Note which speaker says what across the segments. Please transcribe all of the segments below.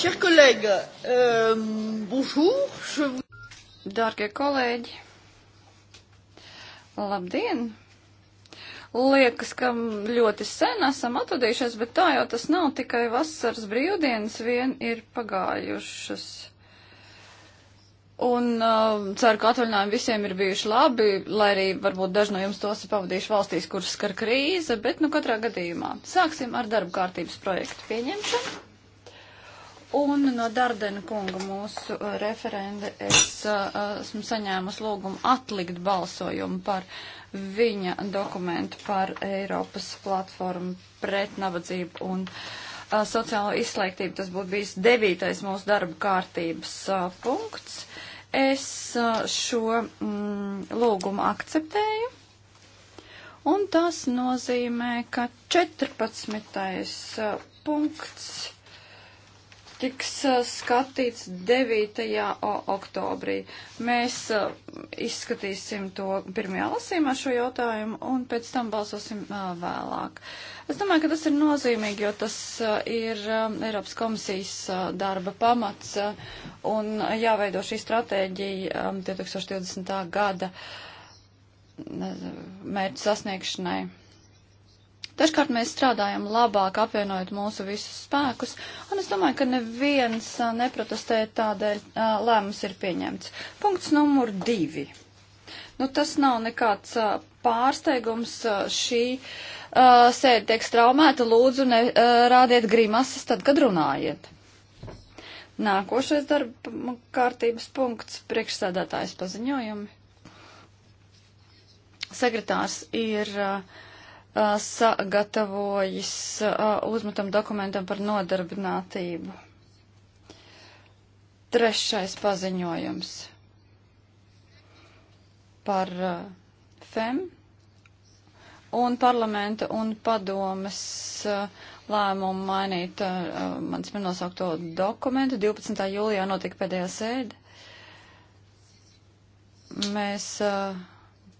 Speaker 1: Chers collègues, euh, bonjour. Je vous... Dārgie kolēģi, labdien! Liekas, ka ļoti sen esam atvadījušies, bet tā jau tas nav tikai vasaras brīvdienas vien ir pagājušas. Un uh, ceru, ka atvaļinājumi visiem ir bijuši labi, lai arī varbūt daži no jums tos ir pavadījuši valstīs, kuras skar krīze, bet nu katrā gadījumā. Sāksim ar darba kārtības projektu pieņemšanu. Un no Dardena kunga mūsu uh, referenda es uh, uh, esmu saņēmusi lūgumu atlikt balsojumu par viņa dokumentu par Eiropas platformu pret nabadzību un a, sociālo izslēgtību. Tas būtu bijis devītais mūsu darba kārtības a, punkts. Es a, šo mm, lūgumu akceptēju. Un tas nozīmē, ka 14. punkts tiks eh, skatīts 9. oktobrī. Mēs eh, izskatīsim to pirmajā lasīmā šo jautājumu un pēc tam balsosim eh, vēlāk. Es domāju, ka tas ir nozīmīgi, jo tas ir Eiropas komisijas darba pamats un jāveido šī stratēģija 2020. gada mērķu sasniegšanai. Dažkārt mēs strādājam labāk, apvienojot mūsu visus spēkus, un es domāju, ka neviens neprotestē tādēļ lēmums ir pieņemts. Punkts numur divi. Nu, tas nav nekāds pārsteigums. Šī uh, sēde tiek straumēta. Lūdzu, nerādiet uh, grimases tad, kad runājiet. Nākošais darba kārtības punkts - priekšsēdētājs paziņojumi. Sekretārs ir uh, sagatavojis uzmetam dokumentam par nodarbinātību. Trešais paziņojums par FEM un parlamenta un padomes lēmumu mainīt mans nosaukto dokumentu. 12. jūlijā notika pēdējā sēde. Mēs uh,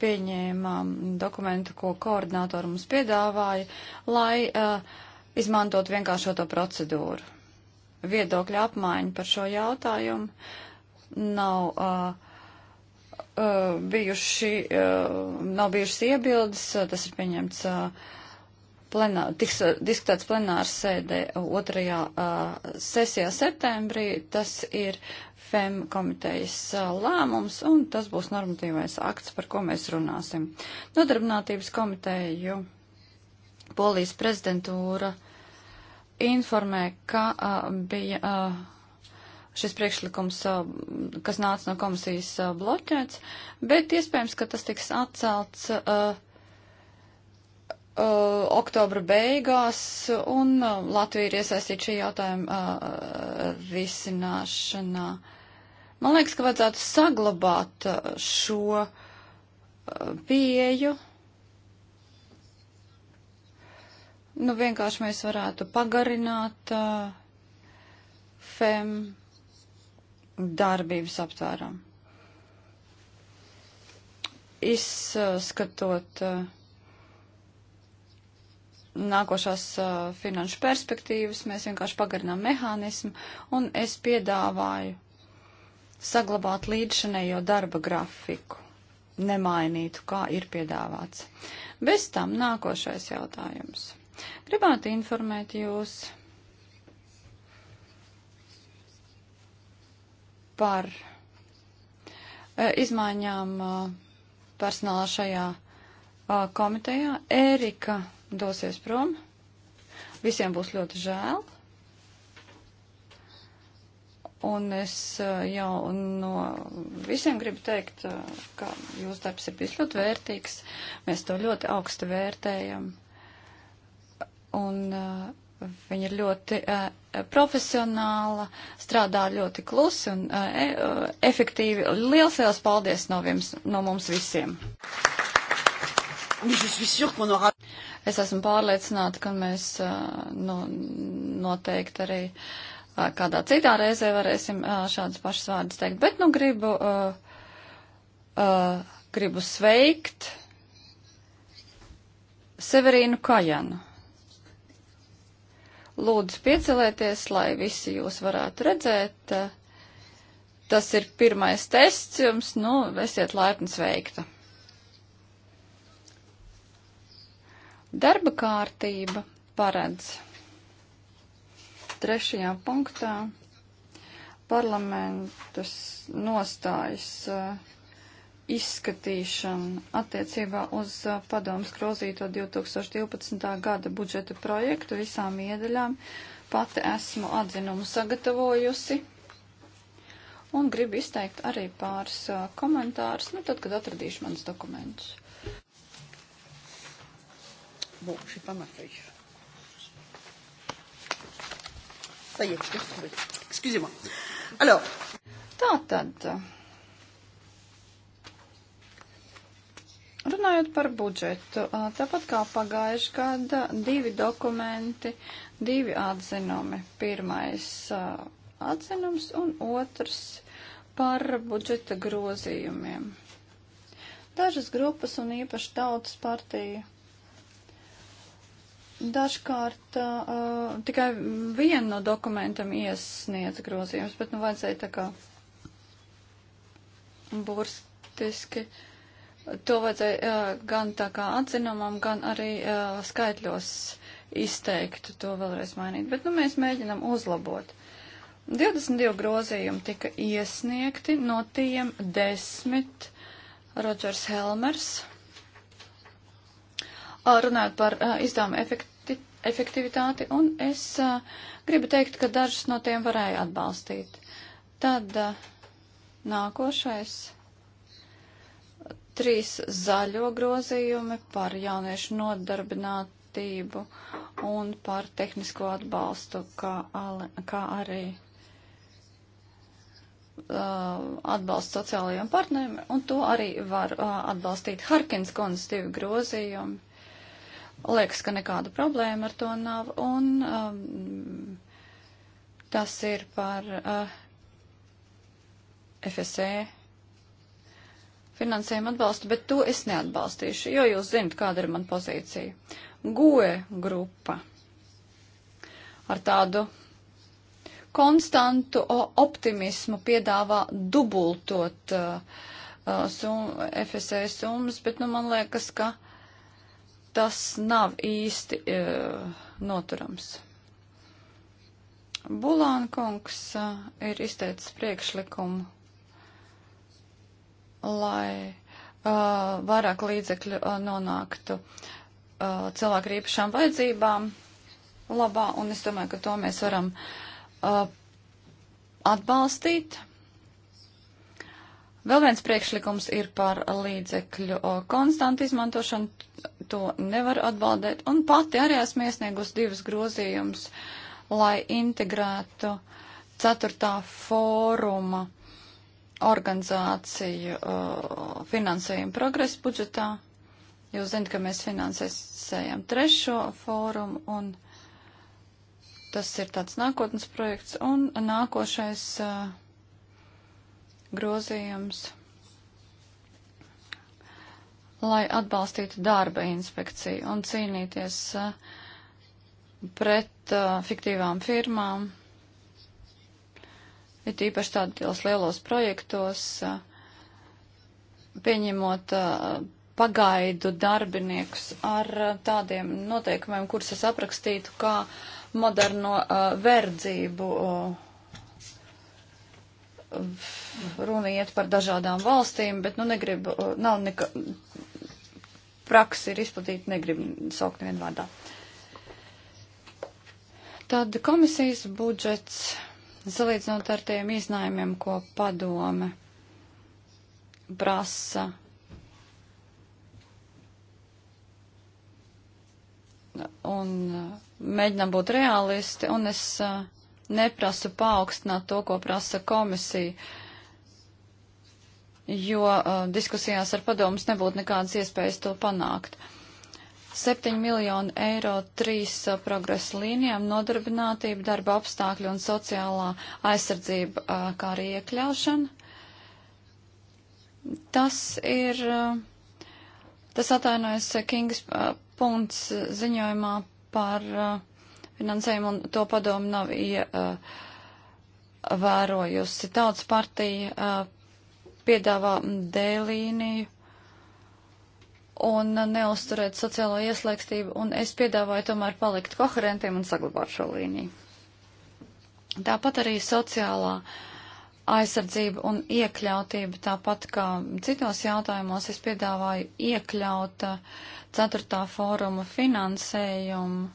Speaker 1: pieņēmām dokumentu, ko koordinātori mums piedāvāja, lai uh, izmantot vienkāršoto procedūru. Viedokļa apmaiņa par šo jautājumu nav uh, uh, bijuši, uh, nav bijušas iebildes, tas ir pieņemts. Uh, plenā, tiks uh, diskutēts plenārs sēdē otrajā uh, sesijā septembrī. Tas ir FEM komitejas lēmums, un tas būs normatīvais akts, par ko mēs runāsim. Nodarbinātības komiteju Polijas prezidentūra informē, ka a, bija a, šis priekšlikums, a, kas nāca no komisijas a, bloķēts, bet iespējams, ka tas tiks atcelts. A, Uh, oktobra beigās, un uh, Latvija ir iesaistīta šī jautājuma uh, risināšanā. Uh, Man liekas, ka vajadzētu saglabāt uh, šo uh, pieju. Nu, vienkārši mēs varētu pagarināt uh, FEM darbības aptvēram. Izskatot uh, nākošās uh, finanšu perspektīvas, mēs vienkārši pagarinām mehānismu, un es piedāvāju saglabāt līdzšanējo darba grafiku, nemainītu, kā ir piedāvāts. Bez tam nākošais jautājums. Gribētu informēt jūs par e, izmaiņām e, personālā šajā e, komitejā. Ērika dosies prom. Visiem būs ļoti žēl. Un es eh, jau no visiem gribu teikt, eh, ka jūsu darbs ir bijis ļoti vērtīgs. Mēs to ļoti augstu vērtējam. Un uh, eh, Viņa ir ļoti uh, profesionāla, strādā ļoti klusi un uh, efektīvi. Liels, liels paldies no, viens, no mums visiem! Es esmu pārliecināta, ka mēs uh, nu, noteikti arī uh, kādā citā reizē varēsim šādus pašus vārdus teikt. Bet, nu, gribu, gribu sveikt Severīnu Kajanu. Lūdzu, piecelieties, lai visi jūs varētu redzēt. Tas ir pirmais tests jums, nu, esiet laipni sveikta. Darba kārtība paredz trešajā punktā parlamentas nostājas uh, izskatīšana attiecībā uz uh, padomus grozīto 2012. gada budžeta projektu visām iedaļām. Pati esmu atzinumu sagatavojusi un gribu izteikt arī pāris uh, komentārus, nu tad, kad atradīšu mans dokumentus. Bon, je sais pas ma feuille. Ça y est, je l'ai retrouvé. Excusez-moi. Alors. Tātad. Runājot par budžetu, tāpat kā pagājuši gada, divi dokumenti, divi atzinumi. Pirmais atzinums un otrs par budžeta grozījumiem. Dažas grupas un īpaši tautas partija dažkārt uh, tikai vienu no dokumentam iesniedz grozījums, bet nu vajadzēja tā kā burstiski. To vajadzēja uh, gan tā kā atzinumam, gan arī uh, skaitļos izteikt to vēlreiz mainīt. Bet nu mēs mēģinam uzlabot. 22 grozījumi tika iesniegti, no tiem 10 Rodžers Helmers runājot par izdevumu efekti, efektivitāti, un es gribu teikt, ka dažus no tiem varēja atbalstīt. Tad nākošais trīs zaļo grozījumi par jauniešu nodarbinātību un par tehnisko atbalstu, kā, kā arī atbalstu sociālajiem partneriem, un to arī var atbalstīt Harkins konstitīvi grozījumi Liekas, ka nekāda problēma ar to nav, un um, tas ir par uh, FSE finansējumu atbalstu, bet to es neatbalstīšu, jo jūs zinat, kāda ir man pozīcija. GUE grupa ar tādu konstantu optimismu piedāvā dubultot uh, uh FSE summas, bet nu, man liekas, ka uh, tas nav īsti uh, noturams. Bulāna kungs uh, ir izteicis priekšlikumu, lai uh, vairāk līdzekļu uh, nonāktu uh, cilvēku īpašām vajadzībām labā, un es domāju, ka to mēs varam uh, atbalstīt. Vēl viens priekšlikums ir par līdzekļu konstantu izmantošanu. To nevar atbaldēt. Un pati arī esmu iesniegus divas grozījumus, lai integrētu ceturtā fóruma organizāciju uh, finansējumu progresu budžetā. Jūs zināt, ka mēs finansēsim trešo fórumu un tas ir tāds nākotnes projekts. Un nākošais. Uh, grozījums, lai atbalstītu darba inspekciju un cīnīties uh, pret uh, fiktīvām firmām, ir īpaši tādos lielos projektos, uh, pieņemot pagaidu darbiniekus ar tādiem noteikumiem, kurus es aprakstītu kā moderno verdzību. Uh, runa iet par dažādām valstīm, bet, nu, negribu, nav neka, praksa ir izplatīta, negribu saukt nevienu vārdā. Tad komisijas budžets, salīdzinot ar tiem iznājumiem, ko padome prasa, un mēģinām būt realisti, un es uh, neprasu paaugstināt to, ko prasa komisija, jo uh, diskusijās ar padomus nebūtu nekādas iespējas to panākt. 7 miljoni eiro trīs uh, progresa līnijām - nodarbinātība, darba apstākļi un sociālā aizsardzība, uh, kā arī iekļaušana. Tas ir, uh, tas atainojas Kingas uh, punkts ziņojumā par uh, finansējumu, un to padomu nav ievērojusi. Tautas partija uh, piedāvā dēlīniju un neusturēt sociālo ieslēgstību, un es piedāvāju tomēr palikt koherentiem un saglabāt šo līniju. Tāpat arī sociālā aizsardzība un iekļautība, tāpat kā citos jautājumos, es piedāvāju iekļaut uh, ceturtā fóruma finansējumu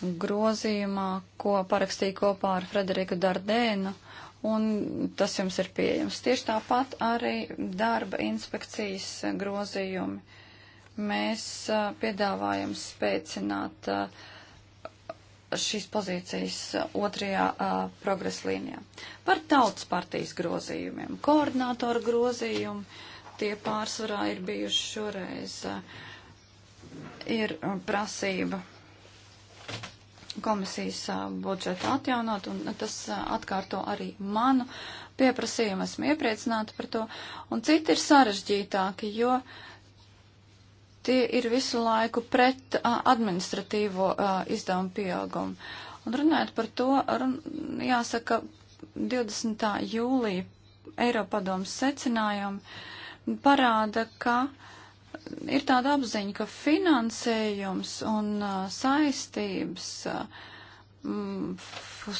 Speaker 1: grozījumā, ko parakstīju kopā ar Frederiku Dardēnu, un tas jums ir pieejams. Tieši tāpat arī darba inspekcijas grozījumi. Mēs uh, piedāvājam spēcināt uh, šīs pozīcijas otrajā uh, progresa līnijā. Par tautas partijas grozījumiem, koordinātoru grozījumu, tie pārsvarā ir bijuši šoreiz, uh, ir prasība komisijas budžetu atjaunot, un tas atkārto arī manu pieprasījumu. Esmu iepriecināta par to. Un citi ir sarežģītāki, jo tie ir visu laiku pret administratīvo izdevumu pieaugumu. Un runājot par to, run, jāsaka, 20. jūlija Eiropadomas secinājumi parāda, ka uh, ir tāda apziņa, ka finansējums un saistības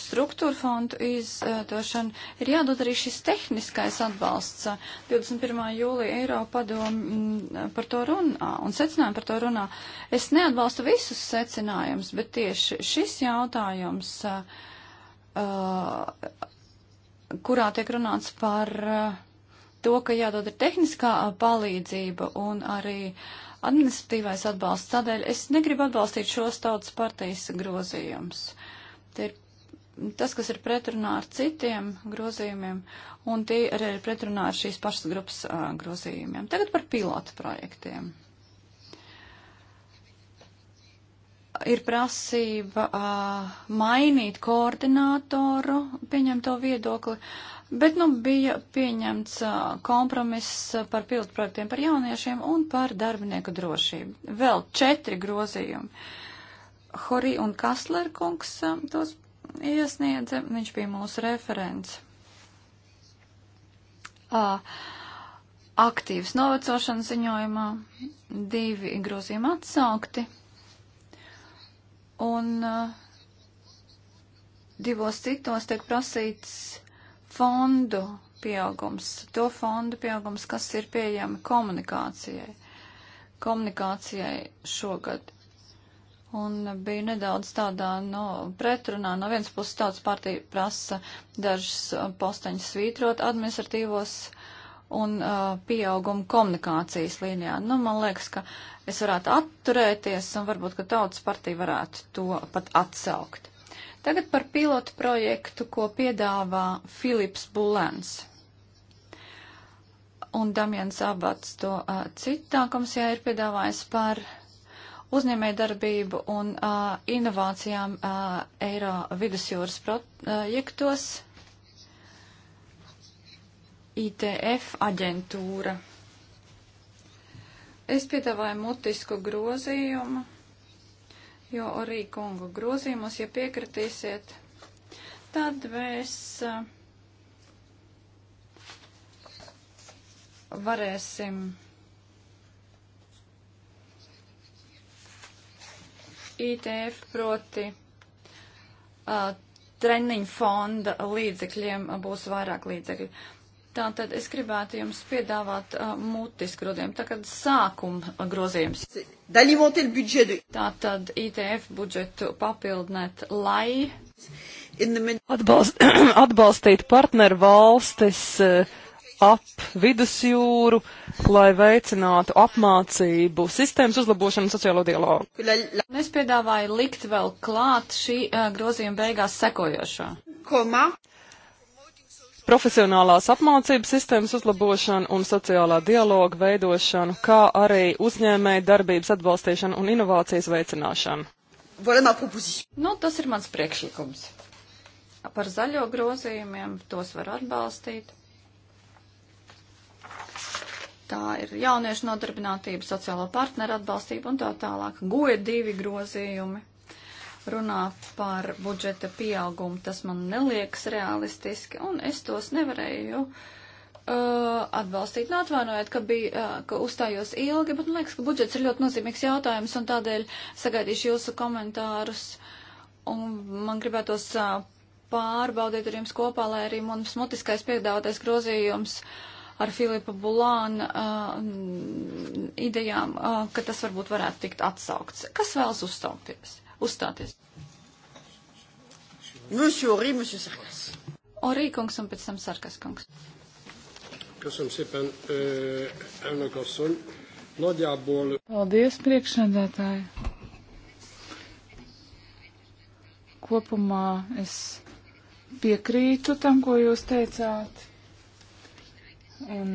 Speaker 1: struktūra fondu izdošana ir jādod arī šis tehniskais atbalsts. 21. jūlija Eiropa padomu par to runā un secinājumi par to runā. Es neatbalstu visus secinājumus, bet tieši šis jautājums, kurā tiek runāts par to, ka jādod ir tehniskā palīdzība un arī administratīvais atbalsts. Tādēļ es negribu atbalstīt šos tautas partijas grozījumus. Tie ir tas, kas ir pretrunā ar citiem grozījumiem, un tie arī ir pretrunā ar šīs pašas grupas uh, grozījumiem. Tagad par pilotu projektiem. ir prasība uh, mainīt koordinātoru pieņemto viedokli, Bet nu bija pieņemts kompromiss par pilotprojektiem par jauniešiem un par darbinieku drošību. Vēl četri grozījumi. Horī un Kasler kungs tos iesniedza, viņš bija mūsu referents. Aktīvs novecošanas ziņojumā, divi grozījumi atsaukti un divos citos tiek prasīts fondu pieaugums, to fondu pieaugums, kas ir pieejami komunikācijai, komunikācijai šogad. Un bija nedaudz tādā, no pretrunā, no vienas puses tautas partija prasa dažas uh, posteņas svītrot administratīvos un uh, pieaugumu komunikācijas līnijā. Nu, man liekas, ka es varētu atturēties un varbūt, ka tautas partija varētu to pat atsaukt. Tagad par pilotu projektu, ko piedāvā Filips Bulens un Damjans Abats to uh, citā komisijā ir piedāvājis par uzņēmēju darbību un uh, inovācijām uh, Eiro vidusjūras projektos. ITF aģentūra. Es piedāvāju mutisku grozījumu jo arī kungu grozījumos, ja piekritīsiet, tad mēs uh, varēsim ITF proti uh, treniņu fonda līdzekļiem uh, būs vairāk līdzekļu. Tātad es gribētu jums piedāvāt uh, mutisku grozījumu, tā kā sākuma grozījums. Tātad ITF budžetu papildināt, lai Atbalst,
Speaker 2: atbalstīt partneru valstis uh, ap vidusjūru, lai veicinātu apmācību sistēmas uzlabošanu un sociālo dialogu.
Speaker 1: Es piedāvāju likt vēl klāt šī uh, grozījuma beigās sekojošo. Koma
Speaker 2: profesionālās apmācības sistēmas uzlabošanu un sociālā dialoga veidošanu, kā arī uzņēmēja darbības atbalstīšanu un inovācijas veicināšanu.
Speaker 1: Nu, tas ir mans priekšlikums. Par zaļo grozījumiem tos var atbalstīt. Tā ir jauniešu nodarbinātība, sociālo partneru atbalstība un tā tālāk. Goja divi grozījumi runā par budžeta pieaugumu, tas man neliekas realistiski, un es tos nevarēju uh, atbalstīt. Nu, atvainojiet, ka, bija, uh, ka uzstājos ilgi, bet man liekas, ka budžets ir ļoti nozīmīgs jautājums, un tādēļ sagaidīšu jūsu komentārus, un man gribētos uh, pārbaudīt ar jums kopā, lai arī mums mutiskais piedāvātais grozījums ar Filipa Bulāna uh, idejām, uh, ka tas varbūt varētu tikt atsaukts. Kas vēlas uzstāties? uzstāties. Monsieur Orī, Monsieur Sarkas. Orī kungs un pēc tam Sarkas kungs. Köszönöm szépen,
Speaker 3: elnök asszony. Nagyjából...
Speaker 1: Paldies, priekšsēdētāji.
Speaker 3: Kopumā es piekrītu tam, ko jūs teicāt. Un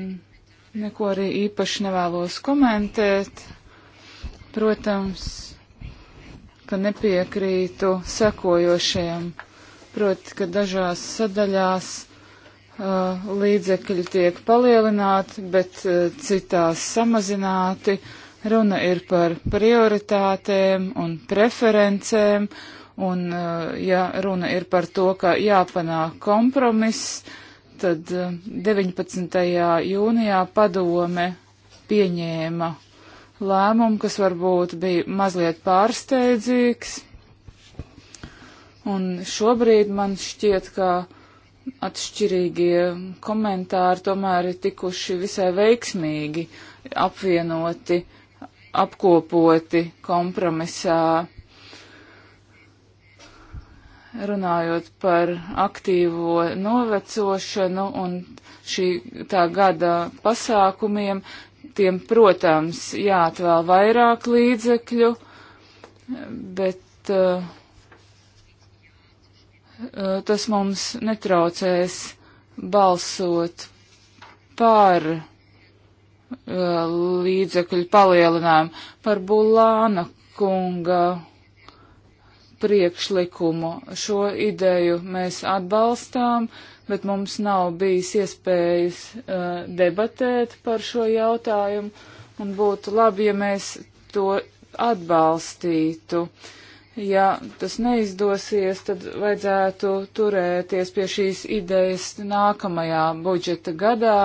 Speaker 3: neko arī īpaši nevēlos komentēt. Protams, ka nepiekrītu sekojošajam. Proti, ka dažās sadaļās uh, līdzekļi tiek palielināti, bet uh, citās samazināti. Runa ir par prioritātēm un preferencēm, un uh, ja runa ir par to, ka jāpanāk kompromiss, tad 19. Uh, jūnijā padome pieņēma lēmumu, kas varbūt bija mazliet pārsteidzīgs. Un šobrīd man šķiet, ka atšķirīgie komentāri tomēr ir tikuši visai veiksmīgi apvienoti, apkopoti kompromisā. Runājot par aktīvo novecošanu un šī tā gada pasākumiem, Tiem, protams, jāatvēl vairāk līdzekļu, bet uh, tas mums netraucēs balsot par uh, līdzekļu palielinājumu, par Bulāna kunga priekšlikumu. Šo ideju mēs atbalstām. Uh, bet mums nav bijis iespējas uh, debatēt par šo jautājumu, un būtu labi, ja mēs to atbalstītu. Ja tas neizdosies, tad vajadzētu turēties pie šīs idejas nākamajā budžeta gadā,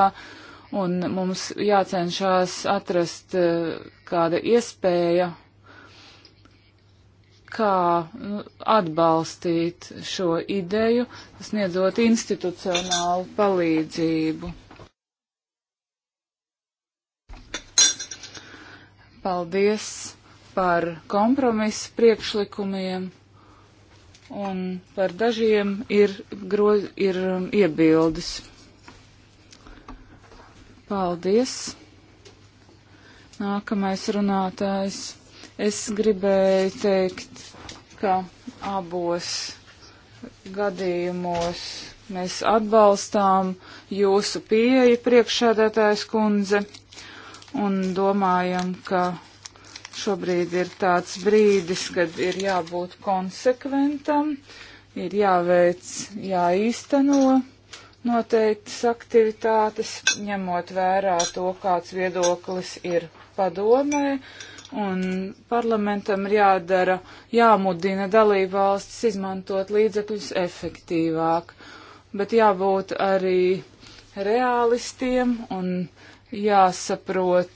Speaker 3: un mums jācenšas atrast uh, kāda iespēja kā nu, atbalstīt šo ideju, sniedzot institucionālu palīdzību. Paldies par kompromisu priekšlikumiem, un par dažiem ir, groz, ir um, iebildes. Paldies! Nākamais runātājs. Es gribēju teikt, ka abos gadījumos mēs atbalstām jūsu pieeju priekšsēdētājs kundze un domājam, ka šobrīd ir tāds brīdis, kad ir jābūt konsekventam, ir jāveic, jāīsteno noteiktas aktivitātes, ņemot vērā to, kāds viedoklis ir padomē, Un parlamentam ir jādara, jāmudina dalībvalstis izmantot līdzekļus efektīvāk, bet jābūt arī realistiem un jāsaprot,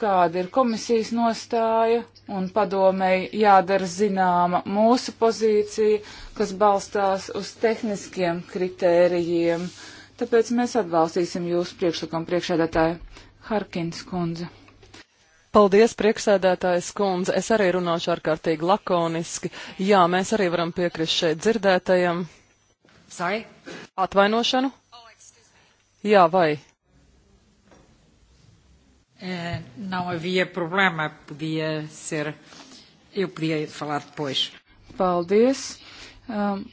Speaker 3: kāda ir komisijas nostāja un padomēji jādara zināma mūsu pozīcija, kas balstās uz tehniskiem kritērijiem. Tāpēc mēs atbalstīsim jūsu priekšlikumu priekšēdētāju Harkins kundze.
Speaker 2: Paldies, prieksēdētājs kundze. Es arī runāšu ārkārtīgi lakoniski. Jā, mēs arī varam piekrist šeit dzirdētajam. Sorry? Atvainošanu? Jā, vai? Uh, eh, não havia
Speaker 3: problema, podia ser. Eu podia falar depois. Paldies. Um,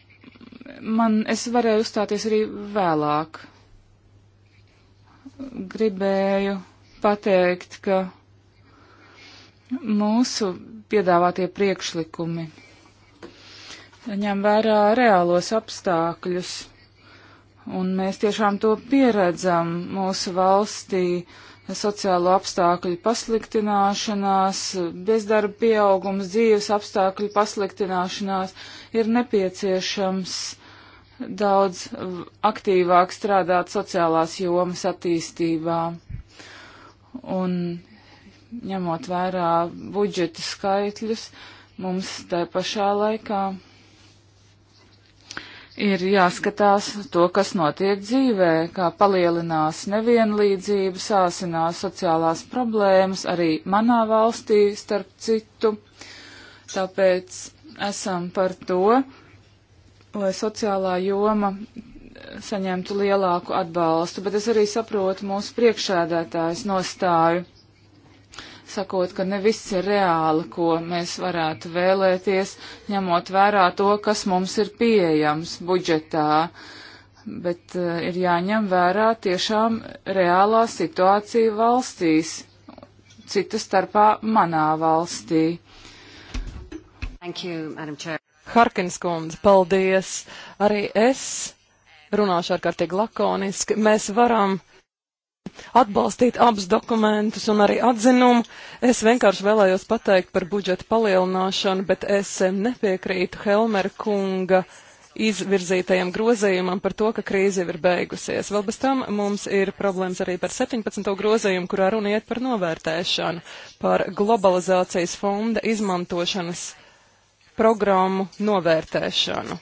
Speaker 3: man, es varēju uzstāties arī vēlāk. Gribēju pateikt, ka mūsu piedāvātie priekšlikumi ņem vērā reālos apstākļus, un mēs tiešām to pieredzam mūsu valstī sociālo apstākļu pasliktināšanās, bezdarba pieaugums, dzīves apstākļu pasliktināšanās ir nepieciešams daudz aktīvāk strādāt sociālās jomas attīstībā. Un ņemot vērā budžeta skaitļus, mums tai pašā laikā ir jāskatās to, kas notiek dzīvē, kā palielinās nevienlīdzība, sāsinās sociālās problēmas arī manā valstī, starp citu. Tāpēc esam par to, lai sociālā joma saņemtu lielāku atbalstu, bet es arī saprotu mūsu priekšēdētājs nostāju sakot, ka ne viss ir reāli, ko mēs varētu vēlēties, ņemot vērā to, kas mums ir pieejams budžetā. Bet uh, ir jāņem vērā tiešām reālā situācija
Speaker 2: valstīs, cita starpā manā valstī. Thank you, Harkins kundze, paldies! Arī es runāšu ārkārtīgi lakoniski. Mēs varam atbalstīt abus dokumentus un arī atzinumu. Es vienkārši vēlējos pateikt par budžeta palielināšanu, bet es nepiekrītu Helmera kunga izvirzītajam grozījumam par to, ka krīze jau ir beigusies. Vēl bez tam mums ir problēmas arī par 17. grozījumu, kurā runa iet par novērtēšanu, par globalizācijas fonda izmantošanas programmu novērtēšanu.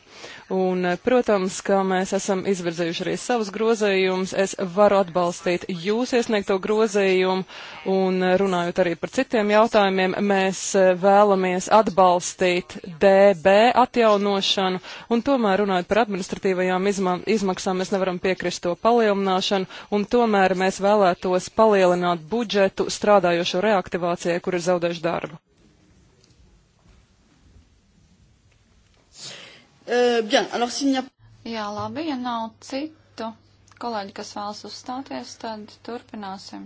Speaker 2: Un, eh, protams, kā mēs esam izvirzījuši arī savus grozējumus, es varu atbalstīt jūs iesniegto grozējumu un eh, runājot arī par citiem jautājumiem, mēs eh, vēlamies atbalstīt DB atjaunošanu un tomēr runājot par administratīvajām izma izmaksām, mēs nevaram piekrist to palielināšanu un tomēr mēs vēlētos palielināt budžetu strādājošo reaktivācijai, kur ir zaudējuši darbu.
Speaker 1: Uh, bien, alors, si a... Jā, labi, ja nav citu kolēģi, kas vēlas uzstāties, tad turpināsim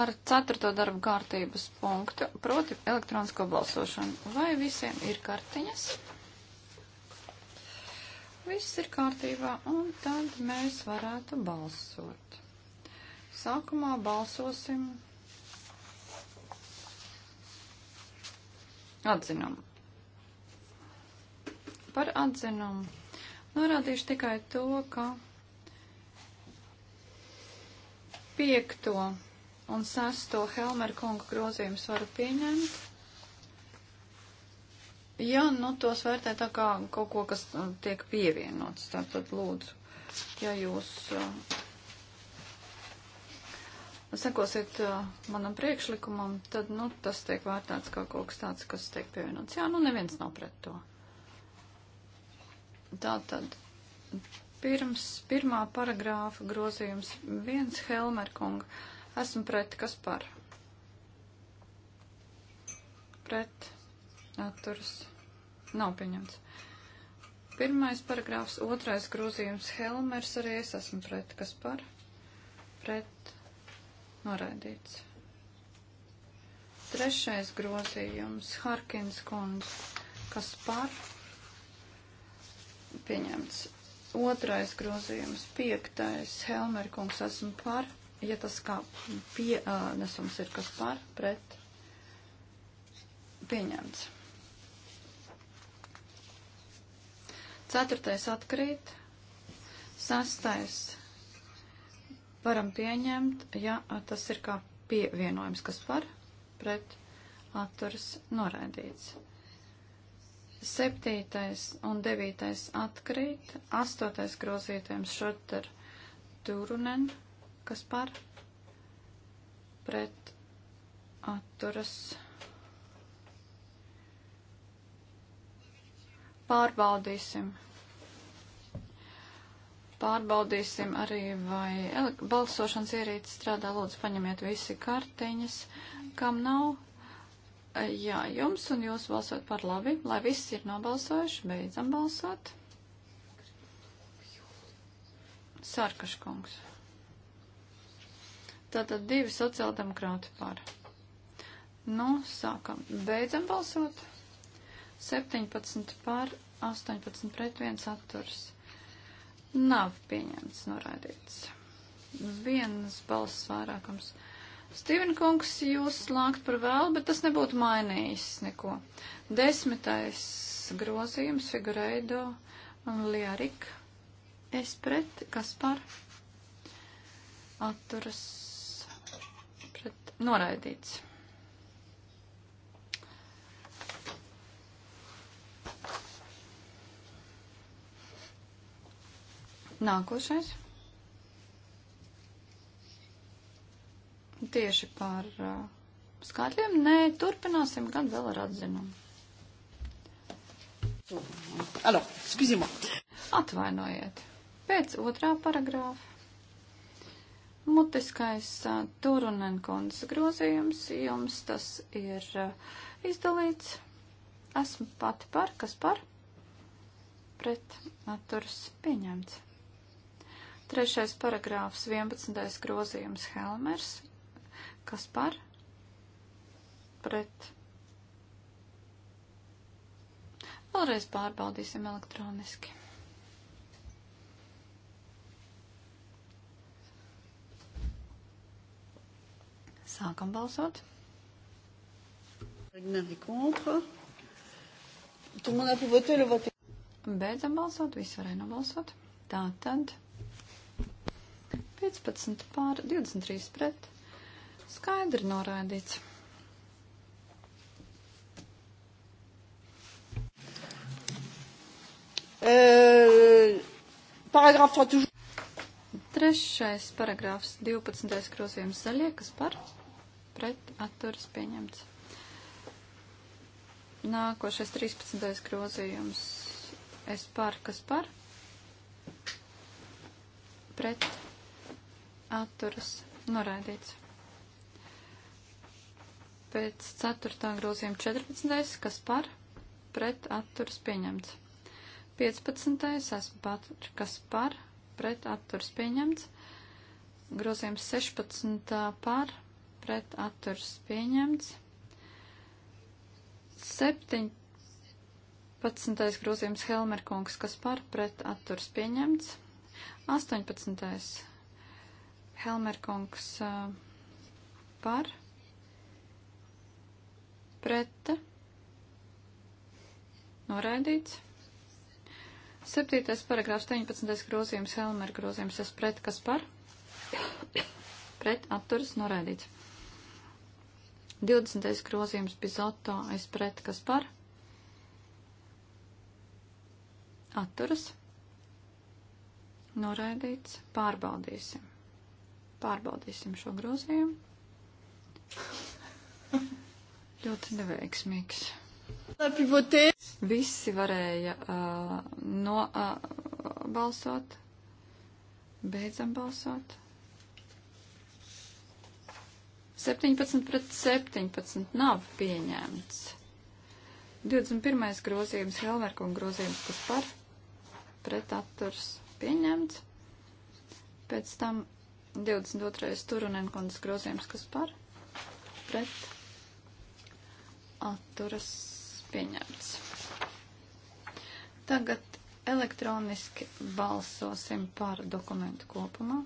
Speaker 1: ar ceturto darbu kārtības punktu, proti elektronisko balsošanu. Vai visiem ir kartiņas? Viss ir kārtībā, un tad mēs varētu balsot. Sākumā balsosim atzinumu. Par atzinumu. Norādīšu tikai to, ka piekto un sesto Helmer kunga grozījumus varu pieņemt. Ja, nu, tos vērtē tā kā kaut ko, kas uh, tiek pievienots, tātad lūdzu, ja jūs uh, sekosiet uh, manam priekšlikumam, tad, nu, tas tiek vērtēts kā kaut kas tāds, kas tiek pievienots. Jā, nu, neviens nav pret to. Tātad pirms pirmā paragrāfa grozījums viens Helmerkunga. Esmu pret, kas par? Pret, atturas, nav pieņemts. Pirmais paragrāfs, otrais grozījums Helmers, arī es esmu pret, kas par? Pret, noraidīts. Trešais grozījums Harkins kundze, kas par? pieņemts. Otrais grozījums, piektais, Helmerkungs esmu par, ja tas kā pie, uh, nesums ir kas par, pret, pieņemts. Ceturtais atkrīt, sastais varam pieņemt, ja tas ir kā pievienojums, kas var, pret, atturs, noraidīts. Septītais un devītais atkrīt. Astotais grozītājums Šorter Turunen, kas par pret atturas. Pārbaudīsim. Pārbaudīsim arī, vai balsošanas ierīce strādā. Lūdzu, paņemiet visi kartiņas. Kam nav, jā, jums un jūs balsot par labi, lai viss ir nobalsojuši, beidzam balsot. Sarkaškungs. Tātad divi sociāldemokrāti par. Nu, sākam. Beidzam balsot. 17 par, 18 pret 1 atturs. Nav pieņemts, norādīts. Vienas balss vairākums. Stīven kungs, jūs slāgt par vēl, bet tas nebūtu mainījis neko. Desmitais grozījums, figureido un liarik. Es pret, kas par? Atturas pret, noraidīts. Nākošais. tieši par uh, skaitļiem. Nē, turpināsim gan vēl ar atzinumu. Alo, skuzīmā. Atvainojiet. Pēc otrā paragrāfa. Mutiskais uh, Turunenkondas grozījums jums tas ir uh, izdalīts. Esmu pati par, kas par? Pret atturs pieņemts. Trešais paragrāfs, 11. grozījums Helmers, Kas par? Pret. Vēlreiz pārbaudīsim elektroniski. Sākam balsot. Beidzam balsot, visi varēja nobalsot. Tā tad 15 pār 23 pret Skaidri noraidīts. Uh, paragrāfs 3. Trešais paragrāfs, 12. grozījums zaļie, kas par pret atturas pieņemts. Nākošais 13. grozījums es par, kas par pret atturas noraidīts. Pēc 4. grozījuma 14. kas par pret atturas pieņemts. 15. esmu pat, kas par pret atturas pieņemts. Grozījums 16. par pret atturas pieņemts. 17. grozījums Helmerkungs, kas par pret atturas pieņemts. 18. Helmerkungs eh, par pret pret noraidīts. 7. paragrāfs 19. grozījums Helmer grozījums es pret kas par pret atturas noraidīts. 20. grozījums Bizoto es pret kas par atturas noraidīts. Pārbaudīsim. Pārbaudīsim šo grozījumu ļoti neveiksmīgs. Visi varēja uh, nobalsot. Uh, Beidzam balsot. 17 pret 17 nav pieņemts. 21. grozījums Helverku un grozījums, kas par pret atturs pieņemts. Pēc tam 22. turunen kundas grozījums, kas par pret atturs atturas pieņemts. Tagad elektroniski balsosim par dokumentu kopumā.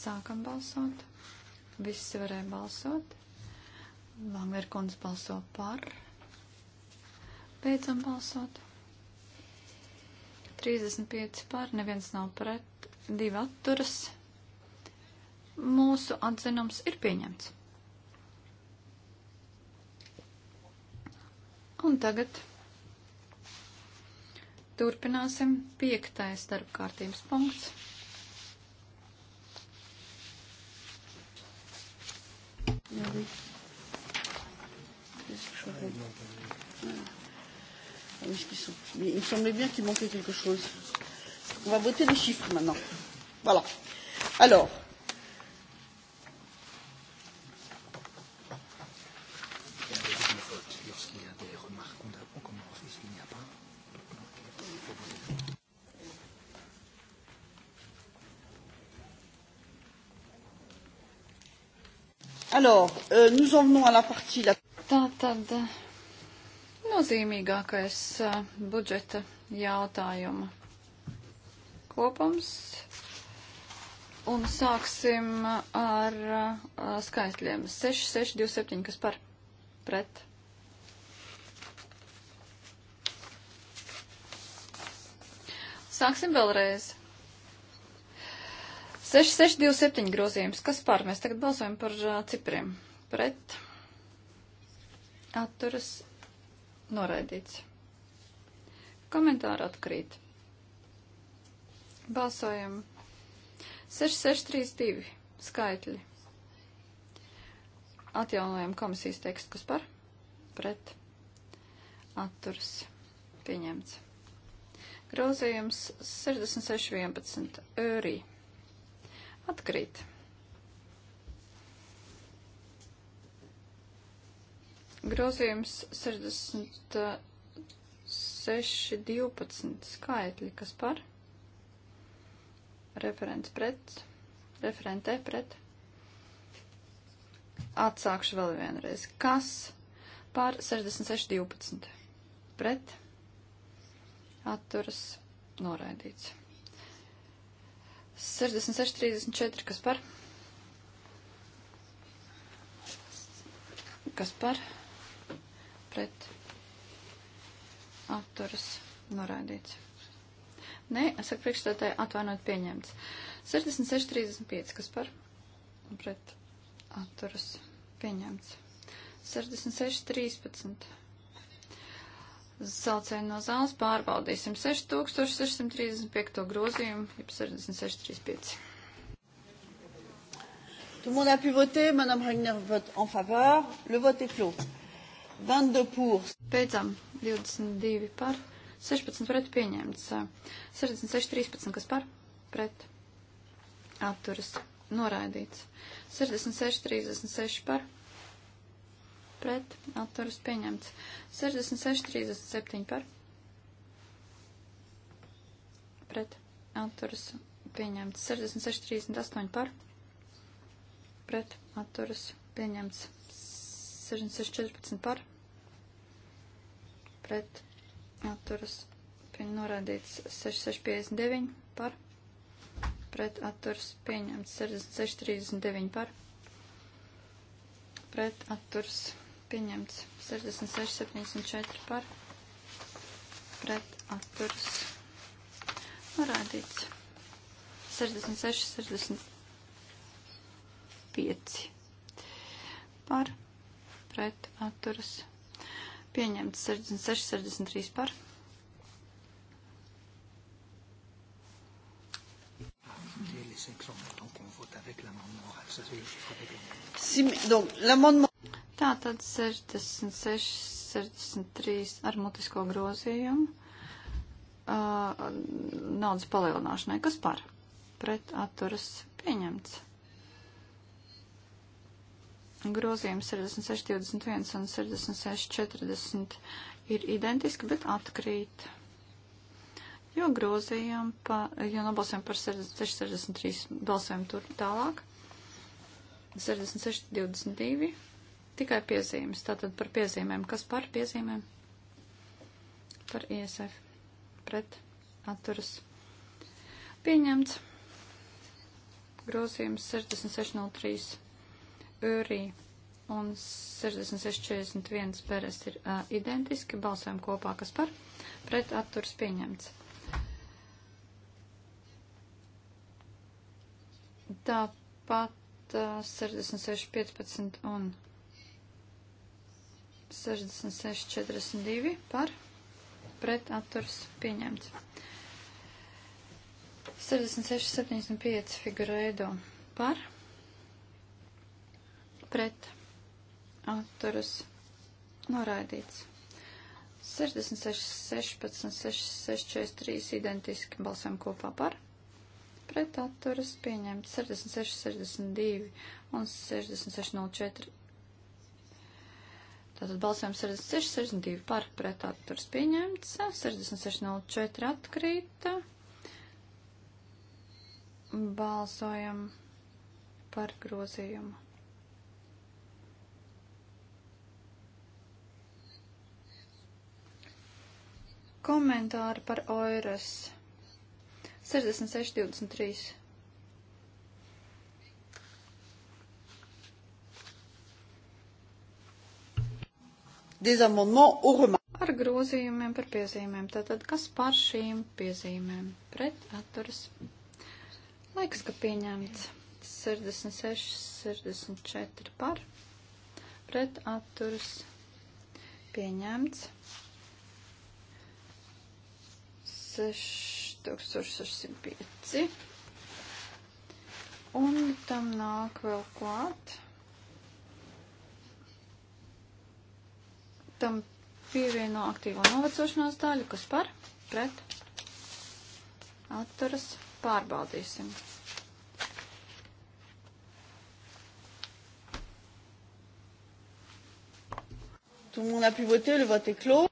Speaker 1: Sākam balsot. Visi varēja balsot. Lamberkons balso par. Beidzam balsot. 35 par, neviens nav pret, divi atturas. Mūsu atzinums ir pieņemts. Un tagad turpināsim piektais darba kārtības punkts. Ja, Ah oui, ce qu'ils sont. Mais il me semblait bien qu'il manquait quelque chose. On va voter les chiffres maintenant. Voilà. Alors, Alors, euh, nous en venons à la partie la... Tā tad eh, nozīmīgākais uh, budžeta jautājuma kopums. Un sāksim ar uh, skaitļiem. 6, 6, 2, 7, kas par pret. Sāksim vēlreiz. 6, 6627 grozījums. Kas par? Mēs tagad balsojam par uh, cipriem. Pret. Atturas. Noraidīts. Komentāri atkrīt. Balsojam. 6632 skaitļi. Atjaunojam komisijas tekstu. Kas par? Pret. Atturas. Pieņemts. Grozījums 6611. Eurī atkrīt. Grozījums 66, 12 skaitļi, kas par referents pret, referentē pret. Atsākšu vēl vienreiz. Kas par 66, 12 pret atturas noraidīts. 66, 34, kas par? Kas par? Pret. Atturas noraidīts. Nē, es saku priekšstādātāji atvainot pieņemts. 66, 35, kas par? Pret. Atturas pieņemts. 66, 13. Saucēju no zāles pārbaudīsim 6635 grozījumu, jeb 6635. Tout le monde a pu voter. Madame Regner vote en faveur. Le vote est clos. 22 pour. Beidzam. 22 par. 16 pret pieņemts. 66, 13, kas par? Pret. Atturas. Noraidīts. 66, 36 par pret atturas pieņemts. 66, 37 par pret atturas pieņemts. 66, 38 par pret atturas pieņemts. 66, 14 par pret atturas pieņemts. Norādīts 66, 59 par pret atturas pieņemts. 66, 39 par pret atturas pieņemts pieņemts 66, 74 par pret atturas norādīts 66, 65 par pret atturas pieņemts 66, 63 par. Donc l'amendement Tātad 66, 63 ar mutisko grozījumu uh, naudas palielināšanai. Kas par? Pret atturas pieņemts. Grozījums 66, 21 un 66, 40 ir identiski, bet atkrīt. Jo grozījām, pa, jo nobalsojam par 66, 63, balsojam tur tālāk. 66, 22 Tikai piezīmes. Tātad par piezīmēm. Kas par piezīmēm? Par ISF. E Pret. Atturas. Pieņemts. Grozījums 6603. Ørī un 6641 peres ir uh, identiski. Balsojam kopā, kas par. Pret. Atturas. Pieņemts. Tāpat uh, 6615 un 66. 66,42 par pret atturs pieņemts. 66,75 figurēdo par pret atturs noraidīts. 66, 16, 66, 43 identiski balsēm kopā par pret atturas pieņemts 66, 62 un 66, 04 Tātad balsojums 66, 62 par pret atturas pieņemts, 66.04 atkrīt. Balsojam par grozījumu. Komentāri par oiras 66.23. des amendements aux remarques. Ar grozījumiem par piezīmēm. Tātad, kas par šīm piezīmēm? Pret atturas. Laiks, ka pieņemts. 66, 64 par. Pret atturas. Pieņemts. 6605. Un tam nāk vēl klāt. tam pievieno aktīvo novecošanās daļu, kas par pret atturas pārbaudīsim. Tout le monde a pu voter, le vote est clos.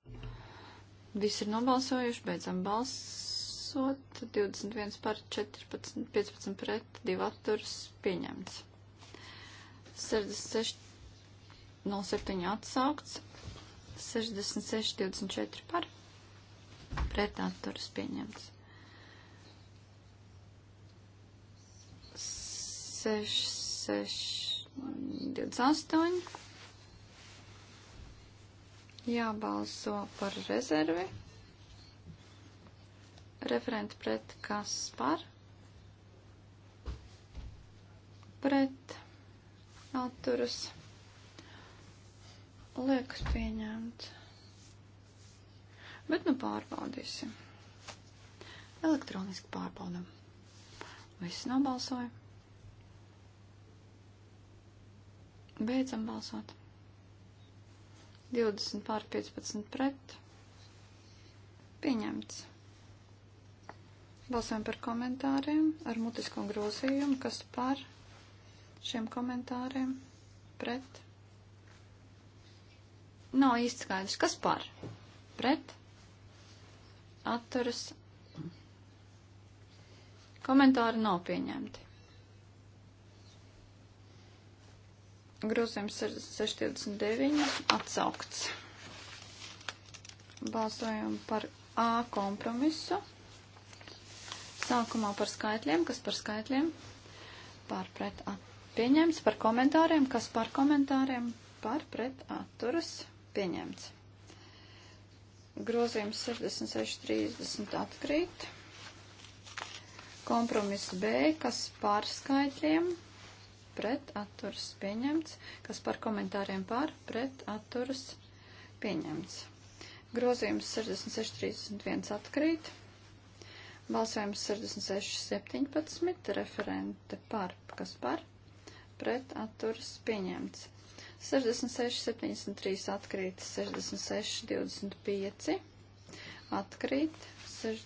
Speaker 1: Visi ir nobalsojuši, beidzam balsot. 21 par 14, 15 pret, 2 atturas pieņemts. 66, 07 atsaukts. 66, 24 par pretatturas pieņemts. 6, 6, 28. Jābalso par rezervi. Referenti pret kas par? Pret atturas pieņemts Liekas pieņemt. Bet nu pārbaudīsim. Elektroniski pārbaudam. Viss nobalsoja. Beidzam balsot. 20 pār 15 pret. Pieņemts. Balsojam par komentāriem ar mutisko grozījumu, kas par šiem komentāriem pret Nav īsti skaidrs, kas par. Pret. Atturas. Komentāri nav pieņemti. Grozījums ir 629 atsaukts. Balsojam par A kompromisu. Sākumā par skaitļiem, kas par skaitļiem, par pret at, pieņemts, par komentāriem, kas par komentāriem, par pret atturas pieņemts. Grozījums 66.30 atkrīt. Kompromiss B, kas par skaitļiem pret atturas pieņemts, kas par komentāriem par pret atturas pieņemts. Grozījums 66.31 atkrīt. Balsojums 66.17, referente par, kas par, pret atturas pieņemts. 66, 73 atkrīt, 66, 25 atkrīt, sež...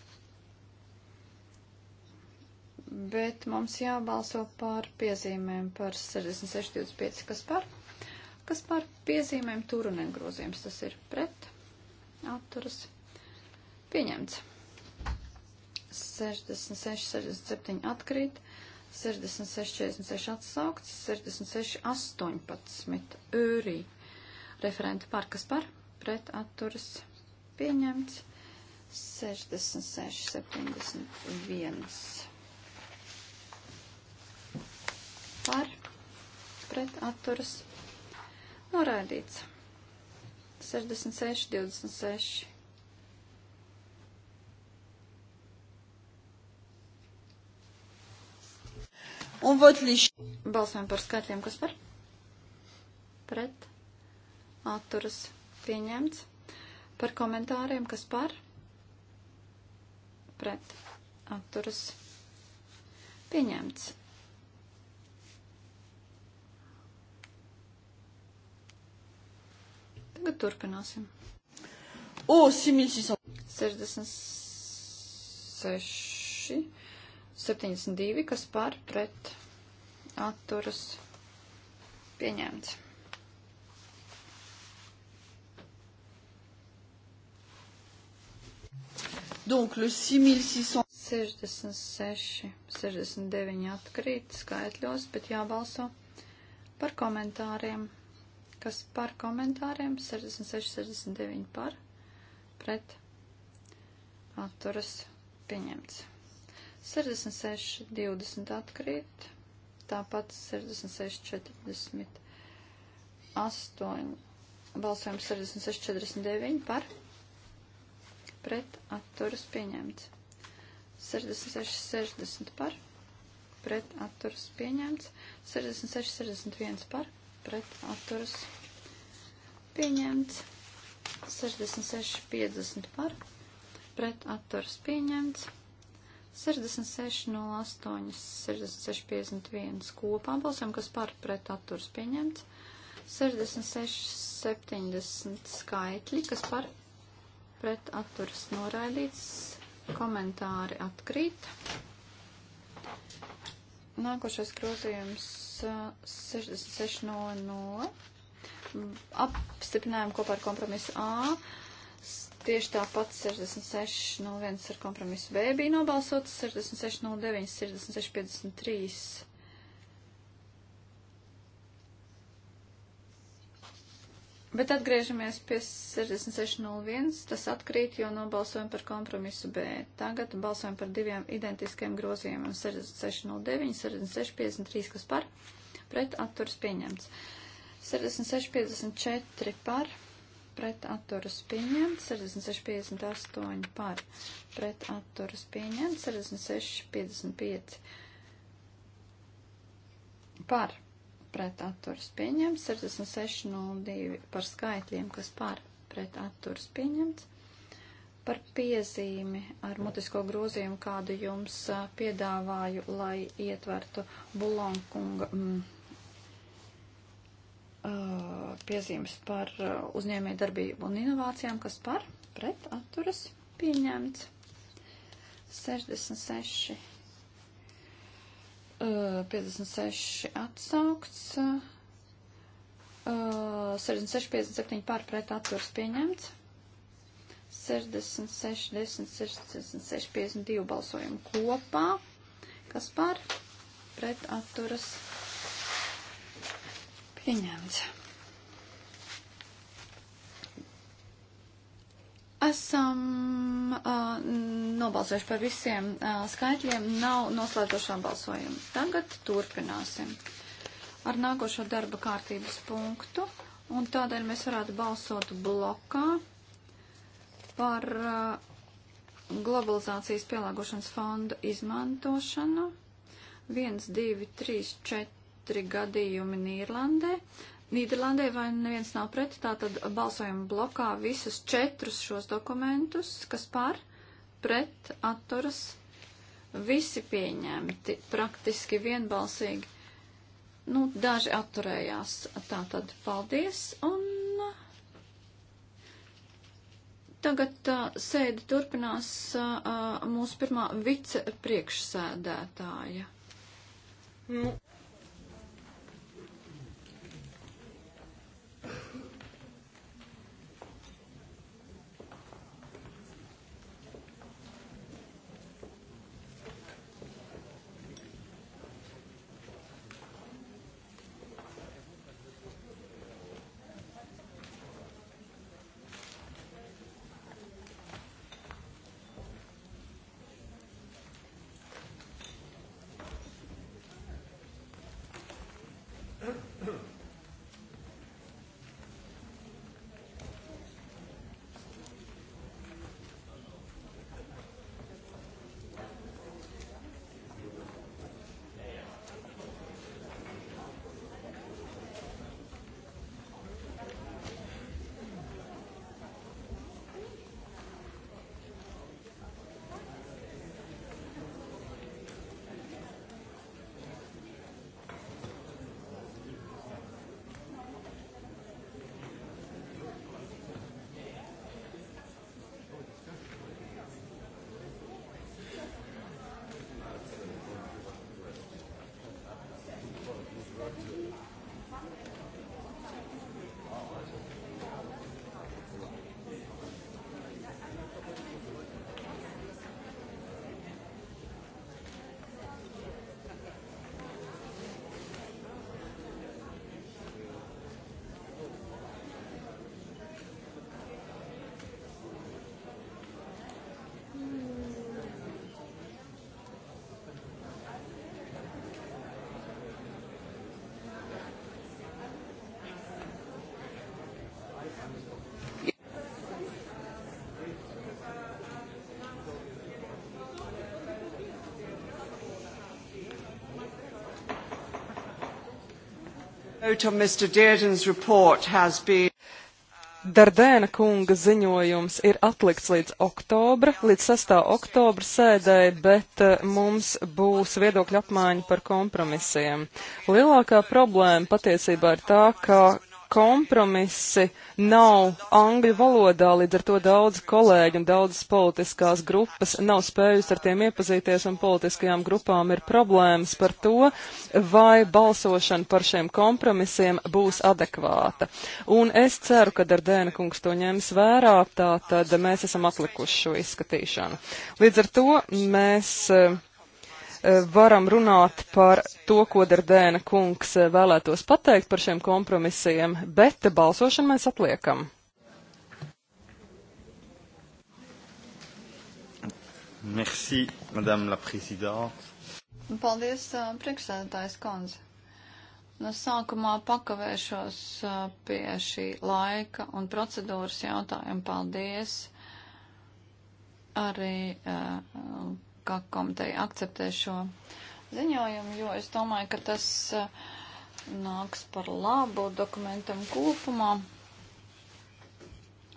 Speaker 1: bet mums jābalso par piezīmēm par 66, 25, kas par, kas par piezīmēm tur un negrozījums, tas ir pret, atturas, pieņemts. 66, 67 atkrīt, 66,46 atsaukts, 66,18 ūrī. Referenti par kas par, pret atturas pieņemts, 66,71 par, pret atturas noraidīts, 66,26 Un vot līdz. Balsojam par skaitļiem, kas par? Pret. Atturas pieņemts. Par komentāriem, kas par? Pret. Atturas pieņemts. Tagad turpināsim. O, 6666. 72, kas par pret atturas pieņemts. Donc le 6666, 69 atkrīt skaitļos, bet jābalso par komentāriem. Kas par komentāriem? 66, 69 par, pret, atturas pieņemts. 66, 20 atkrīt, tāpat 66, 48, balsojam 66, 49 par, pret atturas pieņemts. 66, 60 par, pret atturas pieņemts. 66, 61 par, pret atturas pieņemts. 66, 50 par, pret atturas pieņemts. 6608, 6651 kopā balsojam, kas par pret atturs pieņemts. 6670 skaitļi, kas par pret atturs noraidīts. Komentāri atkrīt. Nākošais grozījums 6600. Apstiprinājumu kopā ar kompromisu A Tieši tāpat 66.01 ar kompromisu B bija nobalsots, 66.09, 66.53. Bet atgriežamies pie 66.01, tas atkrīt, jo nobalsojam par kompromisu B. Tagad balsojam par diviem identiskiem grozījumiem 66.09, 66.53, kas par, pret atturas pieņemts. 66.54 par pret atturas pieņemts, 66,58 par pret atturas pieņemts, 66,55 par pret atturas pieņemts, 66,02 par skaitļiem, kas par pret atturas pieņemts, par piezīmi ar mutisko grozījumu, kādu jums piedāvāju, lai ietvertu Bulonkunga. Mm, Uh, piezīmes par uh, uzņēmēju darbību un inovācijām, kas par pret atturas pieņemts. 66, 56 uh, atsaukts, 66, 57 par pret atturas pieņemts. 66, 10, 66, 52 balsojumu kopā, kas par pret atturas pieņemts Pieņemts. Esam uh, nobalsojuši par visiem uh, skaitļiem, nav noslēdzošām balsojumu. Tagad turpināsim ar nākošo darba kārtības punktu, un tādēļ mēs varētu balsot blokā par uh, globalizācijas pielāgošanas fonda izmantošanu. 1, 2, 3, 4 četri gadījumi Nīrlandē. Nīderlandē vai neviens nav pret, tātad balsojam blokā visus četrus šos dokumentus, kas par, pret, atturas, visi pieņemti, praktiski vienbalsīgi. Nu, daži atturējās, tātad paldies, un uh, tagad uh, sēdi turpinās uh, uh, mūsu pirmā vice priekšsēdētāja. Nu.
Speaker 2: Uh, Dardēna kunga ziņojums ir atlikts līdz oktobra, līdz 6. oktobra sēdēji, bet uh, mums būs viedokļa apmaiņa par kompromisiem. Lielākā problēma patiesībā ir tā, ka kompromisi nav angļu valodā, līdz ar to daudz kolēģi un daudzas politiskās grupas nav spējusi ar tiem iepazīties, un politiskajām grupām ir problēmas par to, vai balsošana par šiem kompromisiem būs adekvāta. Un es ceru, ka Dardēna kungs to ņems vērā, tā tad mēs esam atlikuši šo izskatīšanu. Līdz ar to mēs. Uh, Eh, varam runāt par to, ko Dardēna kungs eh, vēlētos pateikt par šiem kompromisiem, bet balsošanu mēs atliekam.
Speaker 3: Merci, Madame la Présidente.
Speaker 1: Paldies, eh, priekšsēdētājs Konze. No sākumā pakavēšos pie šī laika un procedūras jautājuma. Paldies arī uh, ka komiteja akceptē šo ziņojumu, jo es domāju, ka tas uh, nāks par labu dokumentam kopumā.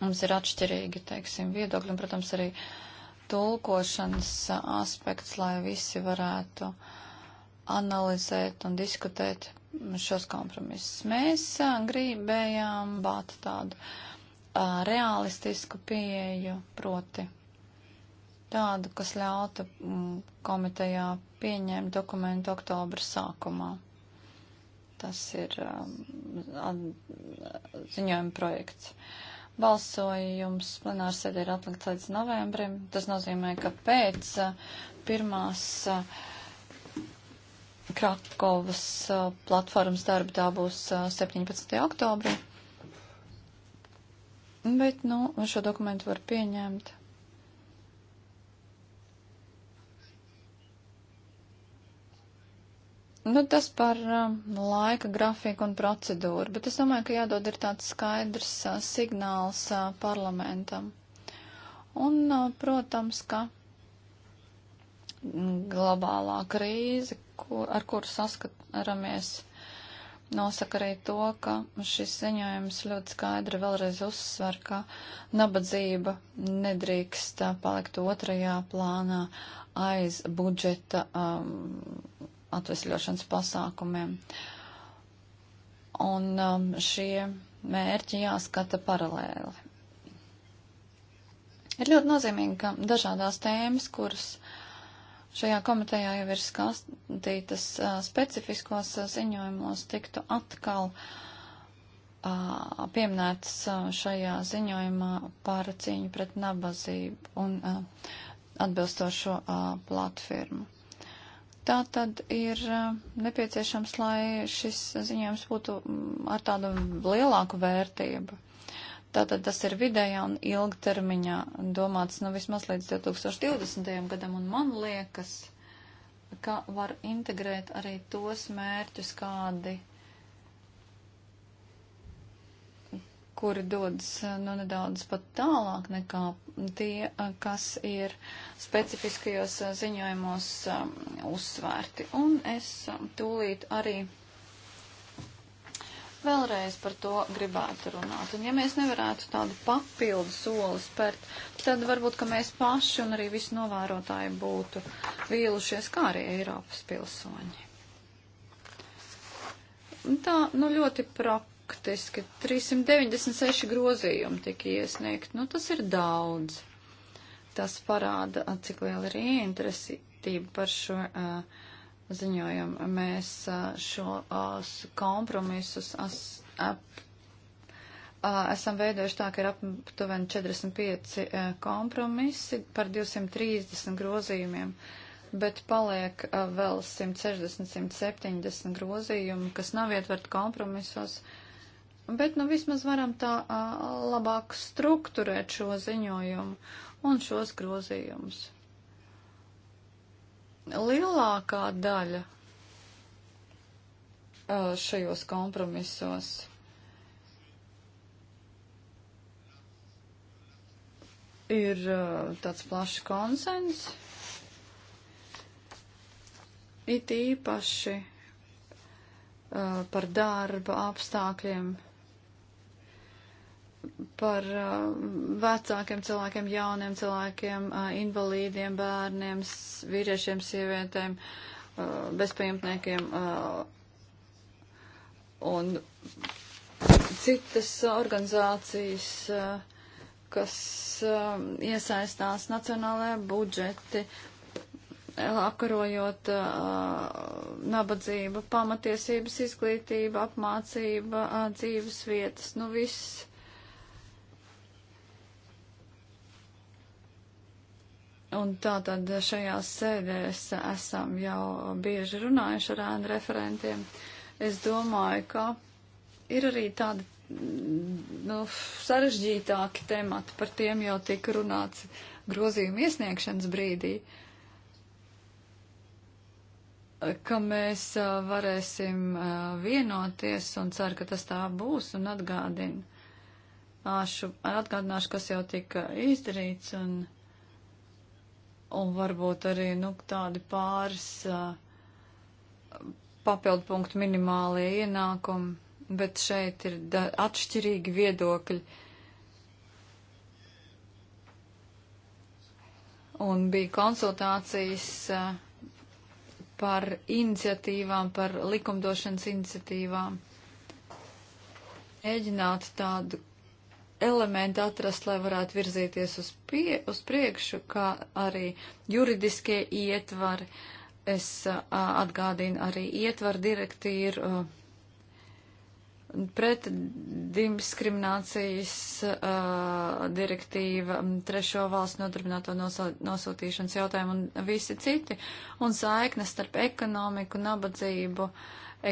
Speaker 1: Mums ir atšķirīgi, teiksim, viedokļi un, protams, arī tulkošanas aspekts, lai visi varētu analizēt un diskutēt šos kompromisus. Mēs uh, gribējām bāt tādu uh, realistisku pieeju proti tādu, kas ļauta mm, komitejā pieņemt dokumentu oktobra sākumā. Tas ir um, ziņojuma projekts. Balsojums plenārsēdē ir atlikts līdz novembrim. Tas nozīmē, ka pēc uh, pirmās uh, Krakovas uh, platformas darba tā būs 17. Uh, oktobrī. Bet, nu, šo dokumentu var pieņemt Nu, tas par um, laika grafiku un procedūru, bet es domāju, ka jādod ir tāds skaidrs uh, signāls uh, parlamentam. Un, uh, protams, ka mm, globālā krīze, kur, ar kuru saskaramies, nosaka arī to, ka šis ziņojums ļoti skaidri vēlreiz uzsver, ka nabadzība nedrīkst uh, palikt otrajā plānā aiz budžeta. Um, atvesļošanas pasākumiem. Un um, šie mērķi jāskata paralēli. Ir ļoti nozīmīgi, ka dažādās tēmas, kuras šajā komitejā jau ir skatītas uh, specifiskos uh, ziņojumos, tiktu atkal uh, pieminētas uh, šajā ziņojumā par cīņu pret nabazību un uh, atbilstošo uh, platformu. Tā tad ir uh, nepieciešams, lai šis ziņojums būtu mm, ar tādu lielāku vērtību. Tātad tas ir vidējā un ilgtermiņā domāts, nu vismaz līdz 2020. gadam, un man liekas, ka var integrēt arī tos mērķus, kādi kuri dodas eh, nu, nedaudz pat tālāk nekā tie, eh, kas ir specifiskajos eh, ziņojumos um, uzsvērti. Un es tūlīt arī vēlreiz par to gribētu runāt. Un ja mēs nevarētu tādu papildu soli spērt, tad varbūt, ka mēs paši un arī visi novērotāji būtu vīlušies, kā arī Eiropas pilsoņi. Tā, nu, ļoti prop faktiski 396 grozījumi tika iesniegt. Nu, tas ir daudz. Tas parāda, cik liela ir ieinteresītība par šo uh, ziņojumu. Mēs uh, šo uh, kompromisus as, ap, uh, esam veidojuši tā, ka ir aptuveni 45 uh, kompromisi par 230 grozījumiem. Uh, bet paliek uh, vēl 160, 170 grozījumi, kas nav ietverti kompromisos. Uh, Bet nu vismaz varam tā labāk strukturēt šo ziņojumu un šos grozījumus. Lielākā daļa šajos kompromisos ir tāds plašs konsens, it īpaši par darba apstākļiem par uh, vecākiem cilvēkiem, jauniem cilvēkiem, uh, invalīdiem, bērniem, vīriešiem, sievietēm, uh, bezpajumtniekiem un citas organizācijas, kas iesaistās nacionālajā budžeti, apkarojot uh, nabadzību, pamatiesības, izglītība, apmācība, uh, dzīves vietas, nu viss Un tātad šajās sēdēs esam jau bieži runājuši ar ēnu referentiem. Es domāju, ka ir arī tādi nu, sarežģītāki temati, par tiem jau tika runāts grozījuma iesniegšanas brīdī, ka mēs varēsim vienoties un ceru, ka tas tā būs un atgādinu. Ašu, atgādināšu, kas jau tika izdarīts un un varbūt arī nu, tādi pāris uh, papildu punktu minimālie ienākumi, bet šeit ir atšķirīgi viedokļi. Un bija konsultācijas uh, par iniciatīvām, par likumdošanas iniciatīvām. Mēģināt tādu elementi atrast, lai varētu virzīties uz, pie, uz priekšu, kā arī juridiskie ietvari. Es a, atgādinu arī ietvaru direktīru a, pret diskriminācijas a, direktīva, trešo valstu nodarbināto nosau, nosūtīšanas jautājumu un visi citi, un saiknes starp ekonomiku, nabadzību,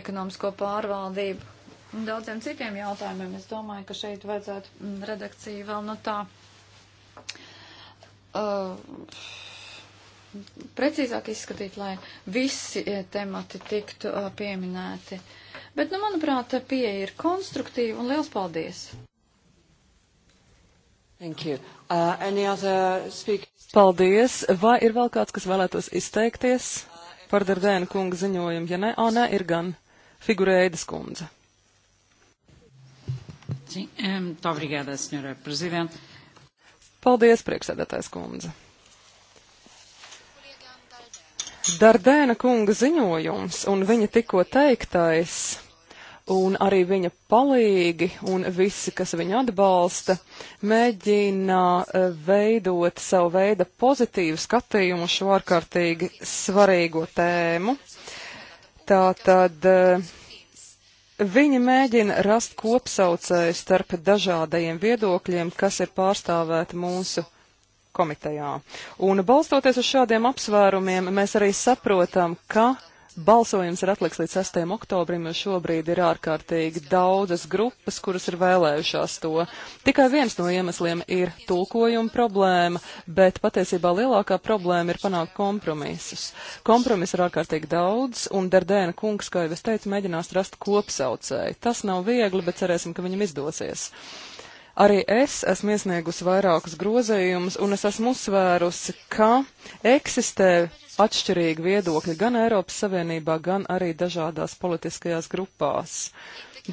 Speaker 1: ekonomisko pārvaldību un daudziem citiem jautājumiem. Es domāju, ka šeit vajadzētu mm, redakciju vēl no tā. Uh, precīzāk izskatīt, lai visi eh, temati tiktu uh, pieminēti. Bet, nu, manuprāt, pieeja ir konstruktīva un liels paldies!
Speaker 2: Thank you. Uh, any other speakers? Paldies! Vai ir vēl kāds, kas vēlētos izteikties uh, par Dardēna kunga ziņojumu? Ja nē, o, nē, ir gan figurēdas kundze.
Speaker 1: Sim, ehm, muito obrigada, senhora Presidente.
Speaker 2: Paldies, priekšsēdētājs kundze. Dardēna kunga ziņojums un viņa tikko teiktais, un arī viņa palīgi un visi, kas viņu atbalsta, mēģina eh, veidot savu veidu pozitīvu skatījumu šo ārkārtīgi svarīgo tēmu. Tātad. Uh, Viņi mēģina rast kopsaucēju starp dažādajiem viedokļiem, kas ir pārstāvēti mūsu komitejā. Un balstoties uz šādiem apsvērumiem, mēs arī saprotam, ka balsojums ir atliks līdz 6. oktobrim, jo šobrīd ir ārkārtīgi daudzas grupas, kuras ir vēlējušās to. Tikai viens no iemesliem ir tulkojuma problēma, bet patiesībā lielākā problēma ir panākt kompromisus. Kompromis ir ārkārtīgi daudz, un Dardēna kungs, kā jau es teicu, mēģinās rast kopsaucēju. Tas nav viegli, bet cerēsim, ka viņam izdosies. Arī es esmu iesniegusi vairākus grozējumus, un es esmu uzsvērusi, ka eksistē atšķirīgi viedokļi gan Eiropas Savienībā, gan arī dažādās politiskajās grupās.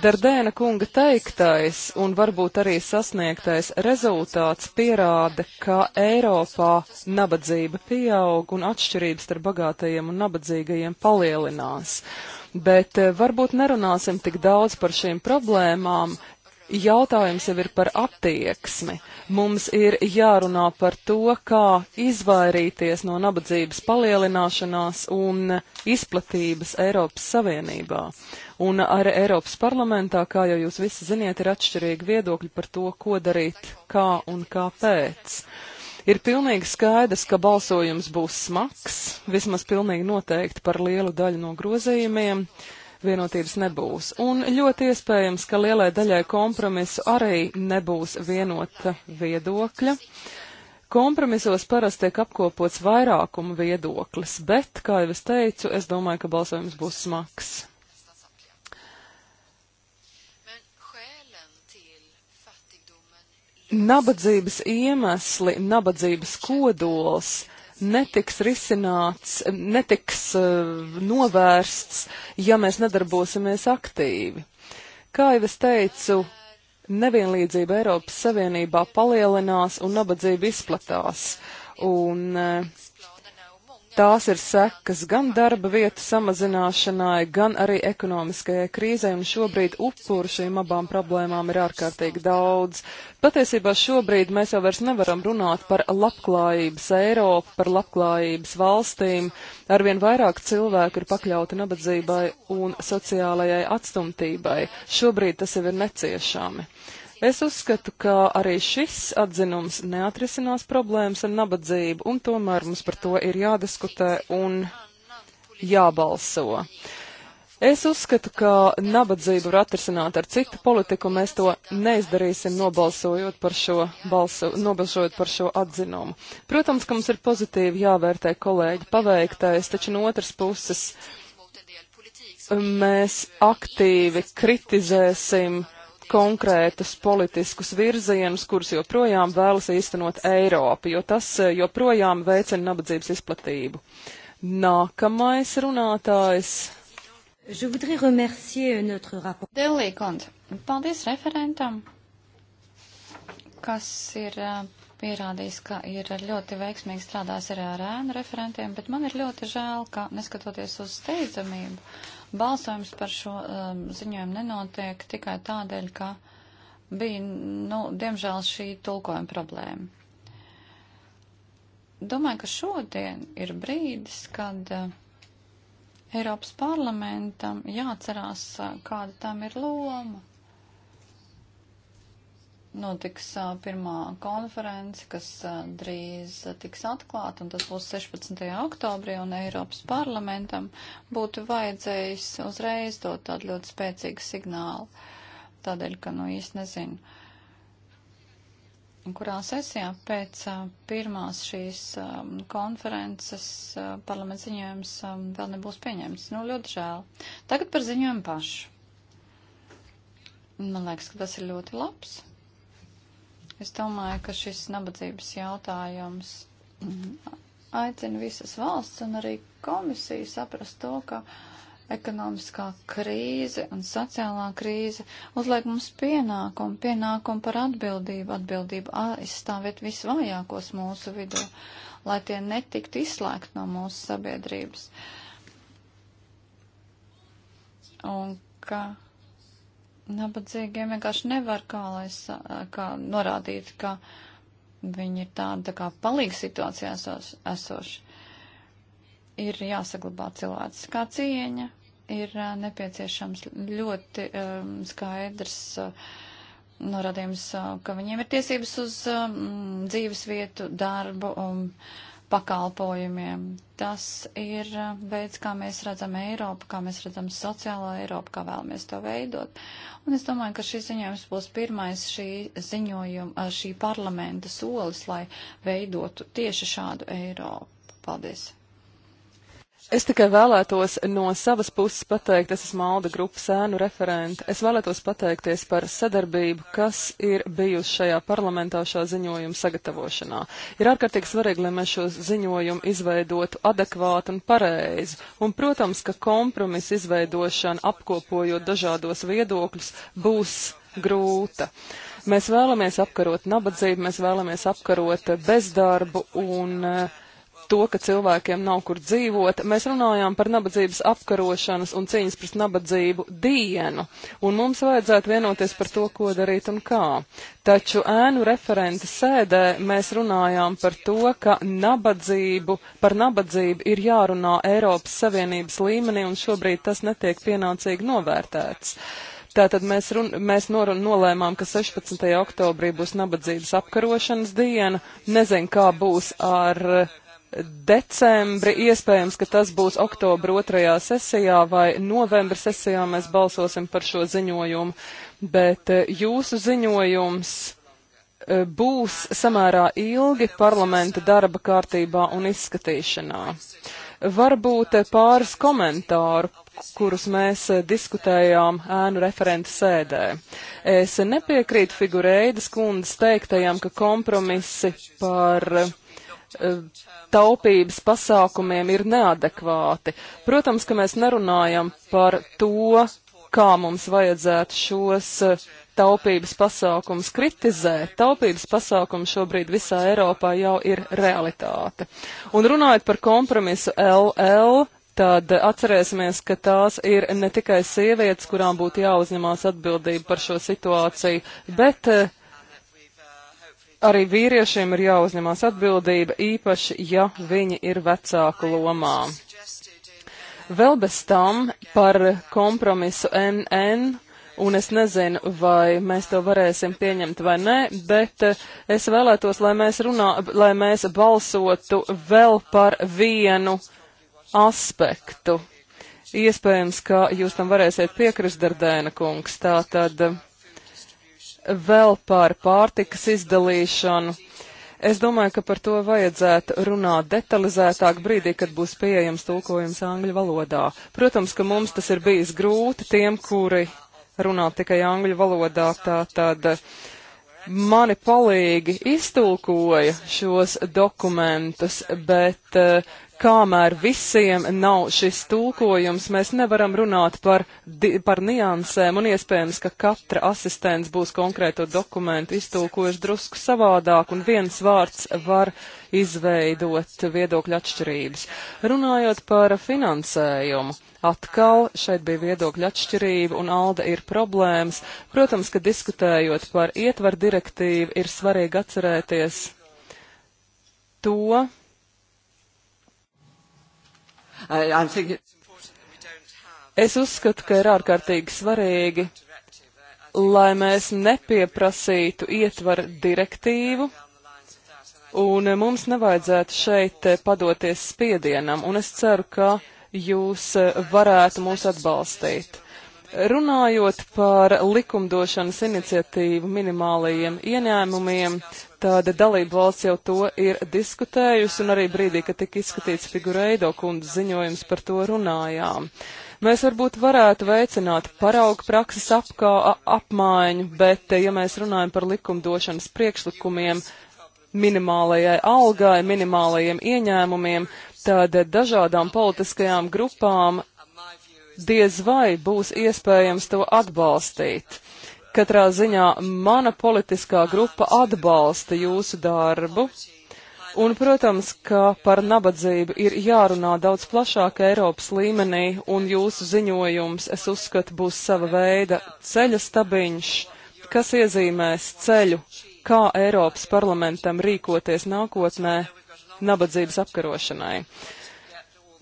Speaker 2: Dardēna kunga teiktais un varbūt arī sasniegtais rezultāts pierāda, ka Eiropā nabadzība pieaug un atšķirības starp bagātajiem un nabadzīgajiem palielinās. Bet eh, varbūt nerunāsim tik daudz par šīm problēmām, jautājums jau ir par attieksmi. Mums ir jārunā par to, kā izvairīties no nabadzības palielināšanās un izplatības Eiropas Savienībā. Un arī Eiropas parlamentā, kā jau jūs visi ziniet, ir atšķirīgi viedokļi par to, ko darīt, kā un kāpēc. Ir pilnīgi skaidrs, ka balsojums būs smags, vismaz pilnīgi noteikti par lielu daļu no grozījumiem. Uh, vienotības nebūs. Un ļoti iespējams, ka lielai daļai kompromisu arī nebūs vienota viedokļa. Kompromisos parasti tiek apkopots vairākuma viedoklis, bet, kā jau es teicu, es domāju, ka balsojums būs smags. Nabadzības iemesli, nabadzības kodols netiks risināts, netiks uh, novērsts, ja mēs nedarbosimies aktīvi. Kā jau es teicu, nevienlīdzība Eiropas Savienībā palielinās un nabadzība izplatās. Un uh, Tās ir sekas gan darba vietu samazināšanai, gan arī ekonomiskajai krīzē, un šobrīd upuru šīm abām problēmām ir ārkārtīgi daudz. Patiesībā šobrīd mēs jau vairs nevaram runāt par labklājības Eiropu, par labklājības valstīm. Arvien vairāk cilvēku ir pakļauti nabadzībai un sociālajai atstumtībai. Šobrīd tas jau ir neciešami. Uh, Es uzskatu, ka arī šis atzinums neatrisinās problēmas ar nabadzību, un tomēr mums par to ir jādiskutē un jābalso. Es uzskatu, ka nabadzību var atrisināt ar citu politiku, un mēs to neizdarīsim nobalsojot par šo, balso, nobalsojot par šo atzinumu. Protams, ka mums ir pozitīvi jāvērtē kolēģi paveiktais, taču no otras puses mēs aktīvi kritizēsim konkrētus politiskus virzienus, kurus joprojām vēlas īstenot Eiropa, jo tas eh, joprojām veicina nabadzības izplatību. Nākamais
Speaker 1: runātājs. Delī kundze, paldies referentam, kas ir eh, pierādījis, ka ir ļoti veiksmīgi strādājis arī ar ēnu referentiem, bet man ir ļoti žēl, ka neskatoties uz steidzamību Balsojums par šo um, ziņojumu nenotiek tikai tādēļ, ka bija, nu, diemžēl šī tulkojuma problēma. Domāju, ka šodien ir brīdis, kad uh, Eiropas parlamentam jāatcerās, uh, kāda tam ir loma notiks pirmā konference, kas drīz tiks atklāta, un tas būs 16. oktobrī, un Eiropas parlamentam būtu vajadzējis uzreiz dot tādu ļoti spēcīgu signālu, tādēļ, ka, nu, īsti nezinu, kurā sesijā pēc pirmās šīs konferences parlaments ziņojums vēl nebūs pieņemts. Nu, ļoti žēl. Tagad par ziņojumu pašu. Man liekas, ka tas ir ļoti labs. Es domāju, ka šis nabadzības jautājums aicina visas valsts un arī komisiju saprast to, ka ekonomiskā krīze un sociālā krīze uzliek mums pienākumu, pienākumu par atbildību, atbildību aizstāvēt visvājākos mūsu vidū, lai tie netiktu izslēgt no mūsu sabiedrības. Un ka nabadzīgiem vienkārši nevar, kā, lai, kā norādīt, ka viņi ir tāda tā kā palīga situācijā esoši. Ir jāsaglabā cilvēks kā cieņa, ir nepieciešams ļoti um, skaidrs uh, norādījums, uh, ka viņiem ir tiesības uz um, dzīves vietu, darbu. Um, pakalpojumiem. Tas ir uh, veids, kā mēs redzam Eiropu, kā mēs redzam sociālo Eiropu, kā vēlamies to veidot. Un es domāju, ka šis ziņojums būs pirmais šī ziņojuma, uh, šī parlamenta solis, lai veidotu tieši šādu Eiropu. Paldies! Es
Speaker 2: tikai vēlētos no savas puses pateikt, es esmu Alda grupas ēnu referente. Es vēlētos pateikties par sadarbību, kas ir bijusi šajā parlamentā šā ziņojuma sagatavošanā. Ir ārkārtīgi svarīgi, lai mēs šo ziņojumu izveidotu adekvātu un pareizi. Un, protams, ka kompromisa izveidošana, apkopojot dažādos viedokļus, būs grūta. Mēs vēlamies apkarot nabadzību, mēs vēlamies apkarot bezdarbu un uh, to, ka cilvēkiem nav kur dzīvot, mēs runājām par nabadzības apkarošanas un cīņas pret nabadzību dienu, un mums vajadzētu vienoties par to, ko darīt un kā. Taču ēnu referenta sēdē mēs runājām par to, ka nabadzību, par nabadzību ir jārunā Eiropas Savienības līmenī, un šobrīd tas netiek pienācīgi novērtēts. Tātad mēs, run, mēs norun, nolēmām, ka 16. oktobrī būs nabadzības apkarošanas diena. Nezinu, kā būs ar uh, decembri. Iespējams, ka tas būs oktobra otrajā sesijā vai novembra sesijā mēs balsosim par šo ziņojumu, bet eh, jūsu ziņojums eh, būs samērā ilgi parlamenta darba kārtībā un izskatīšanā. Varbūt eh, pāris komentāru, kurus mēs diskutējām ēnu referenta sēdē. Es nepiekrītu figurēidas kundas teiktajam, ka kompromisi par uh, E, taupības pasākumiem ir neadekvāti. Protams, ka mēs nerunājam par to, kā mums vajadzētu šos e, taupības pasākums kritizēt. Taupības pasākums šobrīd visā Eiropā jau ir realitāte. Un runājot par kompromisu LL, tad atcerēsimies, ka tās ir ne tikai sievietes, kurām būtu jāuzņemās atbildība par šo situāciju, bet uh, arī vīriešiem ir jāuzņemās atbildība, īpaši, ja viņi ir vecāku lomā. Vēl bez tam par kompromisu NN un es nezinu, vai mēs to varēsim pieņemt vai nē, bet es vēlētos, lai mēs, runā, lai mēs balsotu vēl par vienu aspektu. Iespējams, ka jūs tam varēsiet piekrist, Dardēna kungs. Tātad vēl par pārtikas izdalīšanu. Es domāju, ka par to vajadzētu runāt detalizētāk brīdī, kad būs pieejams tulkojums angļu valodā. Protams, ka mums tas ir bijis grūti tiem, kuri runā tikai angļu valodā, tā tad mani palīgi iztulkoja šos dokumentus, bet uh, kamēr visiem nav šis tulkojums, mēs nevaram runāt par, di, par niansēm un iespējams, ka katra asistents būs konkrēto dokumentu iztulkojuši drusku savādāk un viens vārds var izveidot viedokļu atšķirības. Runājot par finansējumu, atkal šeit bija viedokļu atšķirība un alda ir problēmas. Protams, ka diskutējot par ietvar direktīvu ir svarīgi atcerēties to, I'm thinking... Es uzskatu, ka ir ārkārtīgi svarīgi, lai mēs nepieprasītu ietvaru direktīvu, un mums nevajadzētu šeit padoties spiedienam, un es ceru, ka jūs varētu mūs atbalstīt. Runājot par likumdošanas iniciatīvu minimālajiem ieņēmumiem, tāda dalība valsts jau to ir diskutējusi, un arī brīdī, kad tika izskatīts figureido kundzes ziņojums, par to runājām. Mēs varbūt varētu veicināt parauga prakses apkā, apmaiņu, bet, ja mēs runājam par likumdošanas priekšlikumiem, minimālajai algai, minimālajiem ieņēmumiem, tad dažādām politiskajām grupām diez vai būs iespējams to atbalstīt. Katrā ziņā mana politiskā grupa atbalsta jūsu darbu. Un, protams, ka par nabadzību ir jārunā daudz plašāk Eiropas līmenī, un jūsu ziņojums, es uzskatu, būs sava veida ceļa stabiņš, kas iezīmēs ceļu, kā Eiropas parlamentam rīkoties nākotnē nabadzības apkarošanai.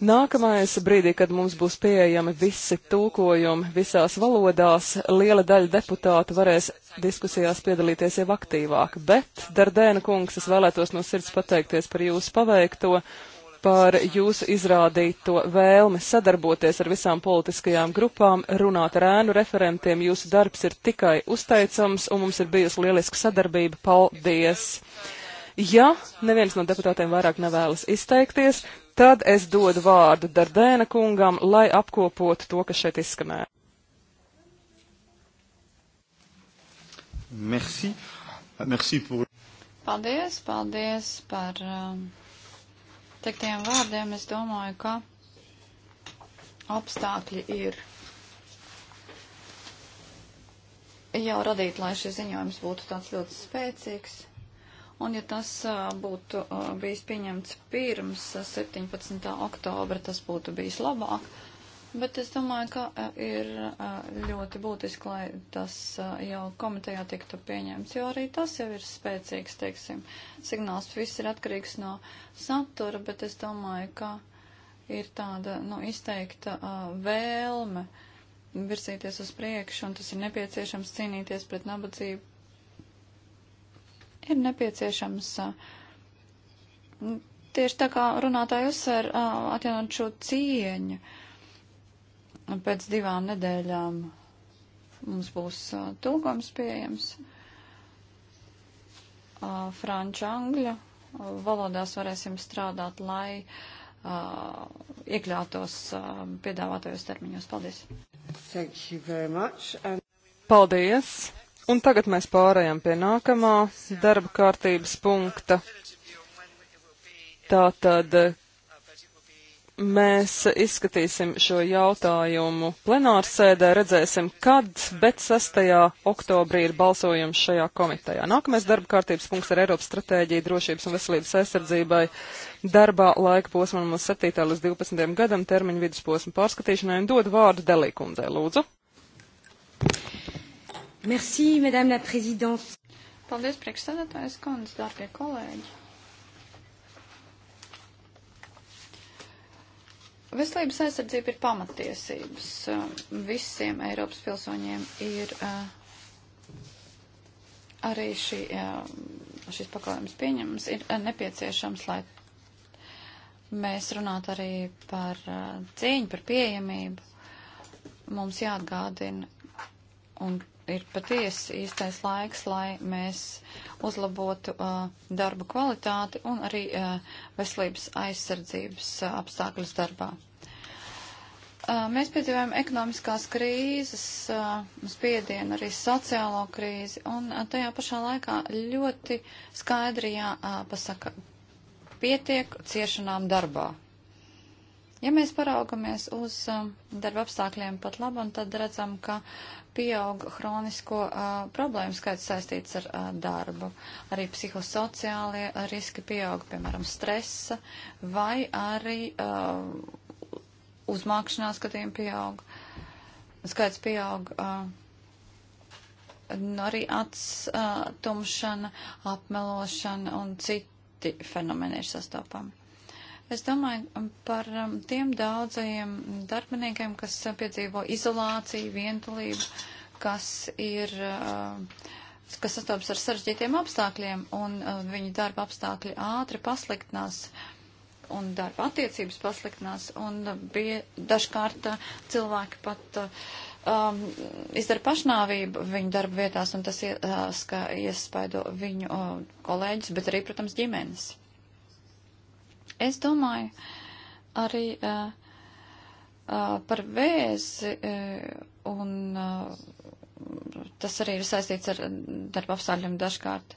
Speaker 2: Nākamais brīdī, kad mums būs pieejami visi tulkojumi visās valodās, liela daļa deputātu varēs diskusijās piedalīties jau aktīvāk. Bet, Dardēna kungs, es vēlētos no sirds pateikties par jūsu paveikto, par jūsu izrādīto vēlmi sadarboties ar visām politiskajām grupām, runāt ar ēnu referentiem. Jūsu darbs ir tikai uzteicams un mums ir bijusi lieliska sadarbība. Paldies! Ja neviens no deputātiem vairāk nevēlas izteikties, Tad es dodu vārdu Dardēna kungam, lai apkopotu to, kas šeit izskanēja.
Speaker 1: Merci. Merci pour... Paldies, paldies par um, teiktiem vārdiem. Es domāju, ka apstākļi ir jau radīti, lai šis ziņojums būtu tāds ļoti spēcīgs. Un ja tas būtu bijis pieņemts pirms 17. oktobra, tas būtu bijis labāk. Bet es domāju, ka ir ļoti būtiski, lai tas jau komitejā tiktu pieņemts, jo arī tas jau ir spēcīgs, teiksim, signāls. Viss ir atkarīgs no satura, bet es domāju, ka ir tāda nu, izteikta vēlme virzīties uz priekšu, un tas ir nepieciešams cīnīties pret nabadzību, ir nepieciešams tieši tā kā runātāji uzsver atjaunot šo cieņu. Pēc divām nedēļām mums būs tulkojums pieejams franču, angļu valodās varēsim strādāt, lai uh, iekļautos uh, piedāvātajos termiņos. Paldies!
Speaker 2: Thank you very much. And... Paldies! Un tagad mēs pārējām pie nākamā darba kārtības punkta. Tātad mēs izskatīsim šo jautājumu plenārsēdē, redzēsim, kad, bet 6. oktobrī ir balsojums šajā komitejā. Nākamais darba kārtības punkts ir Eiropas stratēģija drošības un veselības aizsardzībai darbā laika posmam no 7. līdz 12. gadam termiņu vidusposmu pārskatīšanai un dod vārdu Delīkundzei. Lūdzu!
Speaker 1: Merci, Madame la Présidente. Paldies, priekšsēdētājs kundze, dārgie kolēģi. Veselības aizsardzība ir pamatiesības. Visiem Eiropas pilsoņiem ir eh, arī šī, eh, šis pakalpojums pieņemams. Ir eh, nepieciešams, lai mēs runātu arī par cīņu, par pieejamību. Mums jāatgādina un ir patiesi īstais laiks, lai mēs uzlabotu uh, darba kvalitāti un arī uh, veselības aizsardzības uh, apstākļus darbā. Uh, mēs piedzīvojam ekonomiskās krīzes, uh, spiedienu, arī sociālo krīzi, un uh, tajā pašā laikā ļoti skaidri jāpasaka pietiek ciešanām darbā. Ja mēs paraugamies uz um, darba apstākļiem pat labam, tad redzam, ka pieaug hronisko uh, problēmu skaits saistīts ar uh, darbu. Arī psihosociālie uh, riski pieaug, piemēram, stresa vai arī uh, uzmākšanās skatījumi pieaug, skaits pieaug. Uh, nu, Arī atstumšana, uh, apmelošana un citi fenomeni ir sastopami. Es domāju um, par um, tiem daudzajiem darbiniekiem, kas uh, piedzīvo izolāciju, vientulību, kas ir uh, kas sastopas ar sarežģītiem apstākļiem, un uh, viņu darba apstākļi ātri pasliktinās un darba attiecības pasliktinās, un bija dažkārt cilvēki pat um, izdara pašnāvību viņu darba vietās, un tas iespaido viņu uh, kolēģis, bet arī, protams, ģimenes. Es domāju arī uh, uh, par vēzi uh, un uh, tas arī ir saistīts ar darba apstākļiem dažkārt.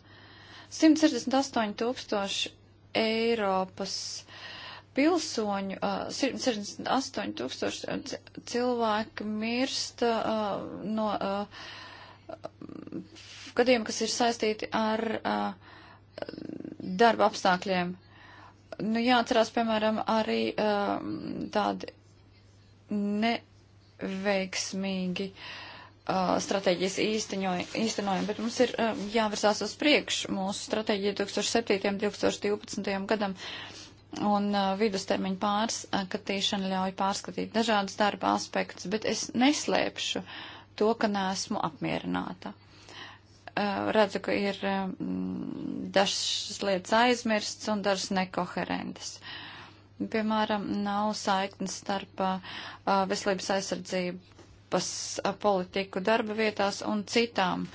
Speaker 1: 168 tūkstoši Eiropas pilsoņu, uh, 168 tūkstoši cilvēku mirst uh, no uh, gadījumi, kas ir saistīti ar uh, darba apstākļiem. Nu, jāatcerās, piemēram, arī uh, tādi neveiksmīgi uh, stratēģijas īstenojumi, bet mums ir uh, um, jāvirsās uz priekšu mūsu stratēģija 2007. 2012. gadam. Un uh, vidustermiņa pārskatīšana ļauj pārskatīt dažādas darba aspektus, bet es neslēpšu to, ka neesmu apmierināta. Eh, redzu, ka ir mm, dažas lietas aizmirstas un dažas nekoherentas. Piemēram, nav saiknes starp eh, veselības aizsardzības eh, politiku darba vietās un citām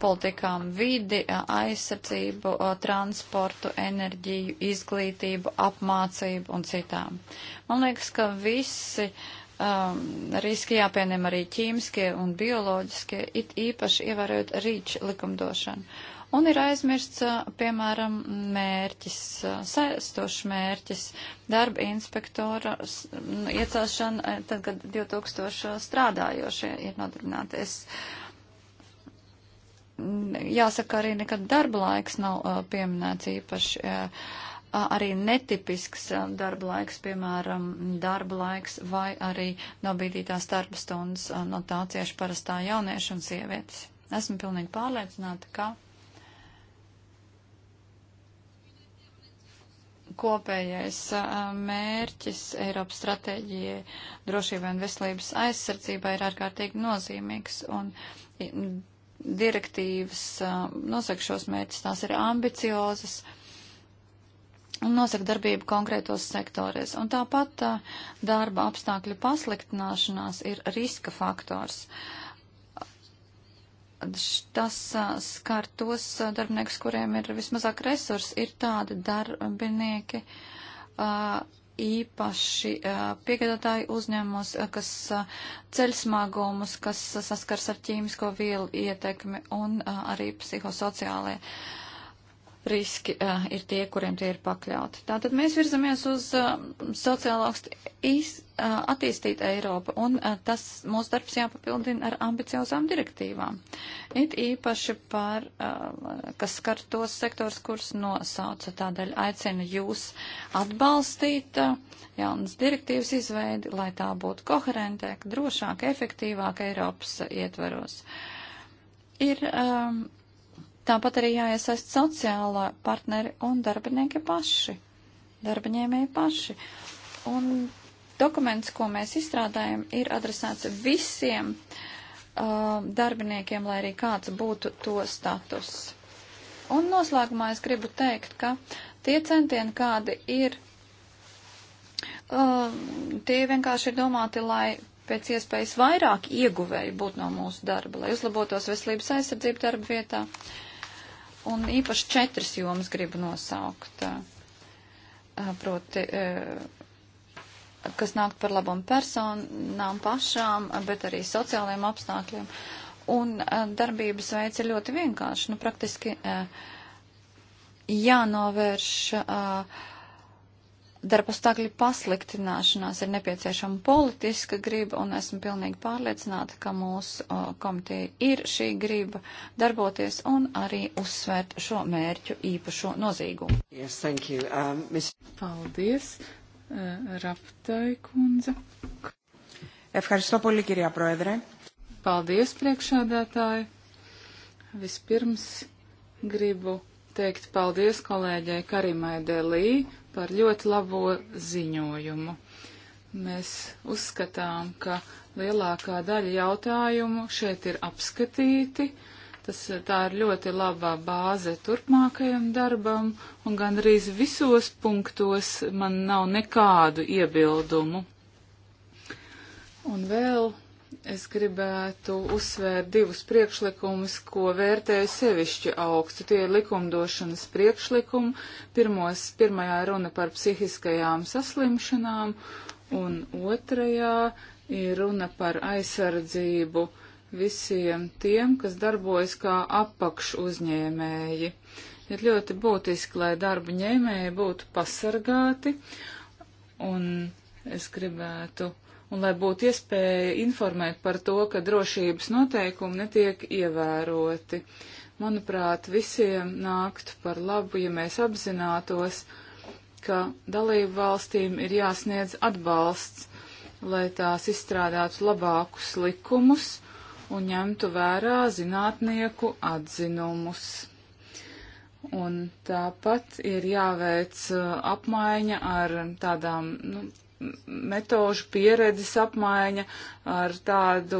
Speaker 1: politikām vidi, aizsardzību, transportu, enerģiju, izglītību, apmācību un citām. Man liekas, ka visi uh, um, riski jāpieņem arī ķīmiskie un bioloģiskie, it īpaši ievērojot rīču likumdošanu. Un ir aizmirsts, uh, piemēram, mērķis, uh, saistošs mērķis, darba inspektora iecelšana, eh, tad, kad 2000 strādājošie ir nodarbināties. Jāsaka, arī nekad darba laiks nav uh, pieminēts īpaši. Uh, arī netipisks darba laiks, piemēram, darba laiks vai arī nobīdītās darba stundas no tā cieši parastā jaunieša un sievietes. Esmu pilnīgi pārliecināta, ka kopējais mērķis Eiropas stratēģijai drošībai un veselības aizsardzībai ir ārkārtīgi nozīmīgs. Un direktīvas nosaka šos mērķus, tās ir ambiciozas, un nosaka darbību konkrētos sektorēs. Un tāpat darba apstākļu pasliktināšanās ir riska faktors. Tas skar tos darbiniekus, kuriem ir vismazāk resursi, ir tādi darbinieki, īpaši piegādātāji uzņēmumos, kas ceļ smagumus, kas saskars ar ķīmisko vielu ietekmi un arī psihosociālajie riski uh, ir tie, kuriem tie ir pakļauti. Tātad mēs virzamies uz uh, eh, sociālāks iz, uh, attīstīt Eiropu, un uh, tas mūsu darbs jāpapildina ar ambiciozām direktīvām. It īpaši par, uh, kas skar tos sektors, kurus nosauca. Tādēļ aicinu jūs atbalstīt uh, jaunas direktīvas izveidi, lai tā būtu koherentēka, drošāka, efektīvāka Eiropas uh, ietveros. Ir, uh, Tāpat arī jāiesaist sociālā partneri un darbinieki paši, darbaņēmēji paši. Un dokuments, ko mēs izstrādājam, ir adresēts visiem uh, darbiniekiem, lai arī kāds būtu to status. Un noslēgumā es gribu teikt, ka tie centieni, kādi ir, uh, tie vienkārši ir domāti, lai pēc iespējas vairāk ieguvēji būtu no mūsu darba, lai uzlabotos veselības aizsardzību darba vietā, uh, un īpaši četras jomas gribu nosaukt, eh, proti, eh, kas nāk par labumu personām pašām, bet arī sociālajiem apstākļiem. Un eh, darbības veids ir ļoti vienkārši, nu praktiski jānovērš. Uh, darbapstākļu pasliktināšanās ir nepieciešama politiska griba, un esmu pilnīgi pārliecināta, ka mūsu uh, komiteja ir šī griba darboties un arī uzsvērt šo mērķu īpašo nozīgumu.
Speaker 3: Yes, thank you. Um, miss... Paldies, uh, Raptai kundze. Ευχαριστώ πολύ, κυρία Πρόεδρε. Paldies, priekšādātāji. Vispirms gribu teikt paldies kolēģei Karimai Delī par ļoti labo ziņojumu. Mēs uzskatām, ka lielākā daļa jautājumu šeit ir apskatīti. Tas, tā ir ļoti labā bāze turpmākajam darbam, un gandrīz visos punktos man nav nekādu iebildumu. Un vēl es gribētu uzsvērt divus priekšlikumus, ko vērtēju sevišķi augstu. Tie ir likumdošanas priekšlikumi. Pirmos, pirmajā runa par psihiskajām saslimšanām, un otrajā ir runa par aizsardzību visiem tiem, kas darbojas kā apakš uzņēmēji. Ir ļoti būtiski, lai darba ņēmēji būtu pasargāti, un es gribētu un lai būtu iespēja informēt par to, ka drošības noteikumi netiek ievēroti. Manuprāt, visiem nāktu par labu, ja mēs apzinātos, ka dalību valstīm ir jāsniedz atbalsts, lai tās izstrādātu labākus likumus un ņemtu vērā zinātnieku atzinumus. Un tāpat ir jāveic uh, apmaiņa ar tādām nu, metožu pieredzes apmaiņa ar tādu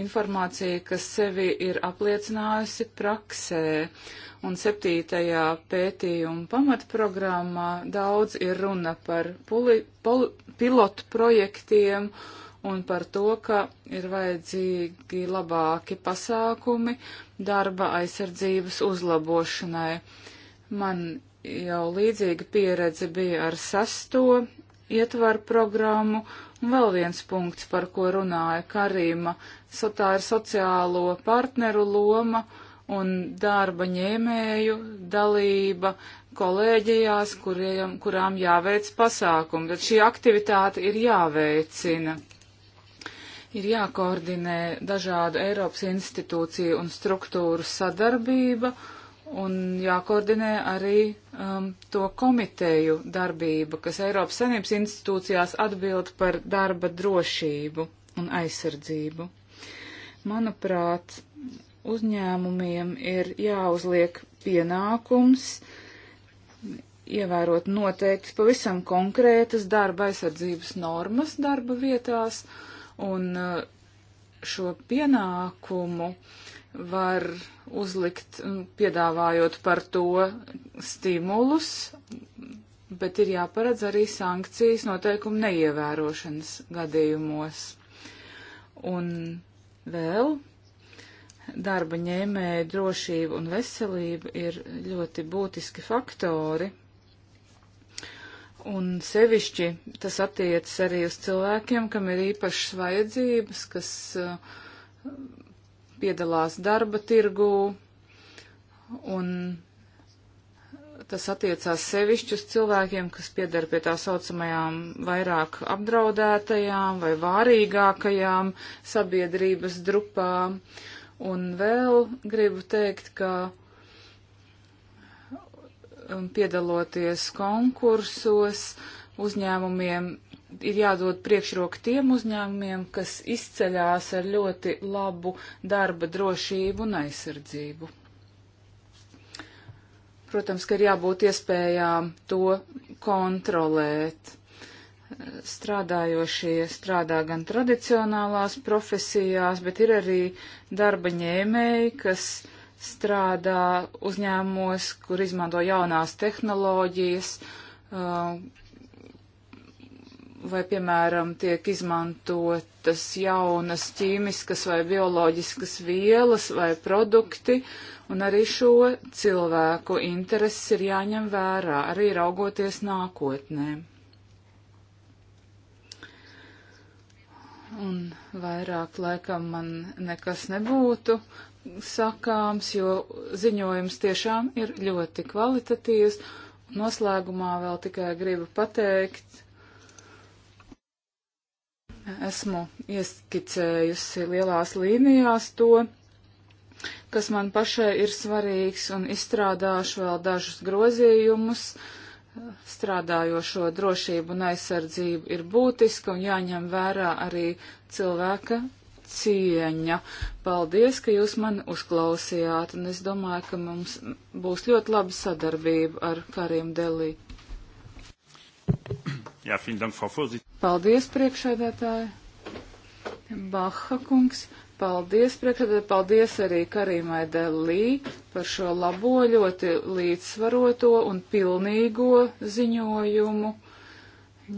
Speaker 3: informāciju, kas sevi ir apliecinājusi praksē. Un septītajā pētījuma pamatprogrammā daudz ir runa par poli, pol, pilotu projektiem un par to, ka ir vajadzīgi labāki pasākumi darba aizsardzības uzlabošanai. Man jau līdzīga pieredze bija ar sasto ietvaru programmu, un vēl viens punkts, par ko runāja Karīma, so tā ir sociālo partneru loma un darba ņēmēju dalība kolēģijās, kuriem, kurām jāveic pasākumi. Tad šī aktivitāte ir jāveicina. Ir jākoordinē dažādu Eiropas institūciju un struktūru sadarbība un jākoordinē arī um, to komiteju darbība, kas Eiropas Savienības institūcijās atbild par darba drošību un aizsardzību. Manuprāt, uzņēmumiem ir jāuzliek pienākums ievērot noteikti pavisam konkrētas darba aizsardzības normas darba vietās un uh, šo pienākumu uh, var uzlikt, piedāvājot par to stimulus, bet ir jāparedz arī sankcijas noteikumu neievērošanas gadījumos. Un vēl darba ņēmēja drošība un veselība ir ļoti būtiski faktori. Un sevišķi tas attiecas arī uz cilvēkiem, kam ir īpašas vajadzības, kas uh, piedalās darba tirgū, un tas attiecās sevišķi uz cilvēkiem, kas piedara pie tā saucamajām vairāk apdraudētajām vai vārīgākajām sabiedrības grupām. Un vēl gribu teikt, ka um, piedaloties konkursos, uzņēmumiem ir jādod priekšroka tiem uzņēmumiem, kas izceļās ar ļoti labu darba drošību un aizsardzību. Protams, ka ir jābūt iespējām to kontrolēt. Strādājošie strādā gan tradicionālās profesijās, bet ir arī darba ņēmēji, kas strādā uzņēmumos, kur izmanto jaunās tehnoloģijas, uh, vai, piemēram, tiek izmantotas jaunas ķīmiskas vai bioloģiskas vielas vai produkti, un arī šo cilvēku intereses ir jāņem vērā, arī raugoties nākotnē. Un vairāk laikam man nekas nebūtu sakāms, jo ziņojums tiešām ir ļoti kvalitatīvs. Noslēgumā vēl tikai gribu pateikt, Esmu ieskicējusi lielās līnijās to, kas man pašai ir svarīgs, un izstrādāšu vēl dažus grozījumus. Strādājošo drošību un aizsardzību ir būtiska un jāņem vērā arī cilvēka cieņa. Paldies, ka jūs mani uzklausījāt, un es domāju, ka mums būs ļoti laba sadarbība ar Karim Delī.
Speaker 1: Jā, Dank, Frau Vorsitz.
Speaker 3: Paldies, priekšēdētāji. Baha kungs. Paldies, priekšsēdētāji, paldies arī Karīmai Delī par šo labo, ļoti līdzsvaroto un pilnīgo ziņojumu,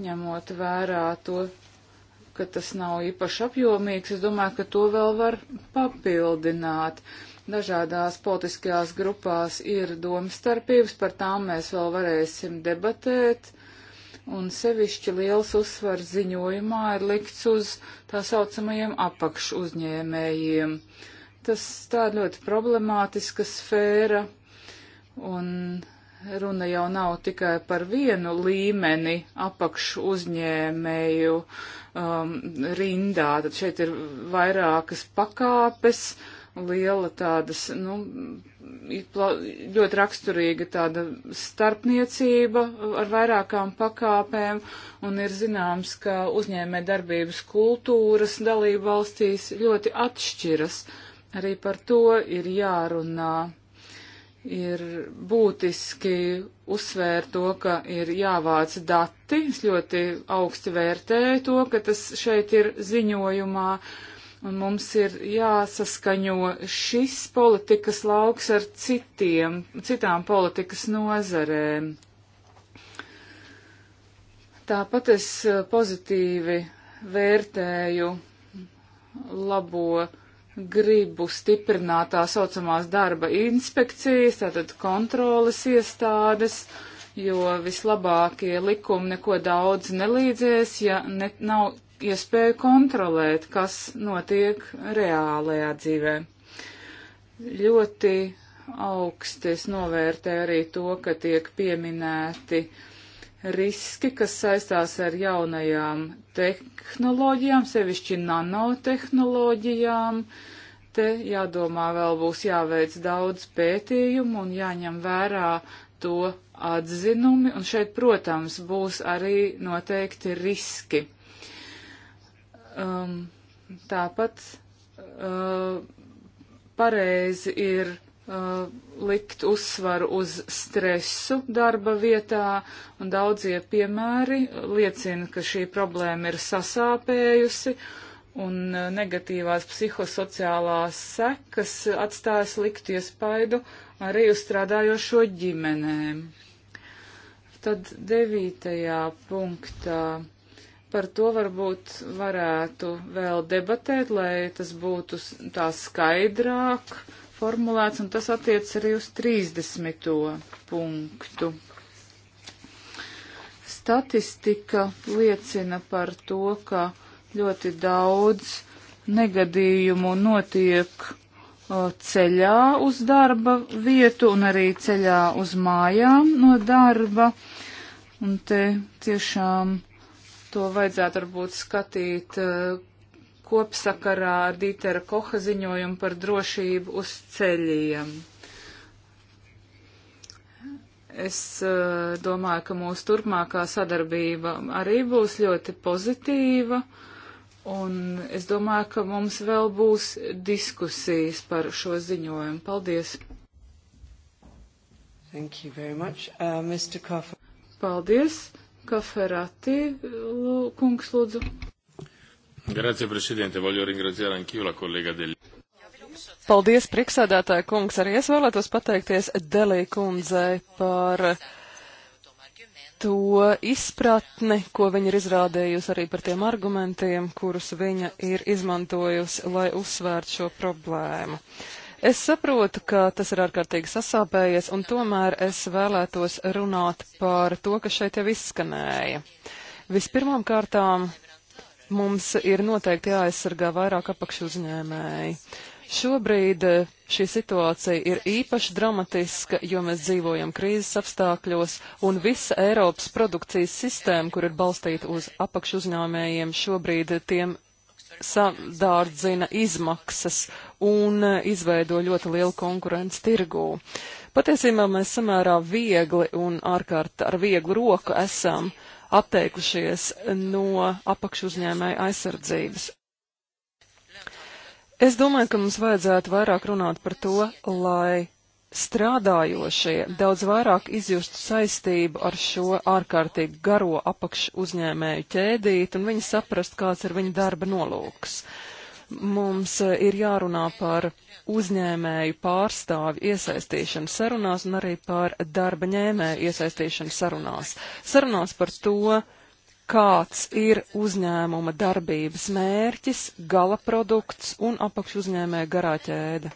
Speaker 3: ņemot vērā to, ka tas nav īpaši apjomīgs. Es domāju, ka to vēl var papildināt. Dažādās politiskajās grupās ir domstarpības, par tām mēs vēl varēsim debatēt. Uh, un sevišķi liels uzsvars ziņojumā ir likts uz tā saucamajiem apakšu uzņēmējiem. Tas tā ļoti problemātiska sfēra, un runa jau nav tikai par vienu līmeni apakšu uzņēmēju um, rindā, tad šeit ir vairākas pakāpes, uh, liela tādas, nu, ļoti raksturīga tāda starpniecība ar vairākām pakāpēm, un ir zināms, ka uzņēmē darbības kultūras dalība valstīs ļoti atšķiras. Arī par to ir jārunā. Ir būtiski uzsvērt to, ka ir jāvāc dati. Es ļoti augsti vērtēju to, ka tas šeit ir ziņojumā. Uh, Un mums ir jāsaskaņo šis politikas lauks ar citiem, citām politikas nozarēm. Tāpat es eh, pozitīvi vērtēju labo gribu stiprināt tā saucamās darba inspekcijas, tātad kontrolas iestādes, jo vislabākie likumi neko daudz nelīdzēs, ja ne, nav iespēju kontrolēt, kas notiek reālajā dzīvē. Ļoti augsti es novērtēju arī to, ka tiek pieminēti riski, kas saistās ar jaunajām tehnoloģijām, sevišķi nanotehnoloģijām. Te jādomā vēl būs jāveic daudz pētījumu un jāņem vērā to atzinumi, un šeit, protams, būs arī noteikti riski. Um, tāpat uh, pareizi ir uh, likt uzsvaru uz stresu darba vietā, un daudzie piemēri liecina, ka šī problēma ir sasāpējusi, un uh, negatīvās psihosociālās sekas atstāja sliktu iespaidu arī uz strādājošo ģimenēm. Tad devītajā punktā Par to varbūt varētu vēl debatēt, lai tas būtu tā skaidrāk formulēts, un tas attiec arī uz 30. punktu. Statistika liecina par to, ka ļoti daudz negadījumu notiek ceļā uz darba vietu un arī ceļā uz mājām no darba. Un te tiešām To vajadzētu varbūt skatīt eh, kopsakarā ar Dītera Koha ziņojumu par drošību uz ceļiem. Es eh, domāju, ka mūsu turpmākā sadarbība arī būs ļoti pozitīva. Un es domāju, ka mums vēl būs diskusijas par šo ziņojumu. Paldies! Thank you very much, uh, Mr. Koffer. Paldies! Kaferati, kungs lūdzu.
Speaker 2: Grazie, prezidente. Voglio ringraziare anch'io la collega Deli. Paldies, priksēdētāja kungs. Arī es vēlētos pateikties Delī kundzei par to izpratni, ko viņa ir izrādējusi arī par tiem argumentiem, kurus viņa ir izmantojusi, lai uzsvērtu šo problēmu. Uh, Es saprotu, ka tas ir ārkārtīgi sasāpējies, un tomēr es vēlētos runāt par to, kas šeit jau izskanēja. Vispirmām kārtām mums ir noteikti jāaizsargā vairāk apakšuzņēmēji. Šobrīd šī situācija ir īpaši dramatiska, jo mēs dzīvojam krīzes apstākļos, un visa Eiropas produkcijas sistēma, kur ir balstīta uz apakšuzņēmējiem, šobrīd tiem sadārdzina izmaksas un e, izveido ļoti lielu konkurenci tirgū. Patiesībā mēs samērā viegli un ārkārt ar vieglu roku esam atteikušies no apakšuzņēmēja aizsardzības. Es domāju, ka mums vajadzētu vairāk runāt par to, lai strādājošie daudz vairāk izjustu saistību ar šo ārkārtīgi garo apakšu uzņēmēju ķēdīt, un viņi saprast, kāds ir viņa darba nolūks. Mums eh, ir jārunā par uzņēmēju pārstāvju iesaistīšanu sarunās un arī par darba ņēmēju iesaistīšanu sarunās. Sarunās par to, kāds ir uzņēmuma darbības mērķis, gala produkts un apakšu uzņēmēja garā ķēde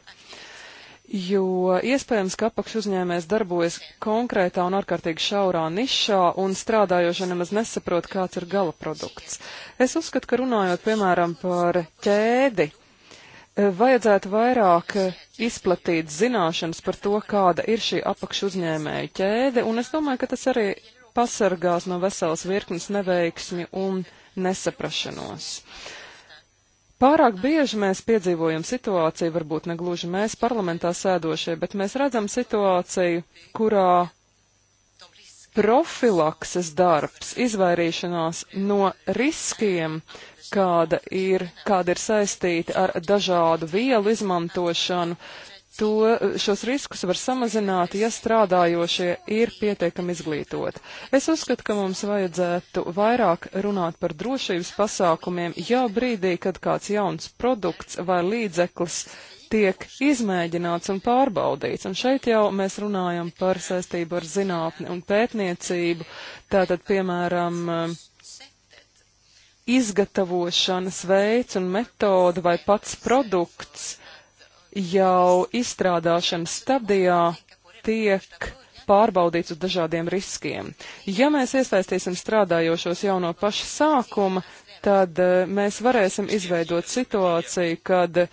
Speaker 2: jo iespējams, ka apakš uzņēmējs darbojas konkrētā un ārkārtīgi šaurā nišā un strādājošie nemaz nesaprot, kāds ir gala produkts. Es uzskatu, ka runājot, piemēram, par ķēdi, eh, vajadzētu vairāk eh, izplatīt zināšanas par to, kāda ir šī apakš uzņēmēja ķēde, un es domāju, ka tas arī pasargās no veselas virknes neveiksmi un nesaprašanos. Uh, Pārāk bieži mēs piedzīvojam situāciju, varbūt negluži mēs parlamentā sēdošie, bet mēs redzam situāciju, kurā profilakses darbs, izvairīšanās no riskiem, kāda ir, kāda ir saistīta ar dažādu vielu izmantošanu, to, eh, šos riskus var samazināt, ja strādājošie ir pietiekami izglītoti. Es uzskatu, ka mums vajadzētu vairāk runāt par drošības pasākumiem jau brīdī, kad kāds jauns produkts vai līdzeklis tiek izmēģināts un pārbaudīts. Un šeit jau mēs runājam par saistību ar zinātni un pētniecību. Tātad, piemēram, eh, izgatavošanas veids un metoda vai pats produkts jau izstrādāšanas stadijā tiek pārbaudīts uz dažādiem riskiem. Ja mēs iesaistīsim strādājošos jau no paša sākuma, tad eh, mēs varēsim izveidot situāciju, kad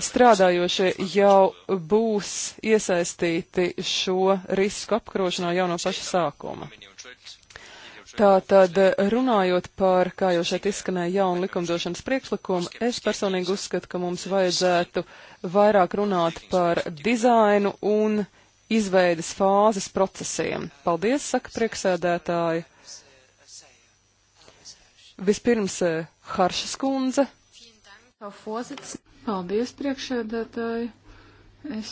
Speaker 2: strādājošie jau būs iesaistīti šo risku apkarošanā jau no paša sākuma. Tātad, runājot par, kā jau šeit izskanēja, jaunu likumdošanas priekšlikumu, es personīgi uzskatu, ka mums vajadzētu vairāk runāt par dizainu un izveidas fāzes procesiem. Paldies, saka prieksēdētāji. Vispirms eh, Haršas kundze. Paldies, priekšēdētāji. Es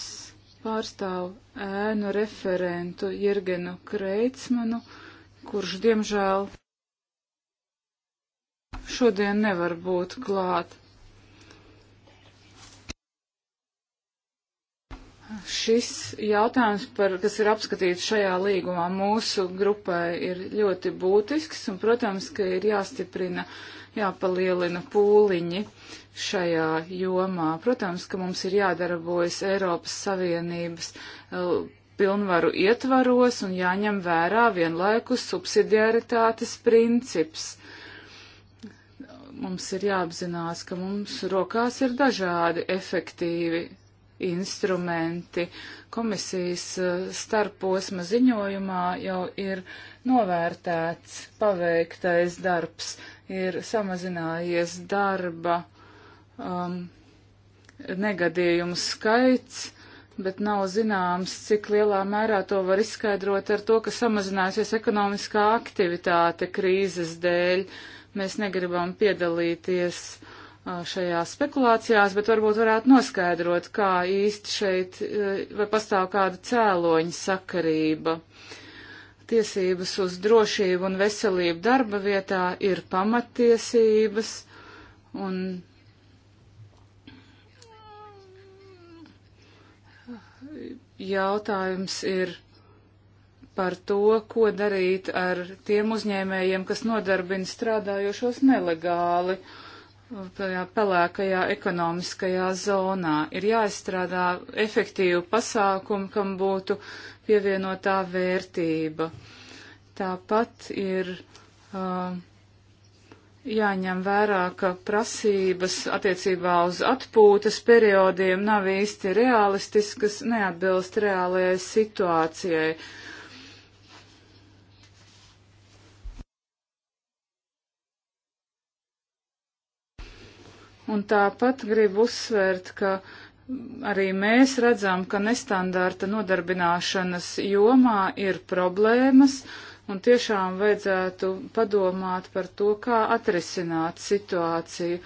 Speaker 3: pārstāvu ēnu referentu Jirgenu Kreitsmanu kurš diemžēl šodien nevar būt klāt. Šis jautājums, par, kas ir apskatīts šajā līgumā, mūsu grupai ir ļoti būtisks un, protams, ka ir jāstiprina, jāpalielina pūliņi šajā jomā. Protams, ka mums ir jādarbojas Eiropas Savienības eh, pilnvaru ietvaros un jāņem vērā vienlaikus subsidiaritātes princips. Mums ir jāapzinās, ka mums rokās ir dažādi efektīvi instrumenti. Komisijas eh, starposma ziņojumā jau ir novērtēts paveiktais darbs, ir samazinājies darba um, negadījumu skaits bet nav zināms, cik lielā mērā to var izskaidrot ar to, ka samazinājusies ekonomiskā aktivitāte krīzes dēļ. Mēs negribam piedalīties šajā spekulācijās, bet varbūt varētu noskaidrot, kā īsti šeit vai pastāv kāda cēloņa sakarība. Tiesības uz drošību un veselību darba vietā ir pamatiesības, un jautājums ir par to, ko darīt ar tiem uzņēmējiem, kas nodarbina strādājošos nelegāli tajā pelēkajā ekonomiskajā zonā. Ir jāizstrādā efektīvu pasākumu, kam būtu pievienotā vērtība. Tāpat ir uh, jāņem vērā, ka prasības attiecībā uz atpūtas periodiem nav īsti realistiskas, neatbilst reālajai situācijai. Un tāpat gribu uzsvērt, ka arī mēs redzam, ka nestandarta nodarbināšanas jomā ir problēmas, uh, un tiešām vajadzētu padomāt par to, kā atrisināt situāciju,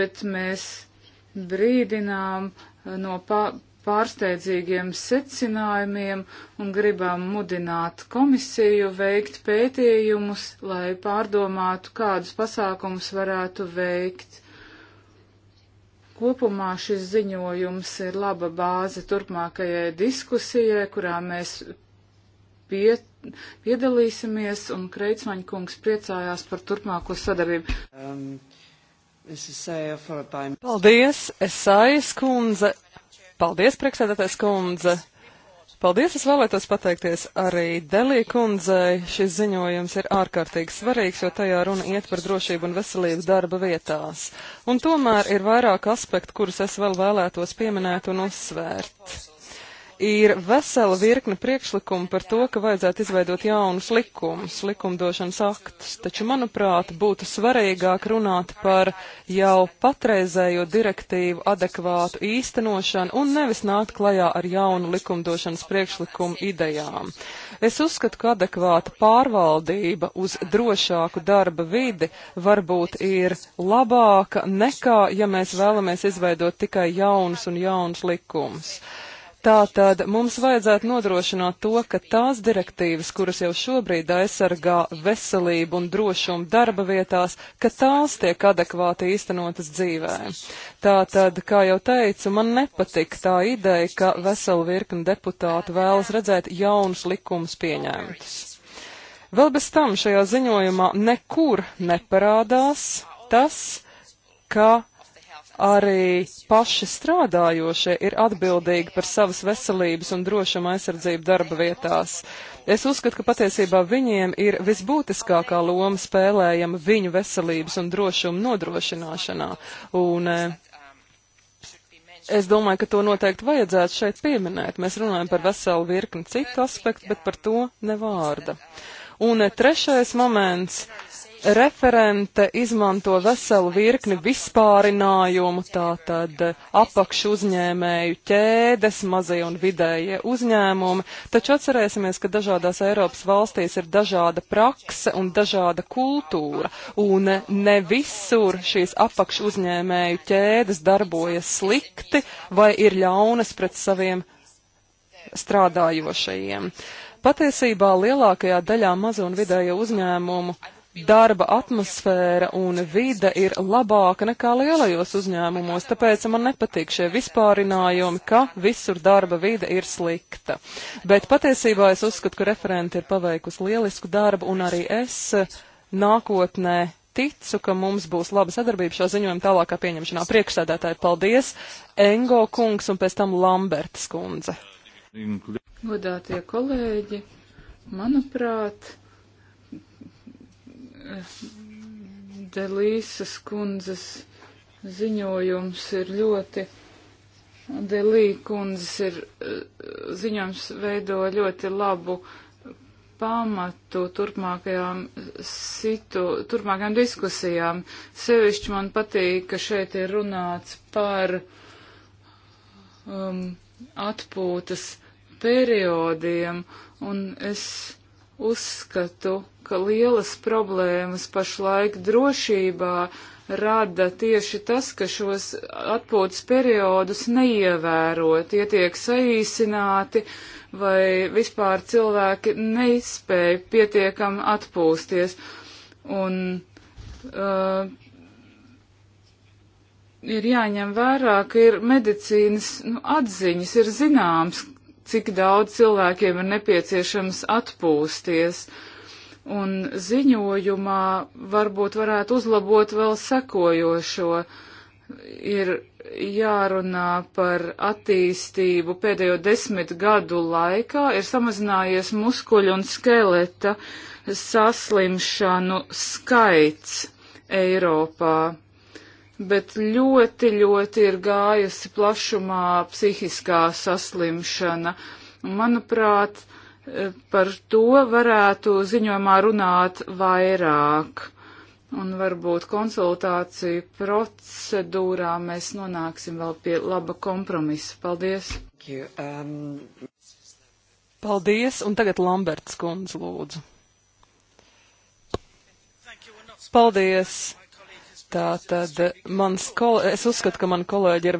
Speaker 3: bet mēs brīdinām no pārsteidzīgiem secinājumiem un gribam mudināt komisiju veikt pētījumus, lai pārdomātu, kādus pasākumus varētu veikt. Kopumā šis ziņojums ir laba bāze turpmākajai diskusijai, kurā mēs piet piedalīsimies,
Speaker 2: un Kreitsmaņa kungs priecājās par turpmāko sadarbību. Um, paldies, Esājas kundze! Paldies, priekšsēdētājs kundze! Paldies, es vēlētos pateikties arī Delija kundzei. Šis ziņojums ir ārkārtīgi svarīgs, jo tajā runa iet par drošību un veselību darba vietās. Un tomēr ir vairāk aspektu, kurus es vēl vēlētos pieminēt un uzsvērt ir vesela virkne priekšlikumu par to, ka vajadzētu izveidot jaunus likumus, likumdošanas aktus, taču, manuprāt, būtu svarīgāk runāt par jau patreizējo direktīvu adekvātu īstenošanu un nevis nākt klajā ar jaunu likumdošanas priekšlikumu idejām. Es uzskatu, ka adekvāta pārvaldība uz drošāku darba vidi varbūt ir labāka nekā, ja mēs vēlamies izveidot tikai jaunus un jaunus likumus. Tātad mums vajadzētu nodrošināt to, ka tās direktīvas, kuras jau šobrīd aizsargā veselību un drošumu darba vietās, ka tās tiek adekvāti īstenotas dzīvē. Tātad, kā jau teicu, man nepatika tā ideja, ka vesela virkni deputātu vēlas redzēt jaunus likumus pieņēmtus. Vēl bez tam šajā ziņojumā nekur neparādās tas, ka arī paši strādājošie ir atbildīgi par savas veselības un drošuma aizsardzību darba vietās. Es uzskatu, ka patiesībā viņiem ir visbūtiskākā loma spēlējama viņu veselības un drošuma nodrošināšanā. Un, eh, Es domāju, ka to noteikti vajadzētu šeit pieminēt. Mēs runājam par veselu virkni citu aspektu, bet par to nevārda. Un eh, trešais moments Referente izmanto veselu virkni vispārinājumu, tātad apakšu uzņēmēju ķēdes, mazie un vidējie uzņēmumi, taču atcerēsimies, ka dažādās Eiropas valstīs ir dažāda prakse un dažāda kultūra, un ne visur šīs apakšu uzņēmēju ķēdes darbojas slikti vai ir ļaunas pret saviem strādājošajiem. Patiesībā lielākajā daļā mazo un vidējo uzņēmumu darba atmosfēra un vide ir labāka nekā lielajos uzņēmumos, tāpēc man nepatīk šie vispārinājumi, ka visur darba vide ir slikta. Bet patiesībā es uzskatu, ka referenti ir paveikusi lielisku darbu un arī es nākotnē ticu, ka mums būs laba sadarbība šā ziņojuma tālākā pieņemšanā. Priekšsēdētāji, paldies! Engo kungs un pēc tam Lambertas kundze.
Speaker 3: Godātie kolēģi, manuprāt, Delīsas kundzes ziņojums ir ļoti, Delī kundzes ir eh, ziņojums veido ļoti labu pamatu turpmākajām, situ, turpmākajām diskusijām. Sevišķi man patīk, ka šeit ir runāts par um, atpūtas periodiem, un es Uzskatu, ka lielas problēmas pašlaik drošībā rada tieši tas, ka šos atpūtas periodus neievēro, tie tiek saīsināti vai vispār cilvēki neizspēja pietiekami atpūsties. Un uh, ir jāņem vērā, ka ir medicīnas nu, atziņas, ir zināms, cik daudz cilvēkiem ir nepieciešams atpūsties. Un ziņojumā varbūt varētu uzlabot vēl sekojošo. Ir jārunā par attīstību pēdējo desmit gadu laikā, ir samazinājies muskuļu un skeleta saslimšanu skaits Eiropā bet ļoti, ļoti ir gājusi plašumā psihiskā saslimšana. Manuprāt, eh, par to varētu ziņojumā runāt vairāk. Un varbūt konsultāciju procedūrā mēs nonāksim vēl pie laba kompromisa. Paldies!
Speaker 2: Um... Paldies! Un tagad Lamberts kundze lūdzu. Paldies! Tā tad kol, es uzskatu, ka mani kolēģi ir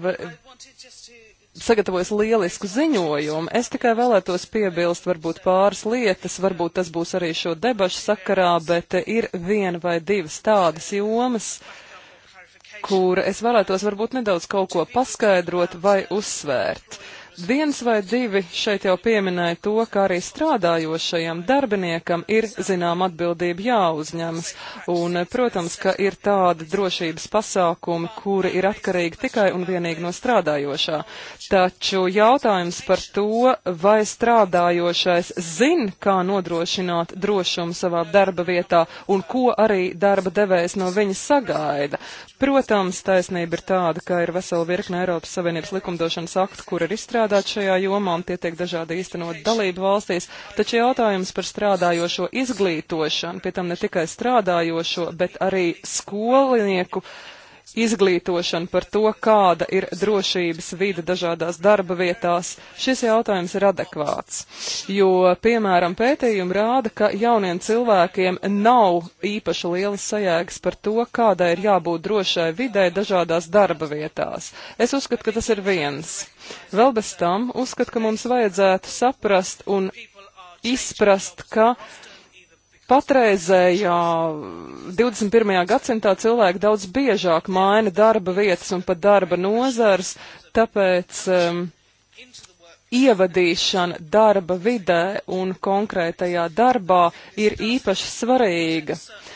Speaker 2: sagatavojis lielisku ziņojumu. Es tikai vēlētos piebilst varbūt pāris lietas, varbūt tas būs arī šo debašu sakarā, bet ir viena vai divas tādas jomas, kur es vēlētos varbūt nedaudz kaut ko paskaidrot vai uzsvērt. Uh, Viens vai divi šeit jau pieminēja to, ka arī strādājošajam darbiniekam ir zinām atbildība jāuzņemas, un, protams, ka ir tādi drošības pasākumi, kuri ir atkarīgi tikai un vienīgi no strādājošā. Taču jautājums par to, vai strādājošais zin, kā nodrošināt drošumu savā darba vietā, un ko arī darba devējs no viņa sagaida. Protams, taisnība ir tāda, ka ir vesela virkne Eiropas Savienības likumdošanas aktu, kur ir izstrādāta strādāt šajā jomā, un tie tiek dažādi īstenot dalību valstīs, taču jautājums par strādājošo izglītošanu, pie tam ne tikai strādājošo, bet arī skolnieku uh, izglītošanu par to, kāda ir drošības vide dažādās darba vietās, šis jautājums ir adekvāts. Jo, piemēram, pētījumi rāda, ka jauniem cilvēkiem nav īpaši lielas sajēgas par to, kādai ir jābūt drošai videi dažādās darba vietās. Es uzskatu, ka tas ir viens. Vēl bez tam uzskatu, ka mums vajadzētu saprast un izprast, ka Patreizējā 21. gadsimtā cilvēki daudz biežāk maina darba vietas un pat darba nozars, tāpēc um, ievadīšana darba vidē un konkrētajā darbā ir īpaši svarīga. Uh,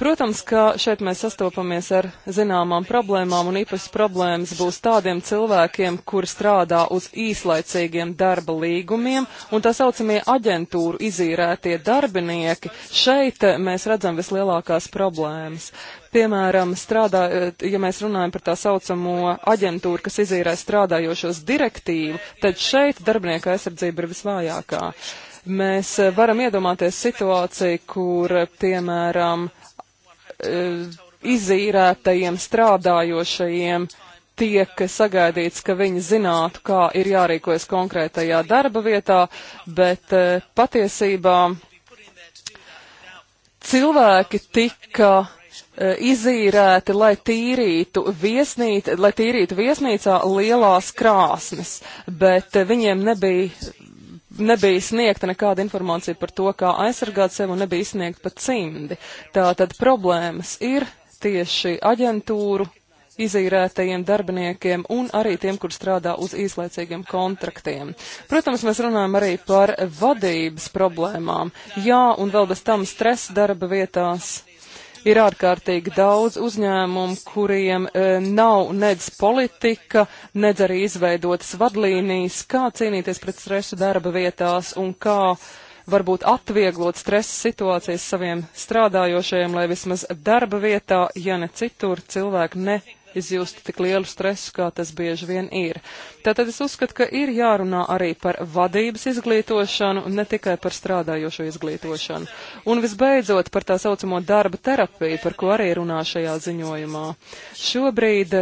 Speaker 2: Protams, ka šeit mēs sastopamies ar zināmām problēmām, un īpašas problēmas būs tādiem cilvēkiem, kur strādā uz īslaicīgiem darba līgumiem, un tā saucamie aģentūru izīrētie darbinieki. Šeit eh, mēs redzam vislielākās problēmas. Piemēram, strādā, eh, ja mēs runājam par tā saucamo aģentūru, kas izīrē strādājošos direktīvu, tad šeit darbinieka aizsardzība ir visvājākā. Mēs eh, varam iedomāties situāciju, kur, piemēram, Eh, izīrētajiem strādājošajiem tiek sagaidīts, ka viņi zinātu, kā ir jārīkojas konkrētajā darba vietā, bet eh, patiesībā cilvēki tika eh, izīrēti, lai tīrītu, viesnīt, lai tīrītu viesnīcā lielās krāsnes, bet viņiem nebija nebija sniegta nekāda informācija par to, kā aizsargāt sevi un nebija sniegta pat cimdi. Tātad problēmas ir tieši aģentūru izīrētajiem darbiniekiem un arī tiem, kur strādā uz īslaicīgiem kontraktiem. Protams, mēs runājam arī par vadības problēmām. Jā, un vēl bez tam stress darba vietās ir ārkārtīgi daudz uzņēmumu, kuriem e, nav nedz politika, nedz arī izveidotas vadlīnijas, kā cīnīties pret stresu darba vietās un kā varbūt atvieglot stresa situācijas saviem strādājošajiem, lai vismaz darba vietā, ja ne citur, cilvēki ne izjust tik lielu stresu, kā tas bieži vien ir. Tātad es uzskatu, ka ir jārunā arī par vadības izglītošanu, ne tikai par strādājošo izglītošanu. Un visbeidzot par tā saucamo darba terapiju, par ko arī runā šajā ziņojumā. Šobrīd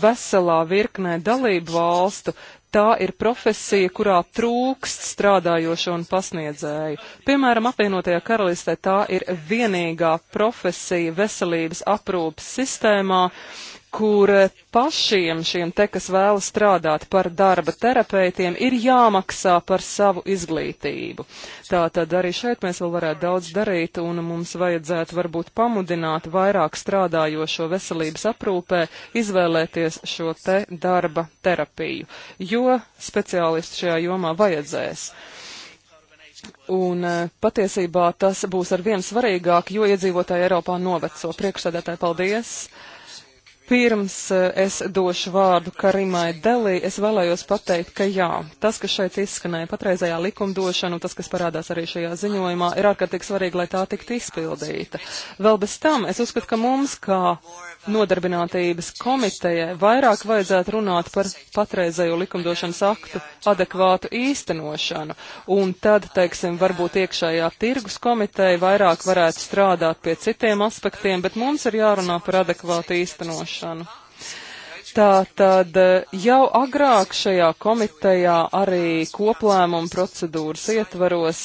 Speaker 2: veselā virknē dalību valstu tā ir profesija, kurā trūkst strādājošo un pasniedzēju. Piemēram, apvienotajā karalistē tā ir vienīgā profesija veselības aprūpas sistēmā, uh, kur eh, pašiem šiem te, kas vēlas strādāt par darba terapeitiem, ir jāmaksā par savu izglītību. Tātad arī šeit mēs vēl varētu daudz darīt, un mums vajadzētu varbūt pamudināt vairāk strādājošo veselības aprūpē izvēlēties šo te darba terapiju, jo speciālistu šajā jomā vajadzēs. Un eh, patiesībā tas būs ar vien svarīgāk, jo iedzīvotāji Eiropā noveco. Priekšsēdētāji, paldies! Pirms eh, es došu vārdu Karimai Delī, es vēlējos pateikt, ka jā, tas, kas šeit izskanēja patreizējā likumdošana un tas, kas parādās arī šajā ziņojumā, ir ārkārtīgi svarīgi, lai tā tiktu izpildīta. Vēl bez tam es uzskatu, ka mums, kā nodarbinātības komitejai, vairāk vajadzētu runāt par patreizējo likumdošanas aktu adekvātu īstenošanu. Un tad, teiksim, varbūt iekšējā tirgus komiteja vairāk varētu strādāt pie citiem aspektiem, bet mums ir jārunā par adekvātu īstenošanu likumdošanu. Tātad eh, jau agrāk šajā komitejā arī koplēmuma procedūras ietvaros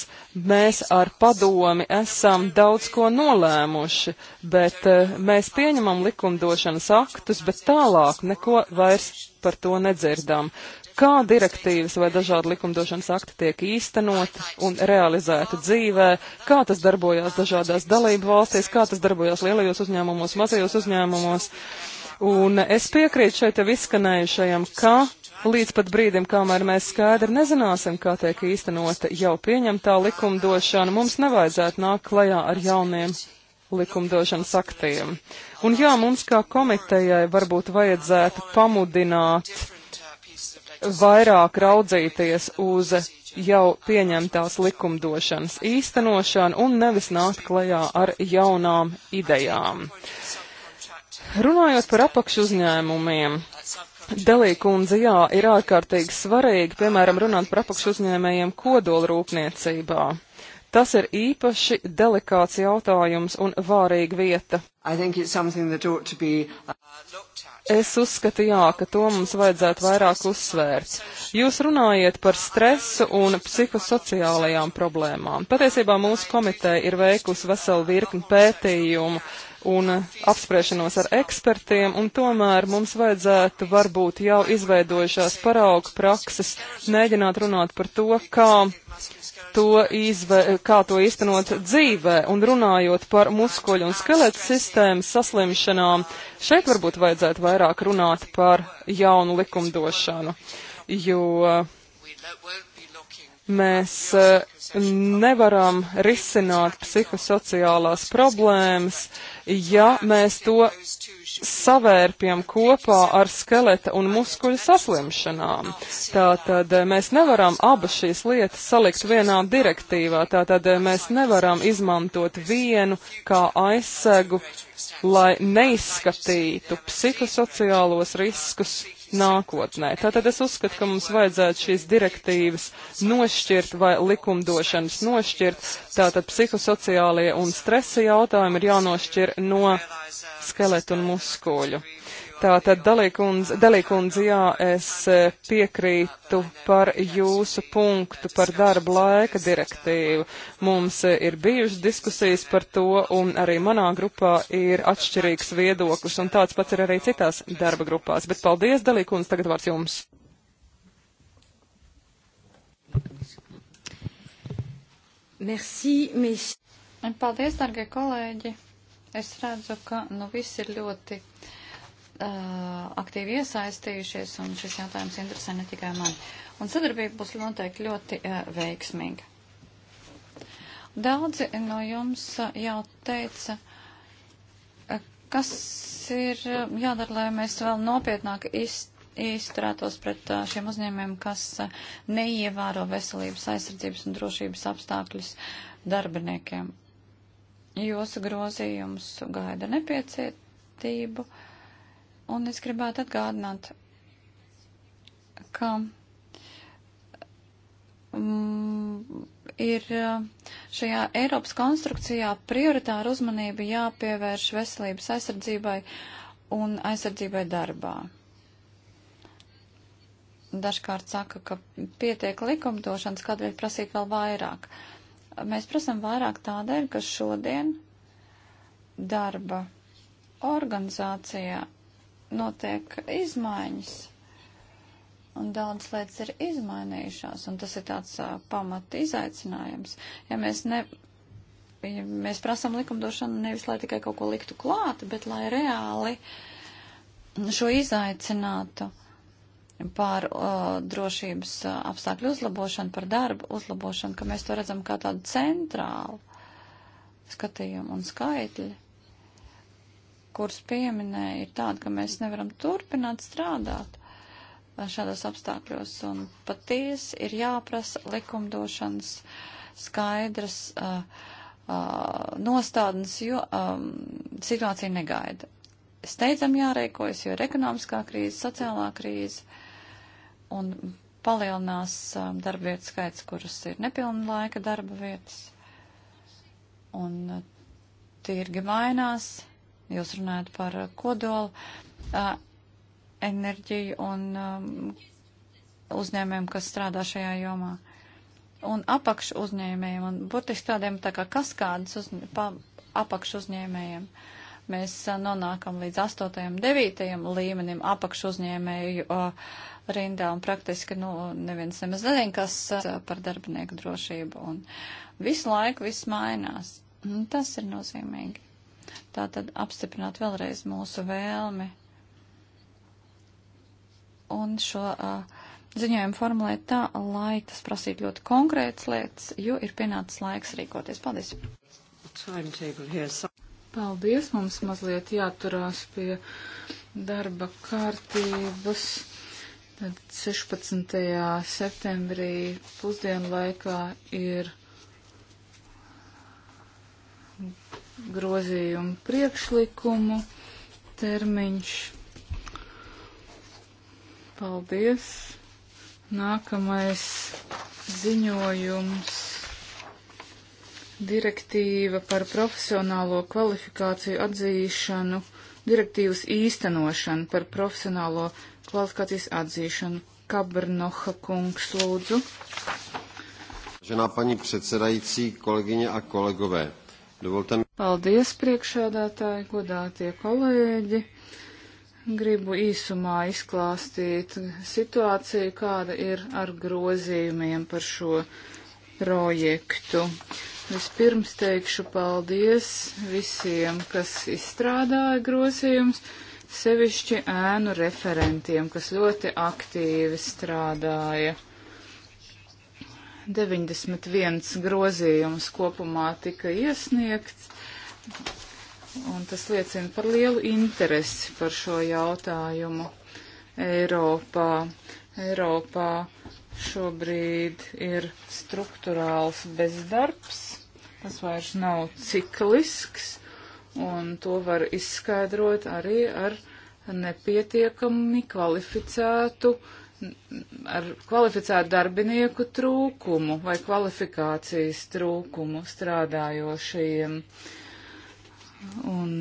Speaker 2: mēs ar padomi esam daudz ko nolēmuši, bet eh, mēs pieņemam likumdošanas aktus, bet tālāk neko vairs par to nedzirdam. Kā direktīvas vai dažādi likumdošanas akti tiek īstenoti un realizēti dzīvē, kā tas darbojās dažādās dalību valstīs, kā tas darbojās lielajos uzņēmumos, mazajos uzņēmumos. Un es piekrītu šeit jau izskanējušajam, ka līdz pat brīdim, kamēr mēs skaidri nezināsim, kā tiek īstenota jau pieņemtā likumdošana, mums nevajadzētu nākt klajā ar jauniem likumdošanas aktiem. Un jā, mums kā komitejai varbūt vajadzētu pamudināt vairāk raudzīties uz jau pieņemtās likumdošanas īstenošanu un nevis nākt klajā ar jaunām idejām. Uh, Runājot par apakšu uzņēmumiem, Delīkundze, jā, ir ārkārtīgi svarīgi, piemēram, runāt par apakšu uzņēmējiem kodolrūpniecībā. Tas ir īpaši delikāts jautājums un vārīga vieta. Be... Uh, es uzskatu, jā, ka to mums vajadzētu vairāk uzsvērt. Jūs runājat par stresu un psihosociālajām problēmām. Patiesībā mūsu komiteja ir veikusi veselu virkni pētījumu un eh, apspriešanos ar ekspertiem, un tomēr mums vajadzētu varbūt jau izveidojušās parauga prakses mēģināt runāt par to, kā to, izve, kā to īstenot dzīvē, un runājot par muskuļu un skeletu sistēmas saslimšanām, šeit varbūt vajadzētu vairāk runāt par jaunu likumdošanu, jo mēs eh, nevaram risināt psihosociālās problēmas, ja mēs to savērpjam kopā ar skeleta un muskuļu saslimšanām. Tātad eh, mēs nevaram abas šīs lietas salikt vienā direktīvā, tātad eh, mēs nevaram izmantot vienu kā aizsegu, lai neizskatītu psihosociālos riskus nākotnē. Tātad es uzskatu, ka mums vajadzētu šīs direktīvas nošķirt vai likumdošanas nošķirt. Tātad psihosociālie un stresa jautājumi ir jānošķir no skeletu un muskuļu. Tātad, Dalīkundze, jā, es e, piekrītu par jūsu punktu par darba laika direktīvu. Mums e, ir bijušas diskusijas par to, un arī manā grupā ir atšķirīgs viedoklis, un tāds pats ir arī citās darba grupās. Bet paldies, Dalīkundze, tagad vārds jums.
Speaker 1: Merci, mēs. Paldies, dargie kolēģi. Es redzu, ka nu viss ir ļoti. Uh, Uh, aktīvi iesaistījušies, un šis jautājums interesē ne tikai mani. Un sadarbība būs noteikti ļoti uh, veiksmīga. Daudzi no jums uh, jau teica, uh, kas ir jādara, lai mēs vēl nopietnāk izturētos pret šiem uzņēmiem, kas neievēro veselības aizsardzības un drošības apstākļus darbiniekiem. Jūsu grozījums gaida nepiecietību. Uh, Un es gribētu atgādināt, ka mm, ir eh, šajā Eiropas konstrukcijā prioritāra uzmanība jāpievērš veselības aizsardzībai un aizsardzībai darbā. Dažkārt saka, ka pietiek likumdošanas, kādēļ prasīt vēl vairāk. Mēs prasam vairāk tādēļ, ka šodien darba organizācijā notiek izmaiņas. Un daudz lietas ir izmainījušās, un tas ir tāds uh, pamata izaicinājums. Ja mēs, ne, ja mēs prasam likumdošanu nevis, lai tikai kaut ko liktu klāt, bet lai reāli šo izaicinātu par uh, drošības uh, apstākļu uzlabošanu, par darbu uzlabošanu, ka mēs to redzam kā tādu centrālu skatījumu un skaitļu kurus pieminēja, ir tāda, ka mēs nevaram turpināt strādāt šādos apstākļos. Un patiesi ir jāprasa likumdošanas skaidras uh, uh, nostādnes, jo um, situācija negaida. Steidzam jārēkojas, jo ir ekonomiskā krīze, sociālā krīze un palielinās um, darba vietas skaits, kuras ir nepilna laika darba vietas. Un uh, tirgi mainās Jūs runājat par uh, kodolu uh, enerģiju un um, uzņēmējiem, kas strādā šajā jomā. Un apakš uzņēmējiem, un burtiski tādiem tā kā kaskādas uz, pa, apakš uzņēmējiem. Mēs uh, nonākam līdz 8. un 9. līmenim apakš uzņēmēju rindā, un praktiski, nu, neviens nemaz nezin, kas par darbinieku drošību, un visu laiku viss mainās. Un tas ir nozīmīgi. Tātad apstiprināt vēlreiz mūsu vēlmi un šo uh, ziņojumu formulēt tā, lai tas prasītu ļoti konkrētas lietas, jo ir pienācis laiks rīkoties. Paldies! Paldies! Mums mazliet
Speaker 3: jāturās pie darba kārtības. Tad 16. septembrī pusdienu laikā ir grozījumu priekšlikumu termiņš. Paldies! Nākamais ziņojums. Direktīva par profesionālo kvalifikāciju atzīšanu, direktīvas īstenošanu par profesionālo kvalifikācijas atzīšanu. Kabrnoha kungs lūdzu.
Speaker 1: Ženā paņi predsedajīcī, kolēģiņa a kolegovē. Paldies,
Speaker 3: priekšādātāji, godātie kolēģi. Gribu īsumā izklāstīt situāciju, kāda ir ar grozījumiem par šo projektu. Vispirms teikšu paldies visiem, kas izstrādāja grozījumus, sevišķi ēnu referentiem, kas ļoti aktīvi strādāja. 91 grozījums kopumā tika iesniegts, un tas liecina par lielu interesi par šo jautājumu Eiropā. Eiropā šobrīd ir struktūrāls bezdarbs, tas vairs nav ciklisks, un to var izskaidrot arī ar nepietiekami kvalificētu uh, ar kvalificētu darbinieku trūkumu vai kvalifikācijas trūkumu strādājošajiem. Un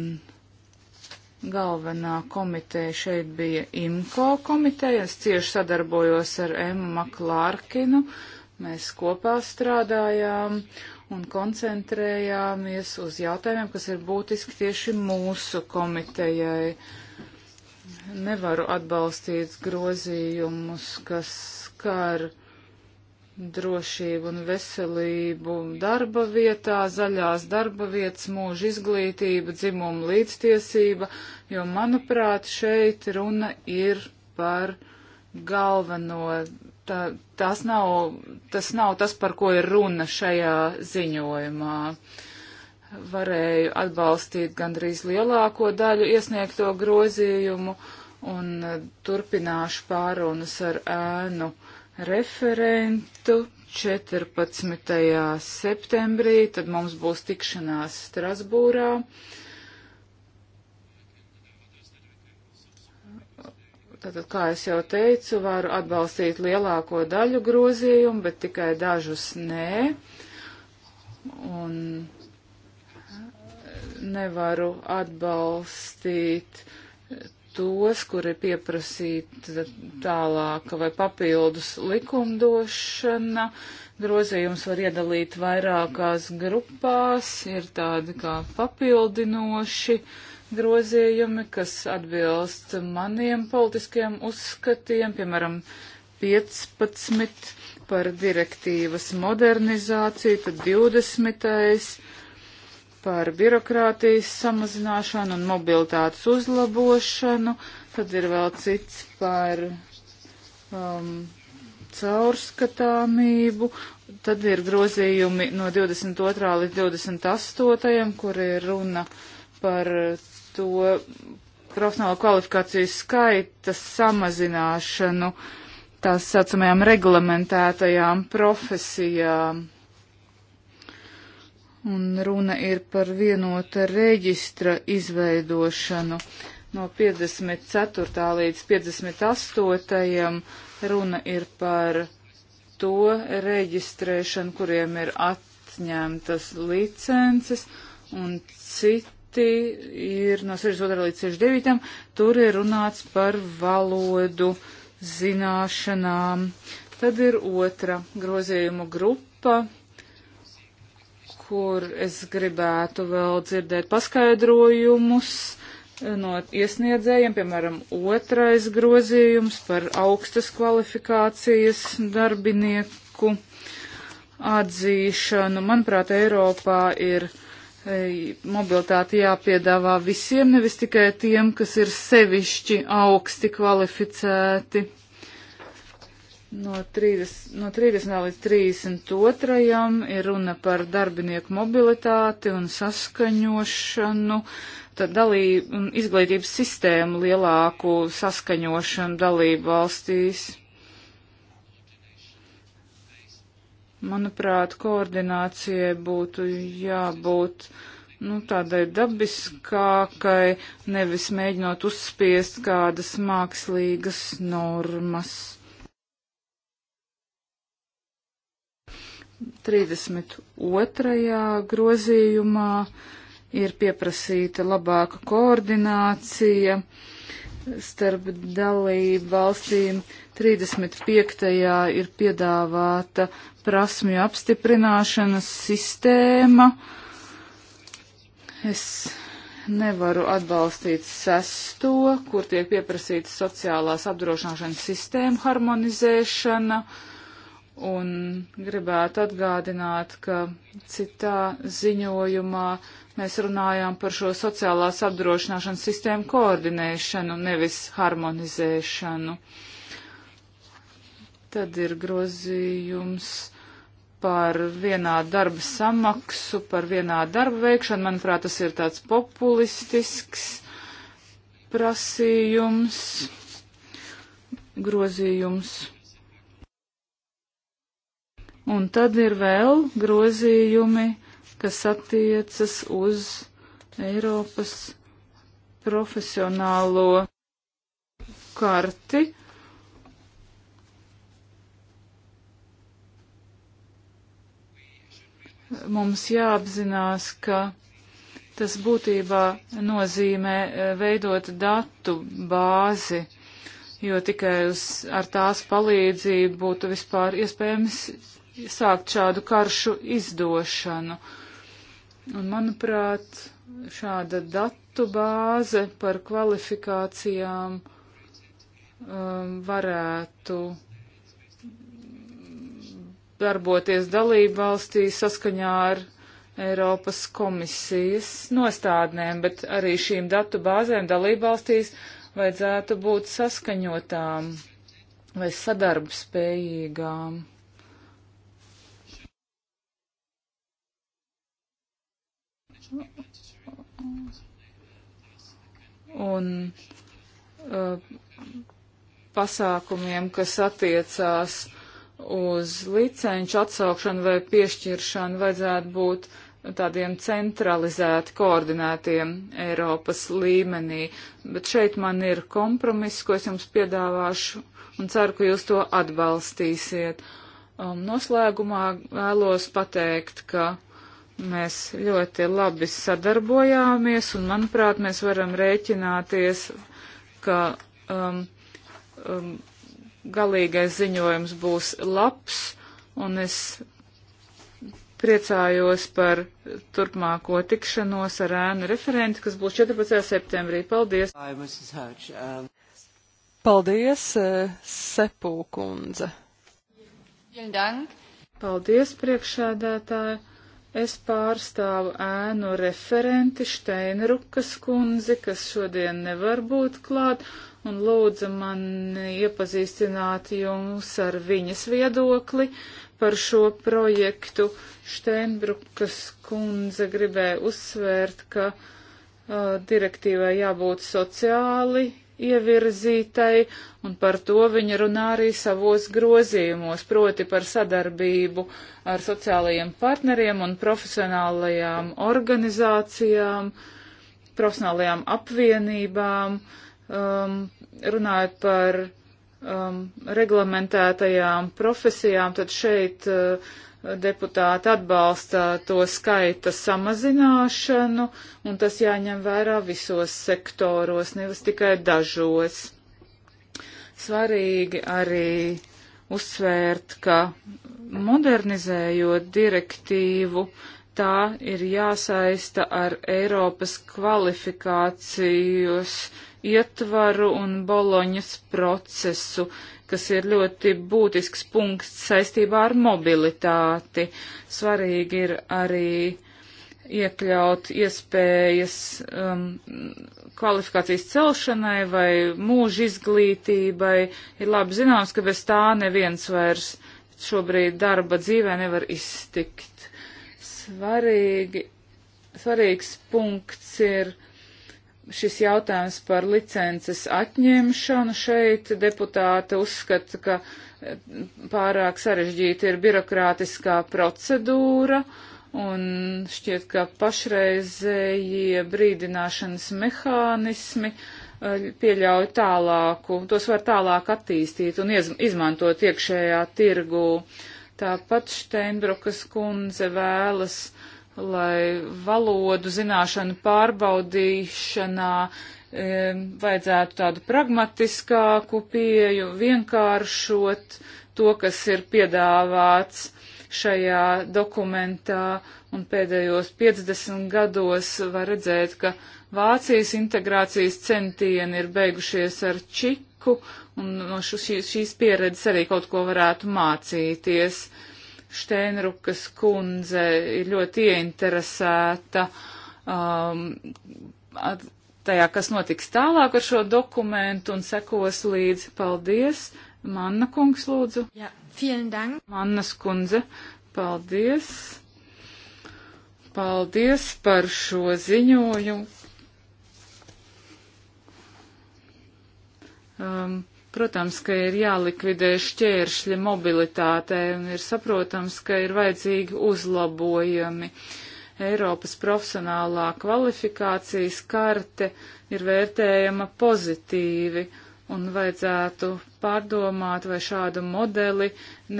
Speaker 3: galvenā komiteja šeit bija IMCO komiteja. Es cieši sadarbojos ar Emmu Maklārkinu. Mēs kopā strādājām un koncentrējāmies uz jautājumiem, kas ir būtiski tieši mūsu komitejai. Uh, nevaru atbalstīt grozījumus, kas skar drošību un veselību darba vietā, zaļās darba vietas, mūža izglītība, dzimuma līdztiesība, jo, manuprāt, šeit runa ir par galveno. Tā, tas, nav, tas nav tas, par ko ir runa šajā ziņojumā. Varēju atbalstīt gandrīz lielāko daļu iesniegto grozījumu un e, turpināšu pārunas ar ēnu referentu 14. septembrī, tad mums būs tikšanās Strasbūrā. Tātad, kā es jau teicu, varu atbalstīt lielāko daļu grozījumu, bet tikai dažus nē. Un nevaru atbalstīt tos, kuri pieprasīta tālāka vai papildus likumdošana. Grozījums var iedalīt vairākās grupās, ir tādi kā papildinoši grozījumi, kas atbilst maniem politiskiem uzskatiem, piemēram, 15 par direktīvas modernizāciju, tad 20 par birokrātijas samazināšanu un mobilitātes uzlabošanu, tad ir vēl cits par um, caurskatāmību, tad ir grozījumi no 22. līdz 28., kur ir runa par to profesionālo kvalifikāciju skaita samazināšanu tās saucamajām reglamentētajām profesijām un runa ir par vienota reģistra izveidošanu. No 54. līdz 58. runa ir par to reģistrēšanu, kuriem ir atņemtas licences, un citi ir no 62. līdz 69. tur ir runāts par valodu zināšanām. Tad ir otra grozījumu grupa kur es gribētu vēl dzirdēt paskaidrojumus no iesniedzējiem, piemēram, otrais grozījums par augstas kvalifikācijas darbinieku atzīšanu. Manuprāt, Eiropā ir mobilitāte jāpiedāvā visiem, nevis tikai tiem, kas ir sevišķi augsti kvalificēti. No 30, no 30. līdz 32. ir runa par darbinieku mobilitāti un saskaņošanu, tad dalī, izglītības sistēmu lielāku saskaņošanu dalību valstīs. Manuprāt, koordinācijai būtu jābūt nu, tādai dabiskākai, nevis mēģinot uzspiest kādas mākslīgas normas. 32. grozījumā ir pieprasīta labāka koordinācija starp dalību valstīm. 35. ir piedāvāta prasmju apstiprināšanas sistēma. Es nevaru atbalstīt sesto, kur tiek pieprasīta sociālās apdrošināšanas sistēma harmonizēšana. Uh, Un gribētu atgādināt, ka citā ziņojumā mēs runājām par šo sociālās apdrošināšanas sistēmu koordinēšanu, nevis harmonizēšanu. Tad ir grozījums par vienādu darba samaksu, par vienādu darbu veikšanu. Manuprāt, tas ir tāds populistisks prasījums, grozījums Un tad ir vēl grozījumi, kas attiecas uz Eiropas profesionālo karti. Mums jāapzinās, ka tas būtībā nozīmē e, veidot datu bāzi, jo tikai uz, ar tās palīdzību būtu vispār iespējams sākt šādu karšu izdošanu. Un, manuprāt, šāda datu bāze par kvalifikācijām um, varētu darboties dalību valstīs saskaņā ar Eiropas komisijas nostādnēm, bet arī šīm datu bāzēm dalību valstīs vajadzētu būt saskaņotām vai sadarbspējīgām. un uh, pasākumiem, kas attiecās uz licenču atsaukšanu vai piešķiršanu, vajadzētu būt tādiem centralizēti koordinētiem Eiropas līmenī. Bet šeit man ir kompromiss, ko es jums piedāvāšu un ceru, ka jūs to atbalstīsiet. Um, noslēgumā vēlos pateikt, ka Mēs ļoti labi sadarbojāmies un, manuprāt, mēs varam rēķināties, ka um, um, galīgais ziņojums būs labs un es priecājos par turpmāko tikšanos ar ēnu referenti, kas būs 14. septembrī. Paldies! Um, Paldies, eh, Sepūkundze! Paldies, priekšēdētāji! Es pārstāvu ēnu referenti Šteinrukas kundzi, kas šodien nevar būt klāt, un lūdza man iepazīstināt jums ar viņas viedokli par šo projektu. Šteinbrukas kundze gribēja uzsvērt, ka uh, direktīvai jābūt sociāli ievirzītai, un par to viņa runā arī savos grozījumos, proti par sadarbību ar sociālajiem partneriem un profesionālajām organizācijām, profesionālajām apvienībām, um, runājot par um, reglamentētajām profesijām, tad šeit uh, deputāti atbalsta to skaita samazināšanu, un tas jāņem vērā visos sektoros, nevis tikai dažos. Svarīgi arī uzsvērt, ka modernizējot direktīvu, tā ir jāsaista ar Eiropas kvalifikācijas ietvaru un boloņas procesu, kas ir ļoti būtisks punkts saistībā ar mobilitāti. Svarīgi ir arī iekļaut iespējas um, kvalifikācijas celšanai vai mūža izglītībai. Ir labi zināms, ka bez tā neviens vairs šobrīd darba dzīvē nevar iztikt. Svarīgi, svarīgs punkts ir šis jautājums par licences atņemšanu šeit deputāte uzskata, ka e, pārāk sarežģīta ir birokrātiskā procedūra un šķiet, ka pašreizējie brīdināšanas mehānismi e, pieļauj tālāku, tos var tālāk attīstīt un izmantot iekšējā tirgū. Tāpat Steinbrukas kundze vēlas lai valodu zināšanu pārbaudīšanā e, vajadzētu tādu pragmatiskāku pieju, vienkāršot to, kas ir piedāvāts šajā dokumentā, un pēdējos 50 gados var redzēt, ka Vācijas integrācijas centieni ir beigušies ar čiku, un no šīs, šīs pieredzes arī kaut ko varētu mācīties. Uh, Štēnrukas kundze ir ļoti ieinteresēta um, tajā, kas notiks tālāk ar šo dokumentu un sekos līdzi. Paldies! Manna kungs, lūdzu. Jā, vielen dank. Mannas kundze, paldies. Paldies par šo ziņojumu. Um, Protams, ka ir jālikvidē šķēršļi mobilitātei un ir saprotams, ka ir vajadzīgi uzlabojumi. Eiropas profesionālā kvalifikācijas karte ir vērtējama pozitīvi un vajadzētu pārdomāt, vai šādu modeli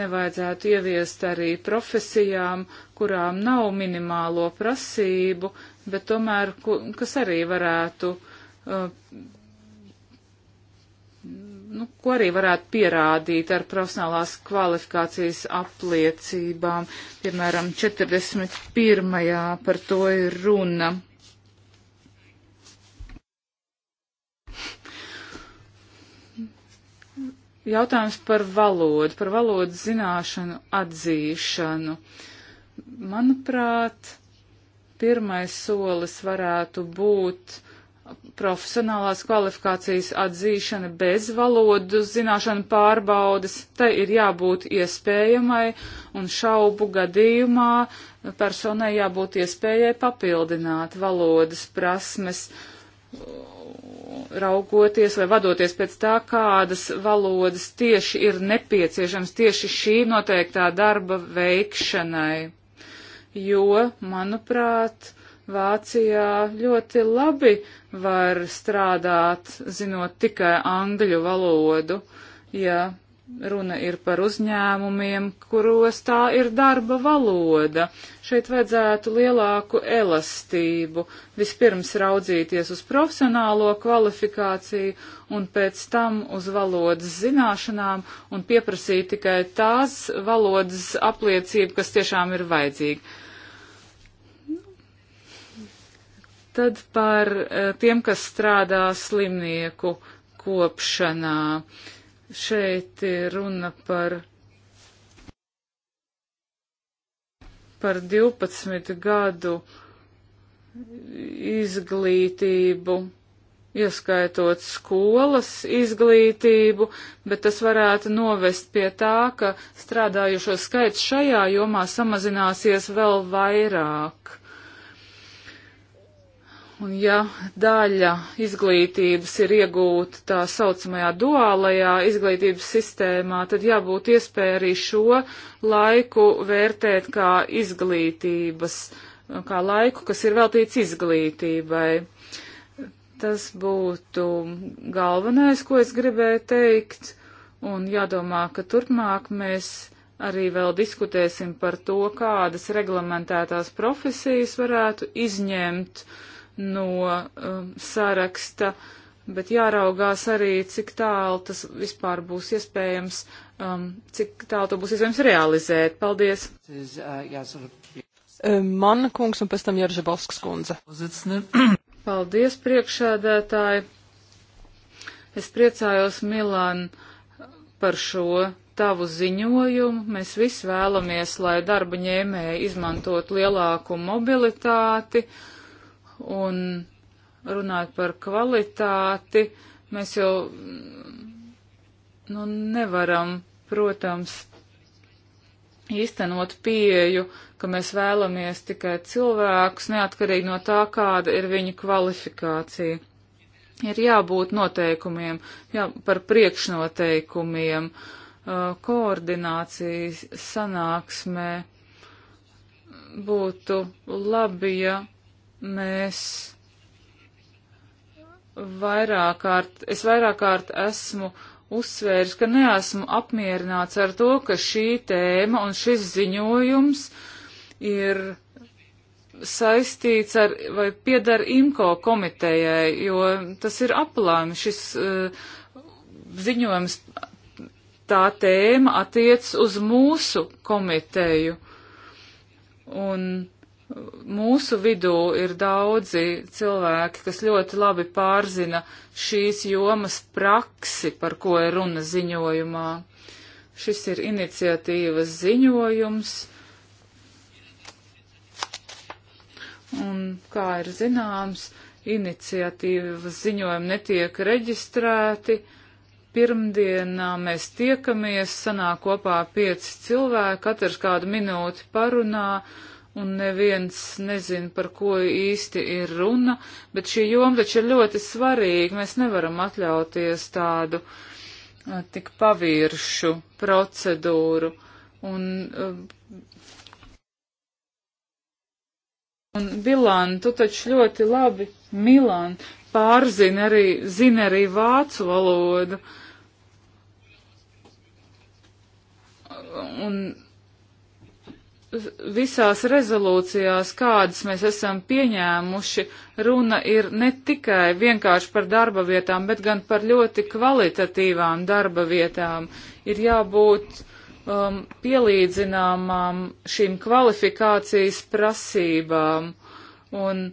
Speaker 3: nevajadzētu ieviest arī profesijām, kurām nav minimālo prasību, bet tomēr, kas arī varētu uh, nu, ko arī varētu pierādīt ar profesionālās kvalifikācijas apliecībām. Piemēram, 41. par to ir runa. Jautājums par valodu, par valodas zināšanu atzīšanu. Manuprāt, pirmais solis varētu būt profesionālās kvalifikācijas atzīšana bez valodu zināšanu pārbaudas, tai ir jābūt iespējamai un šaubu gadījumā personai jābūt iespējai papildināt valodas prasmes, raugoties vai vadoties pēc tā, kādas valodas tieši ir nepieciešams tieši šī noteiktā darba veikšanai. Jo, manuprāt, Vācijā ļoti labi var strādāt, zinot tikai angļu valodu, ja runa ir par uzņēmumiem, kuros tā ir darba valoda. Šeit vajadzētu lielāku elastību, vispirms raudzīties uz profesionālo kvalifikāciju un pēc tam uz valodas zināšanām un pieprasīt tikai tās valodas apliecību, kas tiešām ir vajadzīga. Tad par eh, tiem, kas strādā slimnieku kopšanā. Šeit ir runa par, par 12 gadu izglītību ieskaitot skolas izglītību, bet tas varētu novest pie tā, ka strādājušo skaits šajā jomā samazināsies vēl vairāk. Un ja daļa izglītības ir iegūta tā saucamajā duālajā izglītības sistēmā, tad jābūt iespēja arī šo laiku vērtēt kā izglītības, kā laiku, kas ir veltīts izglītībai. Tas būtu galvenais, ko es gribēju teikt, un jādomā, ka turpmāk mēs arī vēl diskutēsim par to, kādas reglamentētās profesijas varētu izņemt uh, no um, saraksta, bet jāraugās arī, cik tālu tas vispār būs iespējams, um, cik tālu to būs iespējams realizēt. Paldies! Uh,
Speaker 2: um, Mana kungs un pēc tam Jeržabovskas kundze.
Speaker 3: Paldies, priekšēdētāji! Es priecājos, Milan, par šo tavu ziņojumu. Mēs visi vēlamies, lai darba ņēmēji izmantot lielāku mobilitāti. Uh, Un runāt par kvalitāti, mēs jau nu, nevaram, protams, īstenot pieju, ka mēs vēlamies tikai cilvēkus, neatkarīgi no tā, kāda ir viņa kvalifikācija. Ir jābūt noteikumiem, jā, par priekšnoteikumiem, uh, koordinācijas sanāksmē būtu labi, ja mēs vairāk kārt, es vairāk kārt esmu uzsvērs, ka neesmu apmierināts ar to, ka šī tēma un šis ziņojums ir saistīts ar vai piedara IMCO komitejai, jo tas ir aplāmi. Šis uh, ziņojums, tā tēma attiec uz mūsu komiteju. Un mūsu vidū ir daudzi cilvēki, kas ļoti labi pārzina šīs jomas praksi, par ko ir runa ziņojumā. Šis ir iniciatīvas ziņojums. Un, kā ir zināms, iniciatīvas ziņojumi netiek reģistrēti. Pirmdienā mēs tiekamies, sanāk kopā pieci cilvēki, katrs kādu minūti parunā un neviens nezin, par ko īsti ir runa, bet šī joma taču ir ļoti svarīga. Mēs nevaram atļauties tādu tik pavīršu procedūru. Un, un Bilan, tu taču ļoti labi, Milan, pārzini arī, zini arī vācu valodu. Un, visās rezolūcijās, kādas mēs esam pieņēmuši, runa ir ne tikai vienkārši par darba vietām, bet gan par ļoti kvalitatīvām darba vietām. Ir jābūt um, pielīdzināmām šīm kvalifikācijas prasībām un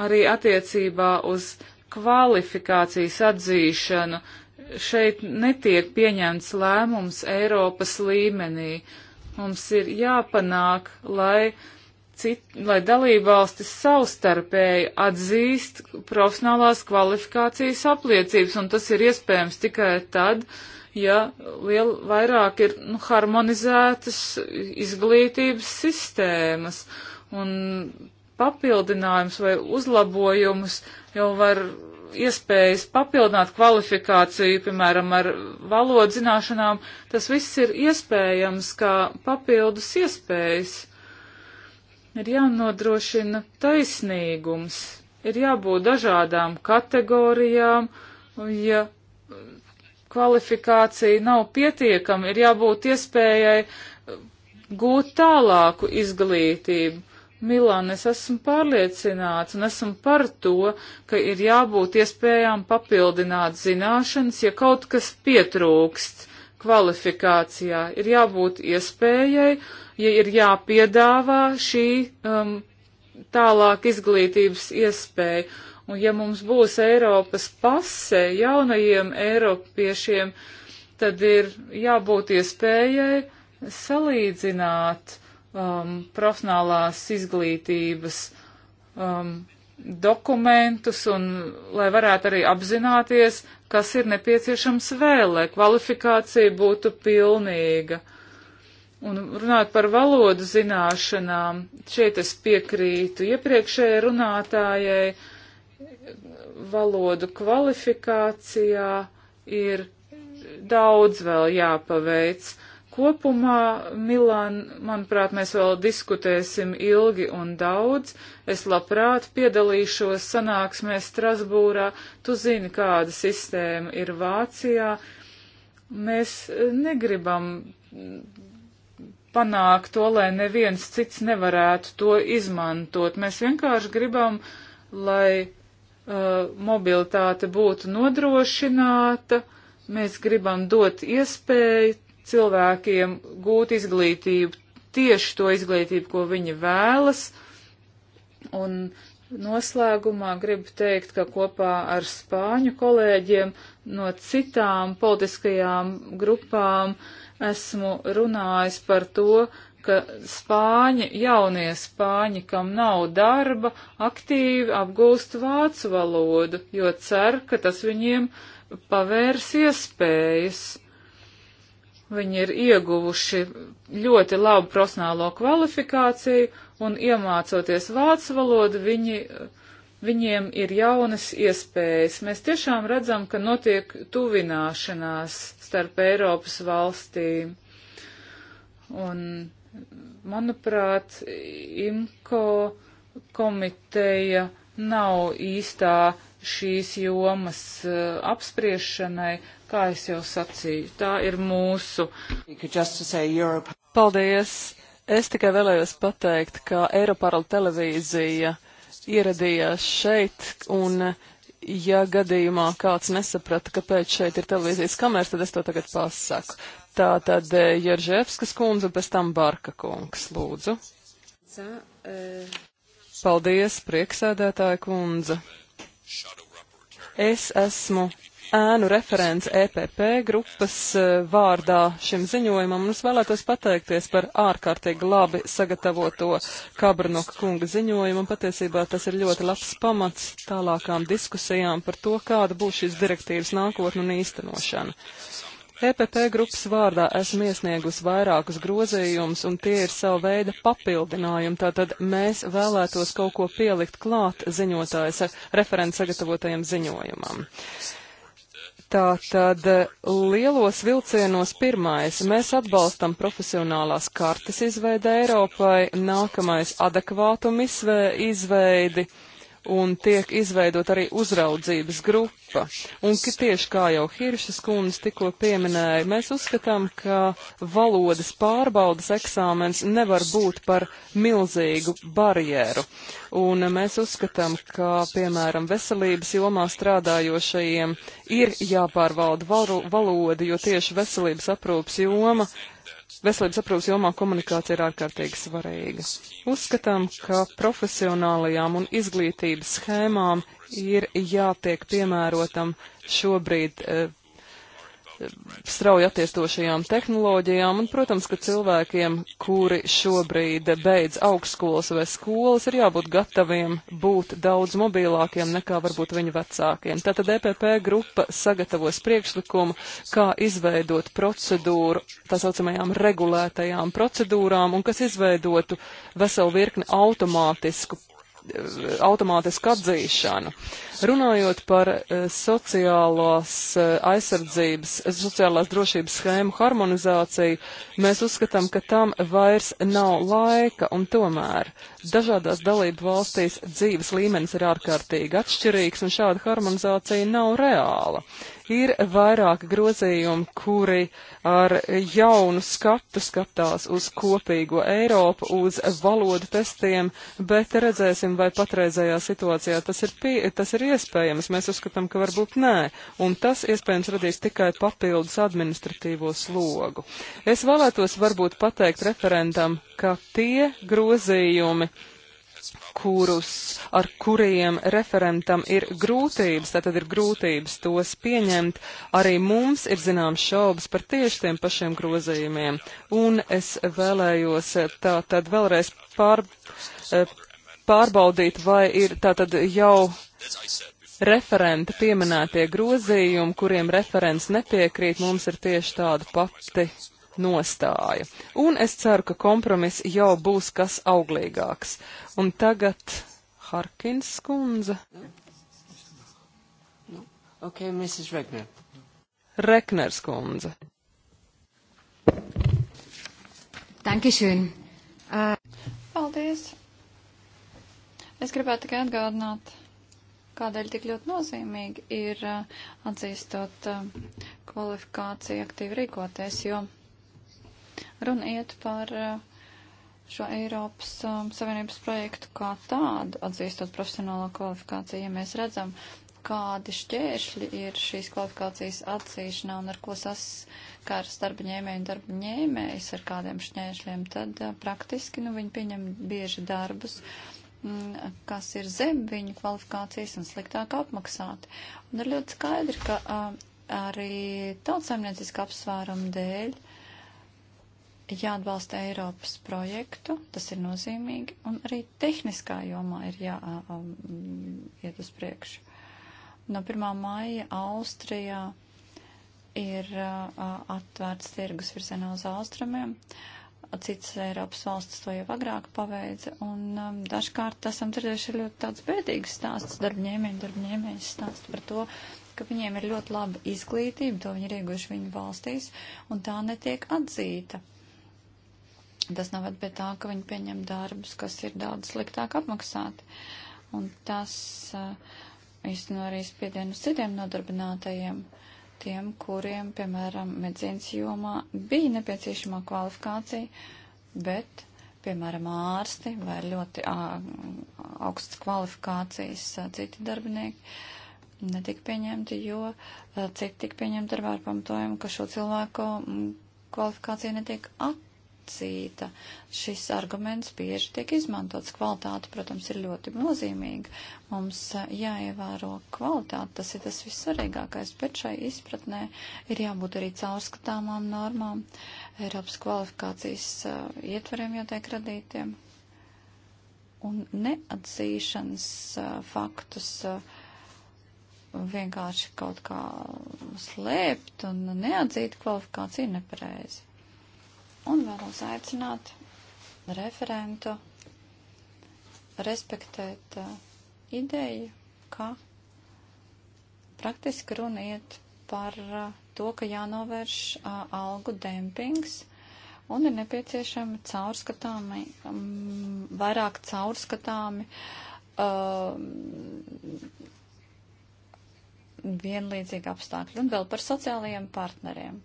Speaker 3: arī attiecībā uz kvalifikācijas atzīšanu. Uh, šeit netiek pieņemts lēmums Eiropas līmenī. Mums ir jāpanāk, lai, cit, lai dalībvalstis savstarpēji atzīst profesionālās kvalifikācijas apliecības, un tas ir iespējams tikai tad, ja liel, vairāk ir nu, harmonizētas izglītības sistēmas. Un papildinājums vai uzlabojumus jau var iespējas papildināt kvalifikāciju, piemēram, ar valodas zināšanām, tas viss ir iespējams kā papildus iespējas. Ir jānodrošina taisnīgums, ir jābūt dažādām kategorijām, ja kvalifikācija nav pietiekama, ir jābūt iespējai gūt tālāku izglītību Milāna, es esmu pārliecināts un esmu par to, ka ir jābūt iespējām papildināt zināšanas, ja kaut kas pietrūkst kvalifikācijā. Ir jābūt iespējai, ja ir jāpiedāvā šī um, tālāk izglītības iespēja. Un ja mums būs Eiropas pase jaunajiem Eiropiešiem, tad ir jābūt iespējai salīdzināt um, profesionālās izglītības um, dokumentus un lai varētu arī apzināties, kas ir nepieciešams vēl, lai kvalifikācija būtu pilnīga. Un runāt par valodu zināšanām, šeit es piekrītu iepriekšējai runātājai, valodu kvalifikācijā ir daudz vēl jāpaveic. Uh, Kopumā, Milān, manuprāt, mēs vēl diskutēsim ilgi un daudz. Es labprāt piedalīšos sanāksmē Strasbūrā. Tu zini, kāda sistēma ir Vācijā. Mēs eh, negribam mm, panākt to, lai neviens cits nevarētu to izmantot. Mēs vienkārši gribam, lai uh, mobilitāte būtu nodrošināta. Mēs gribam dot iespēju cilvēkiem gūt izglītību, tieši to izglītību, ko viņi vēlas. Un noslēgumā gribu teikt, ka kopā ar spāņu kolēģiem no citām politiskajām grupām esmu runājis par to, ka spāņi, jaunie spāņi, kam nav darba, aktīvi apgūst vācu valodu, jo cer, ka tas viņiem pavērs iespējas. Viņi ir ieguvuši ļoti labu profesionālo kvalifikāciju un iemācoties vācu valodu, viņi, viņiem ir jaunas iespējas. Mēs tiešām redzam, ka notiek tuvināšanās starp Eiropas valstīm. Un, manuprāt, IMCO komiteja nav īstā šīs jomas uh, apspriešanai, Kā es jau sacīju, tā ir mūsu.
Speaker 2: Paldies! Es tikai vēlējos pateikt, ka Eiroparla televīzija ieradījās šeit un, ja gadījumā kāds nesaprata, kāpēc šeit ir televīzijas kameras, tad es to tagad pasaku. Tā tad eh, Jerževskas kundze un pēc tam Barka kungs, lūdzu. Eh, Paldies, prieksēdētāja kundze. Es esmu ēnu referents EPP grupas e, vārdā šim ziņojumam un es vēlētos pateikties par ārkārtīgi labi sagatavoto Kabrnoka kunga ziņojumu. Un patiesībā tas ir ļoti labs pamats tālākām diskusijām par to, kāda būs šīs direktīvas nākotne un īstenošana. EPP grupas vārdā esmu iesniegusi vairākus grozījumus, un tie ir sava veida papildinājumi. Tātad mēs vēlētos kaut ko pielikt klāt ziņotājas referents sagatavotajam ziņojumam. Tātad uh, lielos vilcienos pirmais - mēs atbalstam profesionālās kartes izveidu Eiropai, nākamais - adekvātumu izveidi, un tiek izveidot arī uzraudzības grupa. Un tieši kā jau Hiršas kundze tikko pieminēja, mēs uzskatām, ka valodas pārbaudas eksāmens nevar būt par milzīgu barjeru. Un mēs uzskatām, ka, piemēram, veselības jomā strādājošajiem ir jāpārvalda valoda, jo tieši veselības aprūpas joma veselības aprūpas jomā komunikācija ir ārkārtīgi svarīga. Uzskatām, ka profesionālajām un izglītības schēmām ir jātiek piemērotam šobrīd eh, strauji attiestošajām tehnoloģijām, un, protams, ka cilvēkiem, kuri šobrīd beidz augstskolas vai skolas, ir jābūt gataviem būt daudz mobilākiem nekā varbūt viņu vecākiem. Tātad EPP grupa sagatavos priekšlikumu, kā izveidot procedūru tā saucamajām regulētajām procedūrām, un kas izveidotu veselu virkni automātisku Eh, automātisku atzīšanu. Runājot par eh, sociālās eh, aizsardzības, sociālās drošības schēmu harmonizāciju, mēs uzskatām, ka tam vairs nav laika un tomēr Dažādās dalību valstīs dzīves līmenis ir ārkārtīgi atšķirīgs, un šāda harmonizācija nav reāla. Ir vairāki grozījumi, kuri ar jaunu skatu skatās uz kopīgo Eiropu, uz valodu testiem, bet redzēsim, vai patreizējā situācijā tas ir, pie, tas ir iespējams. Mēs uzskatām, ka varbūt nē, un tas iespējams radīs tikai papildus administratīvo slogu. Es vēlētos varbūt pateikt referentam, ka tie grozījumi, kurus, ar kuriem referentam ir grūtības, tātad ir grūtības tos pieņemt, arī mums ir zināms šaubas par tieši tiem pašiem grozījumiem. Un es vēlējos tātad vēlreiz pār, eh, pārbaudīt, vai ir tātad jau referenta pieminētie grozījumi, kuriem referents nepiekrīt, mums ir tieši tāda pati nostāja. Un es ceru, ka kompromiss jau būs kas auglīgāks. Un tagad Harkins skundze. No. Okay, Mrs. Regner. Rekner skundze.
Speaker 1: Dankeschön. Uh... Paldies. Es gribētu tikai atgādināt, kādēļ tik ļoti nozīmīgi ir uh, atzīstot uh, kvalifikāciju aktīvi rīkoties, jo Runa iet par eh, šo Eiropas um, Savienības projektu kā tādu, atzīstot profesionālo kvalifikāciju, ja mēs redzam, kādi šķēršļi ir šīs kvalifikācijas atzīšanā un ar ko saskars darba ņēmēji un darba ņēmējs ar kādiem šķēršļiem, tad uh, praktiski nu, viņi pieņem bieži darbus mm, kas ir zem viņu kvalifikācijas un sliktāk apmaksāti. Un ir ļoti skaidri, ka uh, arī tautsaimnieciska apsvēruma dēļ jāatbalsta Eiropas projektu, tas ir nozīmīgi, un arī tehniskā jomā ir jāiet uz priekšu. No 1. māja Austrijā ir atvērts tirgus virzienā uz austrumiem. Citas Eiropas valstis to jau agrāk paveica, un um, dažkārt esam dzirdējuši ļoti tāds bēdīgs stāsts darbņēmēji, darbņēmēji stāst par to, ka viņiem ir ļoti laba izglītība, to viņi ir ieguši viņu valstīs, un tā netiek atzīta. Uh, un tas noved pie tā, ka viņi pieņem darbus, kas ir daudz sliktāk apmaksāti. Un tas īstenībā arī spiedienu uz citiem nodarbinātajiem, tiem, kuriem, piemēram, medzīnas jomā bija nepieciešamā kvalifikācija, bet piemēram, ārsti vai ļoti augstas kvalifikācijas citi darbinieki netika pieņemti, jo citi tika pieņemti darbā ar pamatojumu, ka šo cilvēku mm, kvalifikācija netiek at nosacīta. Šis arguments bieži tiek izmantots. Kvalitāte, protams, ir ļoti nozīmīga. Mums eh, jāievēro kvalitāte, tas ir tas vissvarīgākais, bet šai izpratnē ir jābūt arī caurskatāmām normām, Eiropas kvalifikācijas uh, ietvariem jātiek radītiem. Un neatzīšanas uh, faktus. Uh, vienkārši kaut kā slēpt un neatzīt kvalifikāciju nepareizi. Un vēlos aicināt referentu respektēt uh, ideju, ka praktiski runa iet par uh, to, ka jānovērš uh, algu dempings un ir nepieciešami caurskatāmi, um, vairāk caurskatāmi um, vienlīdzīgi apstākļi un vēl par sociālajiem partneriem.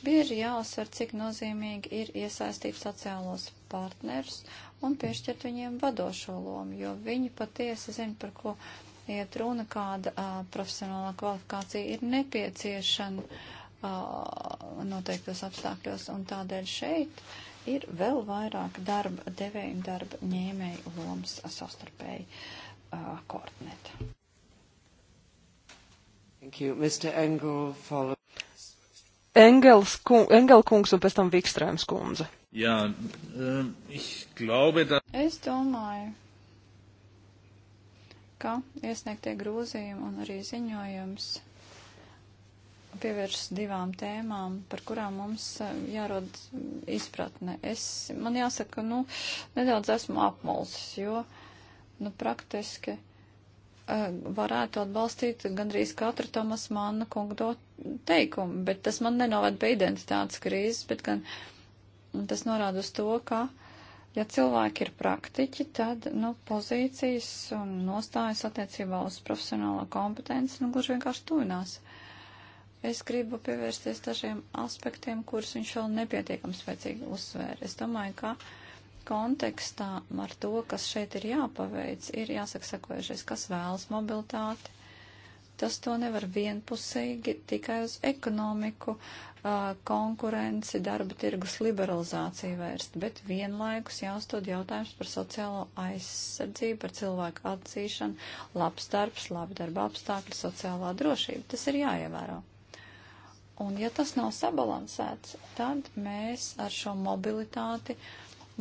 Speaker 1: Bieži jāuzsver, cik nozīmīgi ir iesaistīt sociālos partnerus un piešķirt viņiem vadošo lomu, jo viņi patiesi zina, par ko iet runa, kāda a, profesionālā kvalifikācija ir nepieciešama a, noteiktos apstākļos, un tādēļ šeit ir vēl vairāk darba devēja un darba ņēmēja lomas sastarpēji koordinēt. Thank you, Mr.
Speaker 2: Engel, follow. Engels, kung, Engel kungs un pēc tam Vikstrēms kundze.
Speaker 3: Jā, um, ich glaube, da...
Speaker 1: Es domāju, ka iesniegtie grozījumi un arī ziņojums pievēršas divām tēmām, par kurām mums uh, jārod izpratne. Es, man jāsaka, nu, nedaudz esmu apmulsis, jo, nu, praktiski varētu atbalstīt gandrīz katru Tomas Manna kungu teikumu, bet tas man nenovada pie identitātes krīzes, bet gan tas norāda uz to, ka, ja cilvēki ir praktiķi, tad, nu, pozīcijas un nostājas attiecībā uz profesionālo kompetenci, nu, gluži vienkārši tuvinās. Es gribu pievērsties dažiem aspektiem, kurus viņš vēl nepietiekam spēcīgi uzsvēra. Es domāju, ka kontekstā ar to, kas šeit ir jāpaveic, ir jāsaka sekojušais, kas vēlas mobilitāti. Tas to nevar vienpusīgi tikai uz ekonomiku, konkurenci, darba tirgus liberalizāciju vērst, bet vienlaikus jāuzdod jautājums par sociālo aizsardzību, par cilvēku atzīšanu, labs darbs, labi darba apstākļi, sociālā drošība. Tas ir jāievēro. Un ja tas nav sabalansēts, tad mēs ar šo mobilitāti uh,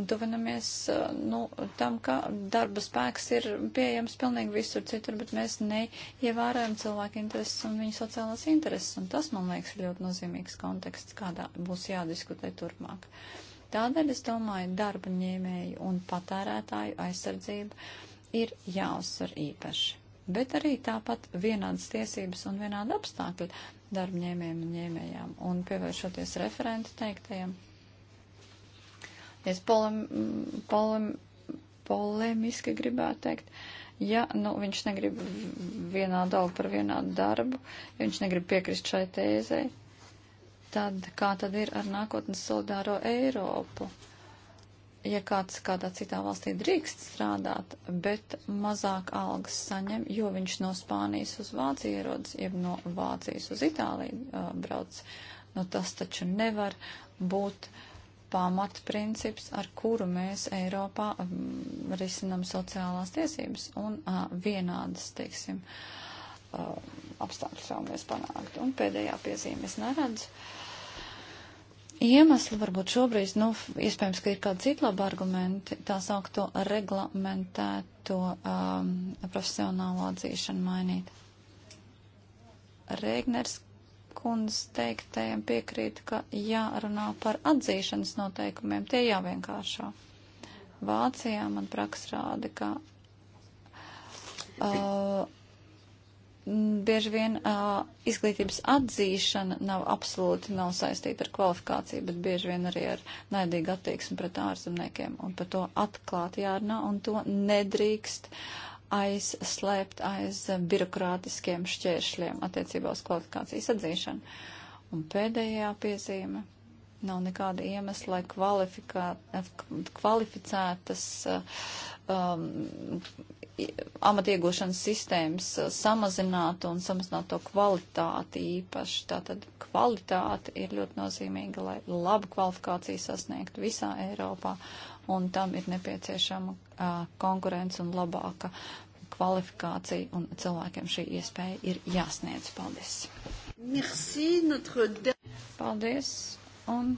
Speaker 1: duvinamies nu, tam, ka darba spēks ir pieejams pilnīgi visur citur, bet mēs neievērojam cilvēku intereses un viņu sociālās intereses. Un tas, man liekas, ir ļoti nozīmīgs konteksts, kādā būs jādiskutē turpmāk. Tādēļ es domāju, darba ņēmēju un patērētāju aizsardzība ir jāuzsver īpaši. Bet arī tāpat vienādas tiesības un vienāda apstākļa darbņēmējiem un ņēmējām un pievēršoties referentu teiktajam Es polem, polem, polemiski gribētu teikt. Ja nu, viņš negrib vienādu algu par vienādu darbu, ja viņš negrib piekrist šai tēzei, tad kā tad ir ar nākotnes solidāro Eiropu? ja kāds kādā citā valstī drīkst strādāt, bet mazāk algas saņem, jo viņš no Spānijas uz Vāciju ierodas, jeb no Vācijas uz Itāliju uh, brauc, nu tas taču nevar būt pamatprincips, ar kuru mēs Eiropā risinam sociālās tiesības un a, vienādas, teiksim, apstākļus vēlamies panākt. Un pēdējā piezīme es neredzu. Iemesli varbūt šobrīd, nu, iespējams, ka ir kādi citi labi argumenti, tā saukto reglamentēto um, profesionālo atzīšanu mainīt. Rēgners kundas teiktajiem piekrītu, ka jārunā par atzīšanas noteikumiem, tie jāvienkāršo. Vācijā man praks rāda, ka uh, bieži vien uh, izglītības atzīšana nav absolūti nav saistīta ar kvalifikāciju, bet bieži vien arī ar naidīgu attieksmi pret ārzemniekiem, un par to atklāti jārunā, un to nedrīkst uh, aizslēpt aiz birokrātiskiem šķēršļiem attiecībā uz kvalifikācijas atzīšanu. Un pēdējā piezīme nav nekāda iemesla, lai kvalifikā, kvalificētas um, amatiegūšanas sistēmas samazinātu un samazinātu to kvalitāti īpaši. Tātad kvalitāte ir ļoti nozīmīga, lai labu kvalifikāciju sasniegtu visā Eiropā un tam ir nepieciešama uh, konkurence un labāka kvalifikācija, un cilvēkiem šī iespēja ir jāsniedz. Paldies! Merci, notre... Paldies! Un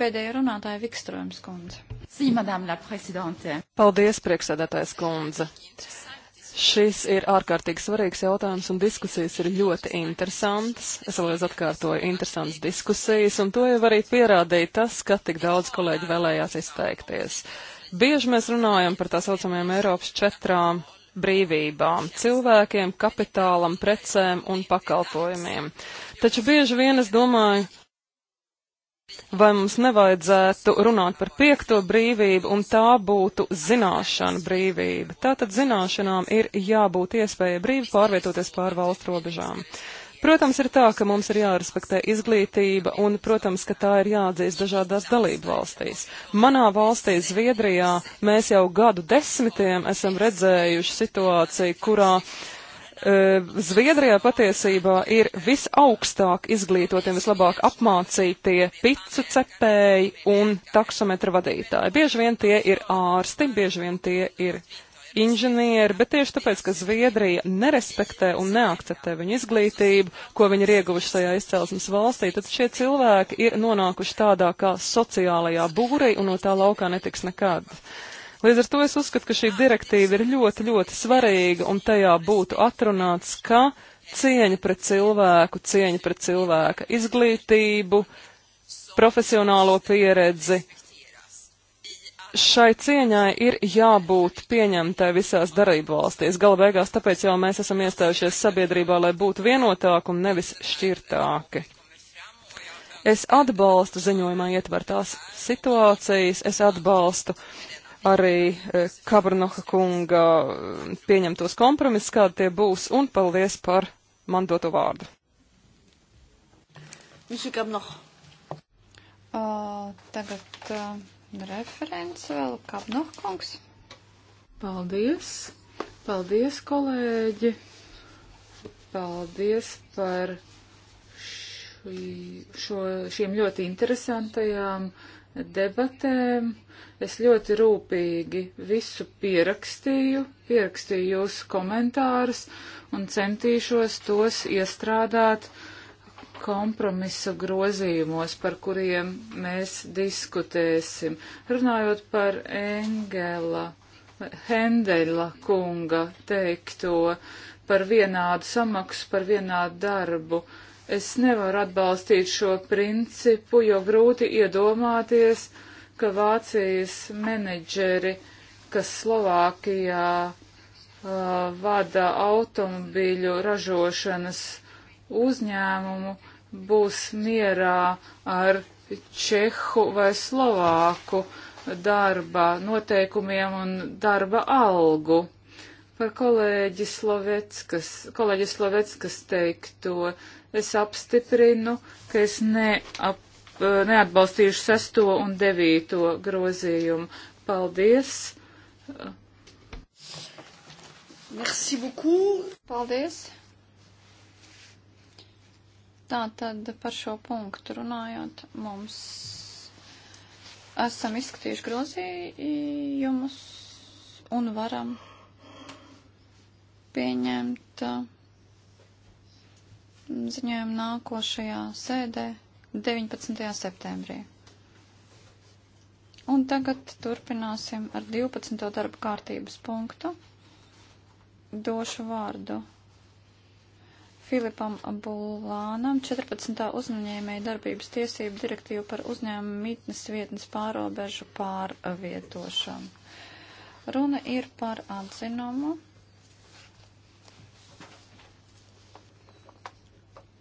Speaker 1: pēdējā runātāja Vikstrojums kundze. Sī, madame la prezidente. Paldies,
Speaker 2: priekšsēdētājs kundze. Yes. Šis ir ārkārtīgi svarīgs jautājums, un diskusijas ir ļoti interesantas. Es vēlreiz atkārtoju, interesantas diskusijas, un to jau arī pierādīja tas, ka tik daudz kolēģi vēlējās izteikties. Bieži mēs runājam par tā saucamajām Eiropas četrām brīvībām - cilvēkiem, kapitālam, precēm un pakalpojumiem. Taču bieži vien es domāju, Vai mums nevajadzētu runāt par piekto brīvību, un tā būtu zināšana brīvība? Tātad zināšanām ir jābūt iespēja brīvi pārvietoties pār valstu robežām. Protams, ir tā, ka mums ir jārespektē izglītība, un, protams, ka tā ir jāatdzīst dažādās dalību valstīs. Manā valstī, Zviedrijā, mēs jau gadu desmitiem esam redzējuši situāciju, kurā uh, Zviedrijā patiesībā ir visaugstāk izglītotie, vislabāk apmācītie picu cepēji un taksometra vadītāji. Bieži vien tie ir ārsti, bieži vien tie ir inženieri, bet tieši tāpēc, ka Zviedrija nerespektē un neakceptē viņu izglītību, ko viņi ir ieguvuši šajā izcelsmes valstī, tad šie cilvēki ir nonākuši tādā kā sociālajā būrī un no tā laukā netiks nekad. Uh, Līdz ar to es uzskatu, ka šī direktīva ir ļoti, ļoti svarīga un tajā būtu atrunāts, ka cieņa pret cilvēku, cieņa pret cilvēka izglītību, profesionālo pieredzi. Šai cieņai ir jābūt pieņemtai visās darību valstīs. Gala beigās tāpēc jau mēs esam iestājušies sabiedrībā, lai būtu vienotāki un nevis šķirtāki. Es atbalstu ziņojumā ietvertās situācijas, es atbalstu arī eh, Kabrnoha kunga eh, pieņemtos kompromisus, kādi tie būs, un paldies par man doto vārdu.
Speaker 1: Uh, tagad uh, referents vēl Kabnoha kungs. Paldies! Paldies, kolēģi!
Speaker 3: Paldies par šī, šo, šīm ļoti interesantajām uh, debatēm. Es ļoti rūpīgi visu pierakstīju, pierakstīju jūsu komentārus un centīšos tos iestrādāt kompromisu grozījumos, par kuriem mēs diskutēsim. Runājot par Engela, Hendela kunga teikto par vienādu samaksu, par vienādu darbu. Uh, Es nevaru atbalstīt šo principu, jo grūti iedomāties, ka Vācijas menedžeri, kas Slovākijā uh, vada automobīļu ražošanas uzņēmumu, būs mierā ar čehu vai slovāku darba noteikumiem un darba algu. Par kolēģi Slovetskas, kolēģi Slovetskas teikto, es apstiprinu, ka es neap, eh, neatbalstīšu sesto un devīto grozījumu. Paldies!
Speaker 1: Merci beaucoup! Paldies! Tā tad par šo punktu runājot, mums esam izskatījuši grozījumus un varam pieņemt uh, ziņojumu nākošajā sēdē 19. septembrī. Un tagad turpināsim ar 12. darba kārtības punktu. Došu vārdu Filipam Bulānam, 14. uzņēmēja darbības tiesību direktīvu par uzņēmumu mītnes vietnes pārobežu pārvietošanu. Runa ir par atzinumu,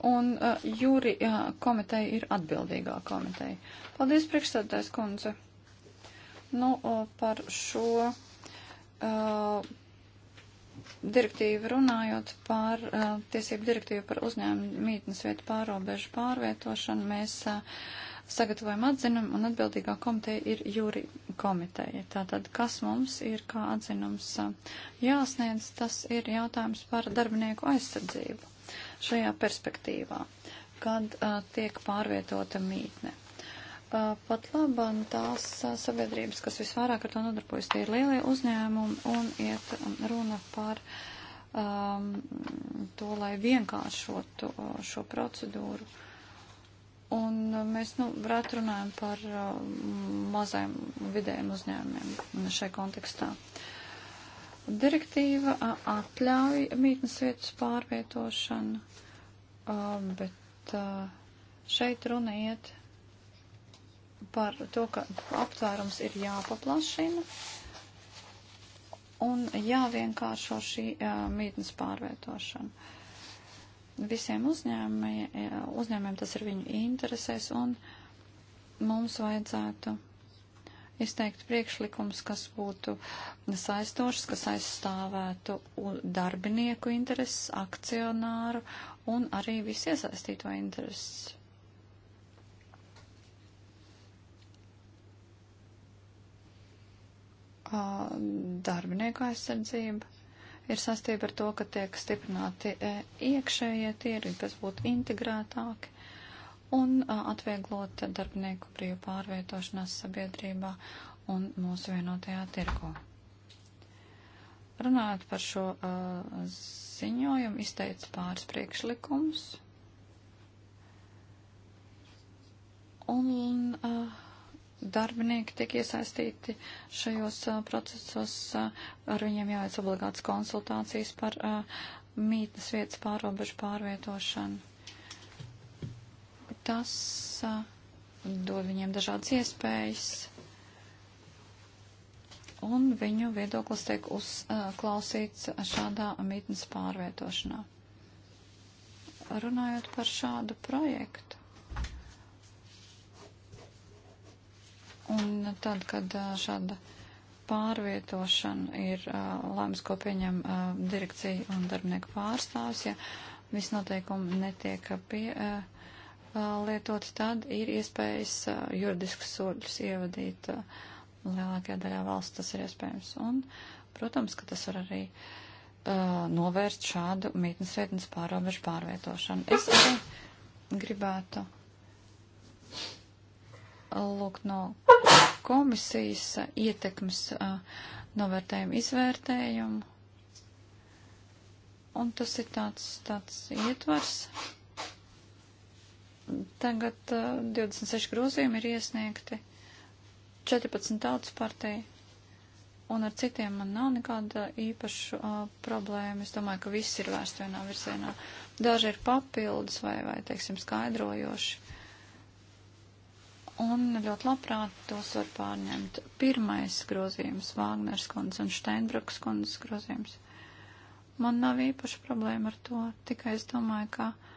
Speaker 1: un uh, jūri uh, komiteja ir atbildīgā komiteja. Paldies, priekšstādājs kundze. Nu, uh, par šo uh, direktīvu runājot par uh, tiesību direktīvu par uzņēmumu mītnes vietu pārobežu pārvietošanu, mēs uh, sagatavojam atzinumu un atbildīgā komiteja ir jūri komiteja. Tātad, kas mums ir kā atzinums uh, jāsniedz, tas ir jautājums par darbinieku aizsardzību šajā perspektīvā, kad uh, tiek pārvietota mītne. Uh, pat labam tās uh, sabiedrības, kas visvairāk ar to nodarbojas, tie ir lielie uzņēmumi un iet runa par um, to, lai vienkāršotu uh, šo procedūru. Un uh, mēs, nu, varētu runājam par uh, mazajiem vidējiem uzņēmumiem šai kontekstā. Uh, Direktīva atļauj mītnes vietas pārvietošanu, bet šeit runa iet par to, ka aptvērums ir jāpaplašina un jāvienkāršo šī mītnes pārvietošana. Visiem uzņēmējiem, uzņēmējiem tas ir viņu interesēs un mums vajadzētu izteikt priekšlikums, kas būtu saistošs, kas aizstāvētu darbinieku intereses, akcionāru un arī visu iesaistīto intereses. Darbinieku aizsardzība ir sastība ar to, ka tiek stiprināti e, iekšējie tirgi, kas būtu integrētāki un atvieglot darbinieku brīvu pārvietošanās sabiedrībā un mūsu vienotajā tirko. Runājot par šo uh, ziņojumu, izteica pāris priekšlikums. Un uh, darbinieki tiek iesaistīti šajos uh, procesos, uh, ar viņiem jāveic obligātas konsultācijas par uh, mītnes vietas pārobežu pārvietošanu Tas dod viņiem dažādas iespējas, un viņu viedoklis tiek uzklausīts šādā mītnes pārvietošanā. Runājot par šādu projektu, un tad, kad šāda pārvietošana ir lēmums, ko pieņem direkcija un darbinieku pārstāvs, ja viss noteikumi netiek pie. Uh, lietots, tad ir iespējas juridiskus soļus ievadīt lielākajā daļā valsts. Tas ir iespējams. Un, protams, ka tas var arī uh, novērst šādu mītnes vietnes pārobežu pārvietošanu. Es arī gribētu lūgt no komisijas ietekmes uh, novērtējumu izvērtējumu. Un tas ir tāds, tāds ietvars Tagad uh, 26 grozījumi ir iesniegti, 14 tautas partija, un ar citiem man nav nekāda īpaša uh, problēma. Es domāju, ka viss ir vērsts vienā virzienā. Daži ir papildus vai, vai teiksim, skaidrojoši. Un ļoti labprāt tos var pārņemt. Pirmais grozījums - Vāgners kundze un Steinbruks kundzes grozījums. Man nav īpaša problēma ar to, tikai es domāju, ka. Uh,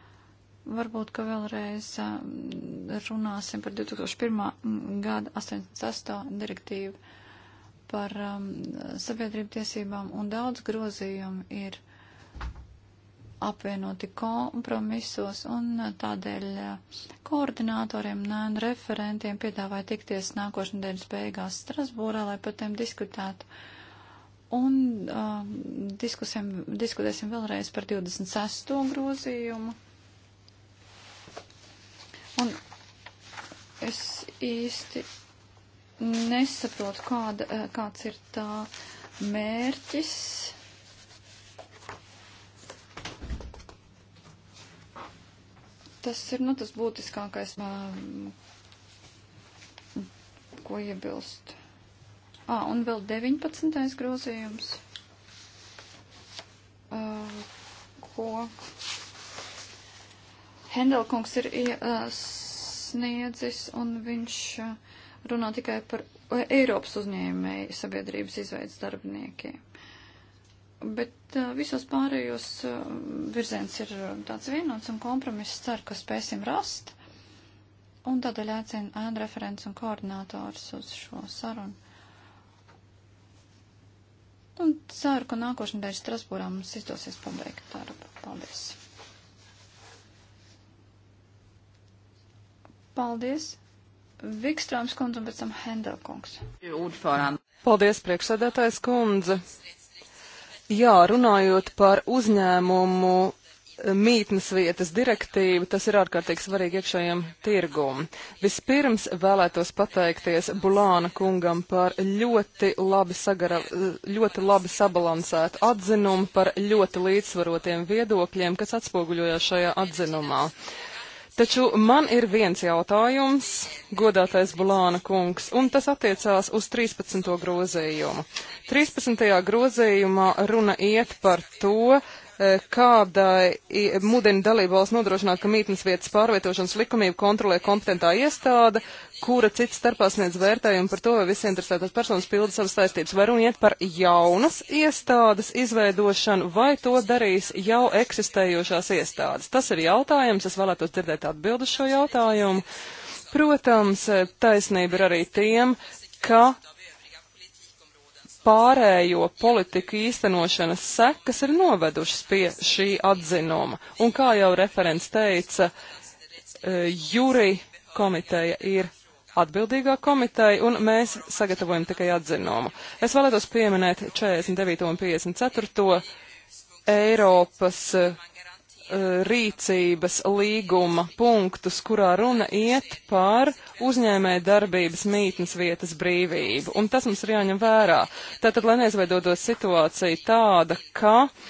Speaker 1: Varbūt, ka vēlreiz runāsim par 2001. gada 88. direktīvu par um, sabiedrību tiesībām un daudz grozījumu ir apvienoti kompromisos un tādēļ koordinātoriem un referentiem piedāvāja tikties nākošnedēļas beigās Strasbūrā, lai par tiem diskutētu. Un uh, diskusim, diskutēsim vēlreiz par 26. grozījumu Un es īsti nesaprotu, kāda, eh, kāds ir tā mērķis. Tas ir, nu, tas būtiskākais, mm, ko iebilst. Ā, un vēl 19. grozījums, eh, ko Hendelkungs ir iesniedzis, un viņš uh, runā tikai par Eiropas uzņēmēju sabiedrības izveidas darbiniekiem. Bet uh, visos pārējos uh, virziens ir uh, tāds vienots un kompromiss cer, ka spēsim rast. Un tādēļ aicinu ēnu referents un koordinātors uz šo sarunu. Un ceru, ka nākošanai Strasbūrā mums izdosies pabeigt darbu. Paldies! Paldies. Vikstrāms kundze un pēc tam Hendelkungs. Paldies,
Speaker 2: priekšsēdētājs kundze. Jā, runājot par uzņēmumu mītnes vietas direktīvu, tas ir ārkārtīgi svarīgi iekšējiem tirgum. Vispirms vēlētos pateikties Bulāna kungam par ļoti labi, sagara, ļoti labi sabalansētu atzinumu, par ļoti līdzsvarotiem viedokļiem, kas atspoguļojās šajā atzinumā. Taču man ir viens jautājums, godātais Bulāna kungs, un tas attiecās uz 13. grozījumu. 13. grozījumā runa iet par to, Eh, kādai mudina dalībvalsts nodrošināt, ka mītnes vietas pārvietošanas likumību kontrolē kompetentā iestāde, kura cits starpā sniedz vērtējumu par to, vai visi interesētās personas pilda savas saistības. Vai runa iet par jaunas iestādes izveidošanu, vai to darīs jau eksistējošās iestādes? Tas ir jautājums, es vēlētos dzirdēt atbildu šo jautājumu. Protams, eh, taisnība ir arī tiem, ka pārējo politiku īstenošanas sekas ir novedušas pie šī atzinuma. Un kā jau referents teica, e, jūri komiteja ir atbildīgā komiteja, un mēs sagatavojam tikai atzinumu. Es vēlētos pieminēt 49. un 54. Eiropas Eh, rīcības līguma punktus, kurā runa iet par uzņēmēja darbības mītnes vietas brīvību. Un tas mums ir jāņem vērā. Tātad, lai neizveidotos situācija tāda, ka uh,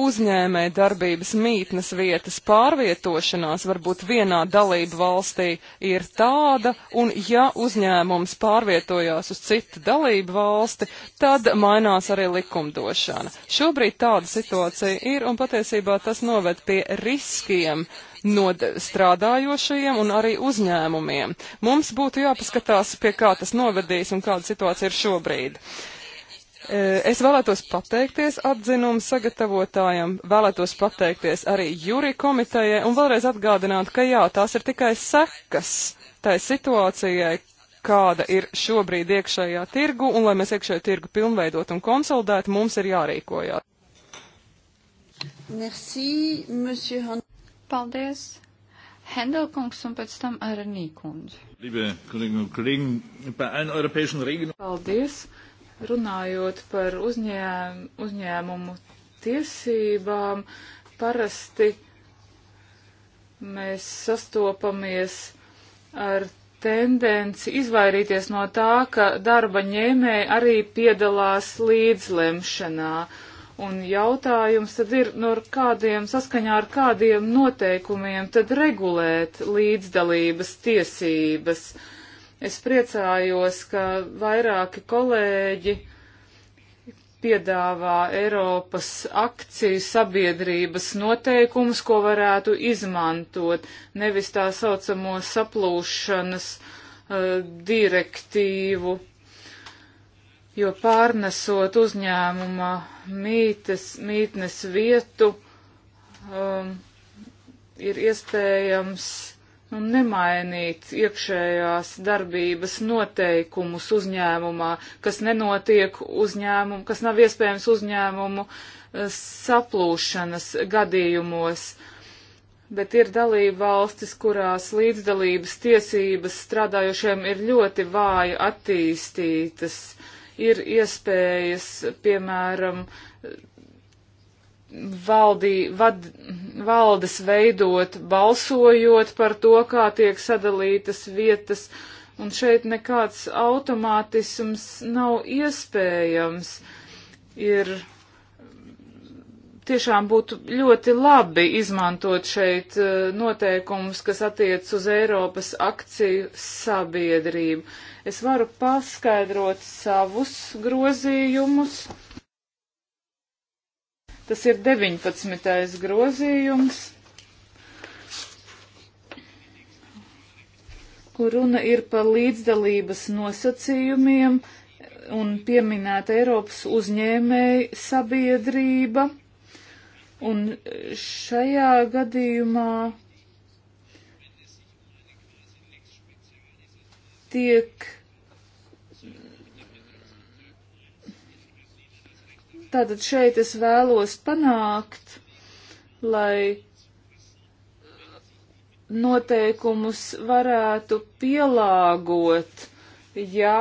Speaker 2: uzņēmē darbības mītnes vietas pārvietošanās varbūt vienā dalību valstī ir tāda, un ja uzņēmums pārvietojās uz citu dalību valsti, tad mainās arī likumdošana. Šobrīd tāda situācija ir, un patiesībā tas noved pie riskiem no strādājošajiem un arī uzņēmumiem. Mums būtu jāpaskatās, pie kā tas novedīs un kāda situācija ir šobrīd. Uh, Es vēlētos pateikties atzinumu sagatavotājam, vēlētos pateikties arī jūri komitejai un vēlreiz atgādināt, ka jā, tās ir tikai sekas tai situācijai, kāda ir šobrīd iekšējā tirgu, un lai mēs iekšējo tirgu pilnveidot un konsolidētu, mums ir jārīkojās.
Speaker 1: Merci, monsieur Han. Paldies, Hendelkungs un pēc tam Arnīkundze. Paldies. Runājot par
Speaker 3: uzņēm, uzņēmumu tiesībām, parasti mēs sastopamies ar tendenci izvairīties no tā, ka darba ņēmēji arī piedalās līdzlemšanā. Un jautājums tad ir, no nu, kādiem saskaņā ar kādiem noteikumiem tad regulēt līdzdalības tiesības. Uh, Es priecājos, ka vairāki kolēģi piedāvā Eiropas akciju sabiedrības noteikumus, ko varētu izmantot, nevis tā saucamo saplūšanas uh, direktīvu, jo pārnesot uzņēmuma mītes, mītnes vietu, um, ir iespējams un nemainīt iekšējās darbības noteikumus uzņēmumā, kas nenotiek uzņēmumu, kas nav iespējams uzņēmumu eh, saplūšanas gadījumos. Bet ir dalība valstis, kurās līdzdalības tiesības strādājošiem ir ļoti vāji attīstītas. Ir iespējas, piemēram, valdī, vad, valdes veidot, balsojot par to, kā tiek sadalītas vietas, un šeit nekāds automātisms nav iespējams. Ir tiešām būtu ļoti labi izmantot šeit eh, noteikumus, kas attiec uz Eiropas akciju sabiedrību. Es varu paskaidrot savus grozījumus. Tas ir 19. grozījums, kur runa ir par līdzdalības nosacījumiem un pieminēta Eiropas uzņēmēja sabiedrība. Un šajā gadījumā tiek Tātad šeit es vēlos panākt, lai noteikumus varētu pielāgot, ja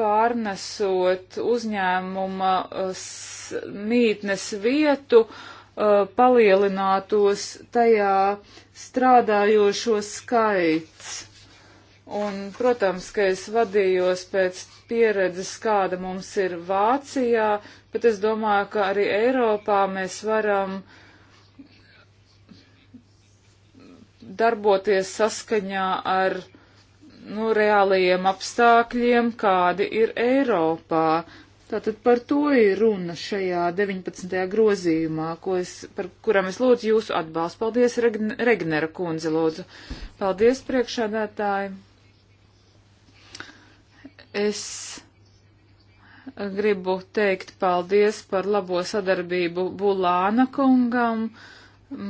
Speaker 3: pārnesot uzņēmuma uh, mītnes vietu, uh, palielinātos tajā strādājošo skaits. Un, protams, ka es vadījos pēc pieredzes, kāda mums ir Vācijā, bet es domāju, ka arī Eiropā mēs varam darboties saskaņā ar nu, reālajiem apstākļiem, kādi ir Eiropā. Tātad par to ir runa šajā 19. grozījumā, es, par kuram es lūdzu jūsu atbalstu. Paldies, Regnera kundze, lūdzu. Paldies, priekšādātāji. Es gribu teikt paldies par labo sadarbību Bulāna kungam.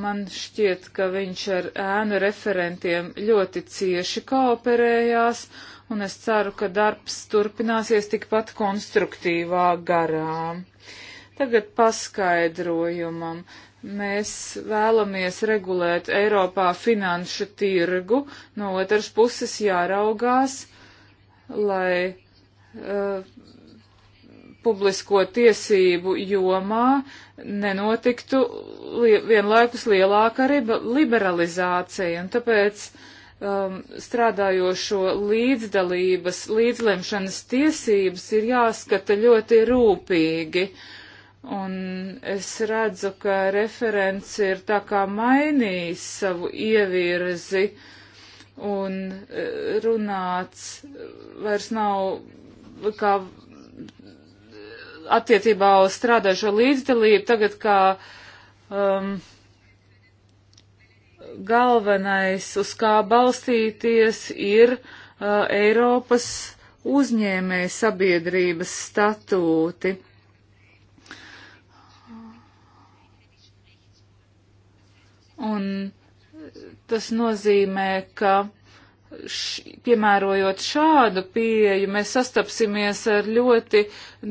Speaker 3: Man šķiet, ka viņš ar ēnu referentiem ļoti cieši kooperējās, un es ceru, ka darbs turpināsies tikpat konstruktīvā garā. Tagad paskaidrojumam. Mēs vēlamies regulēt Eiropā finanšu tirgu, no otras puses jāraugās, uh, lai uh, publisko tiesību jomā nenotiktu li vienlaikus lielāka liberalizācija, un tāpēc um, strādājošo līdzdalības, līdzlemšanas tiesības ir jāskata ļoti rūpīgi. Un es redzu, ka referents ir tā kā mainījis savu ievirzi uh, un e, runāts vairs nav kā attiecībā uz strādājušo līdzdalību, tagad kā um, galvenais, uz kā balstīties, ir uh, Eiropas uzņēmēja sabiedrības statūti. Un Tas nozīmē, ka š, piemērojot šādu pieeju, mēs sastapsimies ar ļoti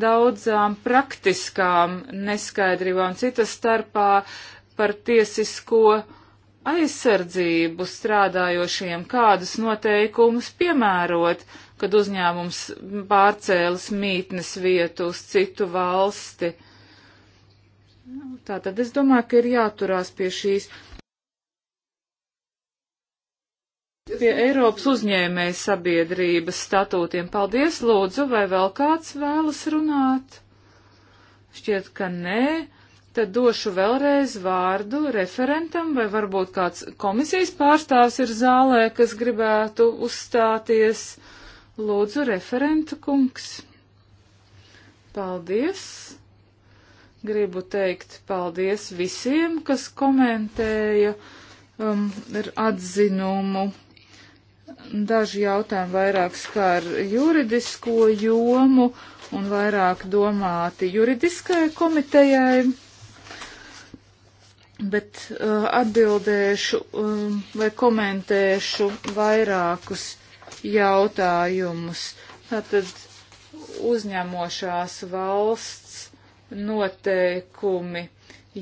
Speaker 3: daudzām praktiskām neskaidrībām, citas starpā par tiesisko aizsardzību strādājošiem, kādus noteikumus piemērot, kad uzņēmums pārcēlas mītnes vietu uz citu valsti. Nu, tātad es domāju, ka ir jāturās pie šīs pie Eiropas uzņēmēja sabiedrības statūtiem. Paldies, lūdzu, vai vēl kāds vēlas runāt? Šķiet, ka nē. Tad došu vēlreiz vārdu referentam, vai varbūt kāds komisijas pārstāvs ir zālē, kas gribētu uzstāties. Lūdzu, referenta kungs. Paldies. Gribu teikt paldies visiem, kas komentēja um, ar atzinumu Daži jautājumi vairāk skar juridisko jomu un vairāk domāti juridiskajai komitejai, bet uh, atbildēšu um, vai komentēšu vairākus jautājumus. Tātad uzņemošās valsts noteikumi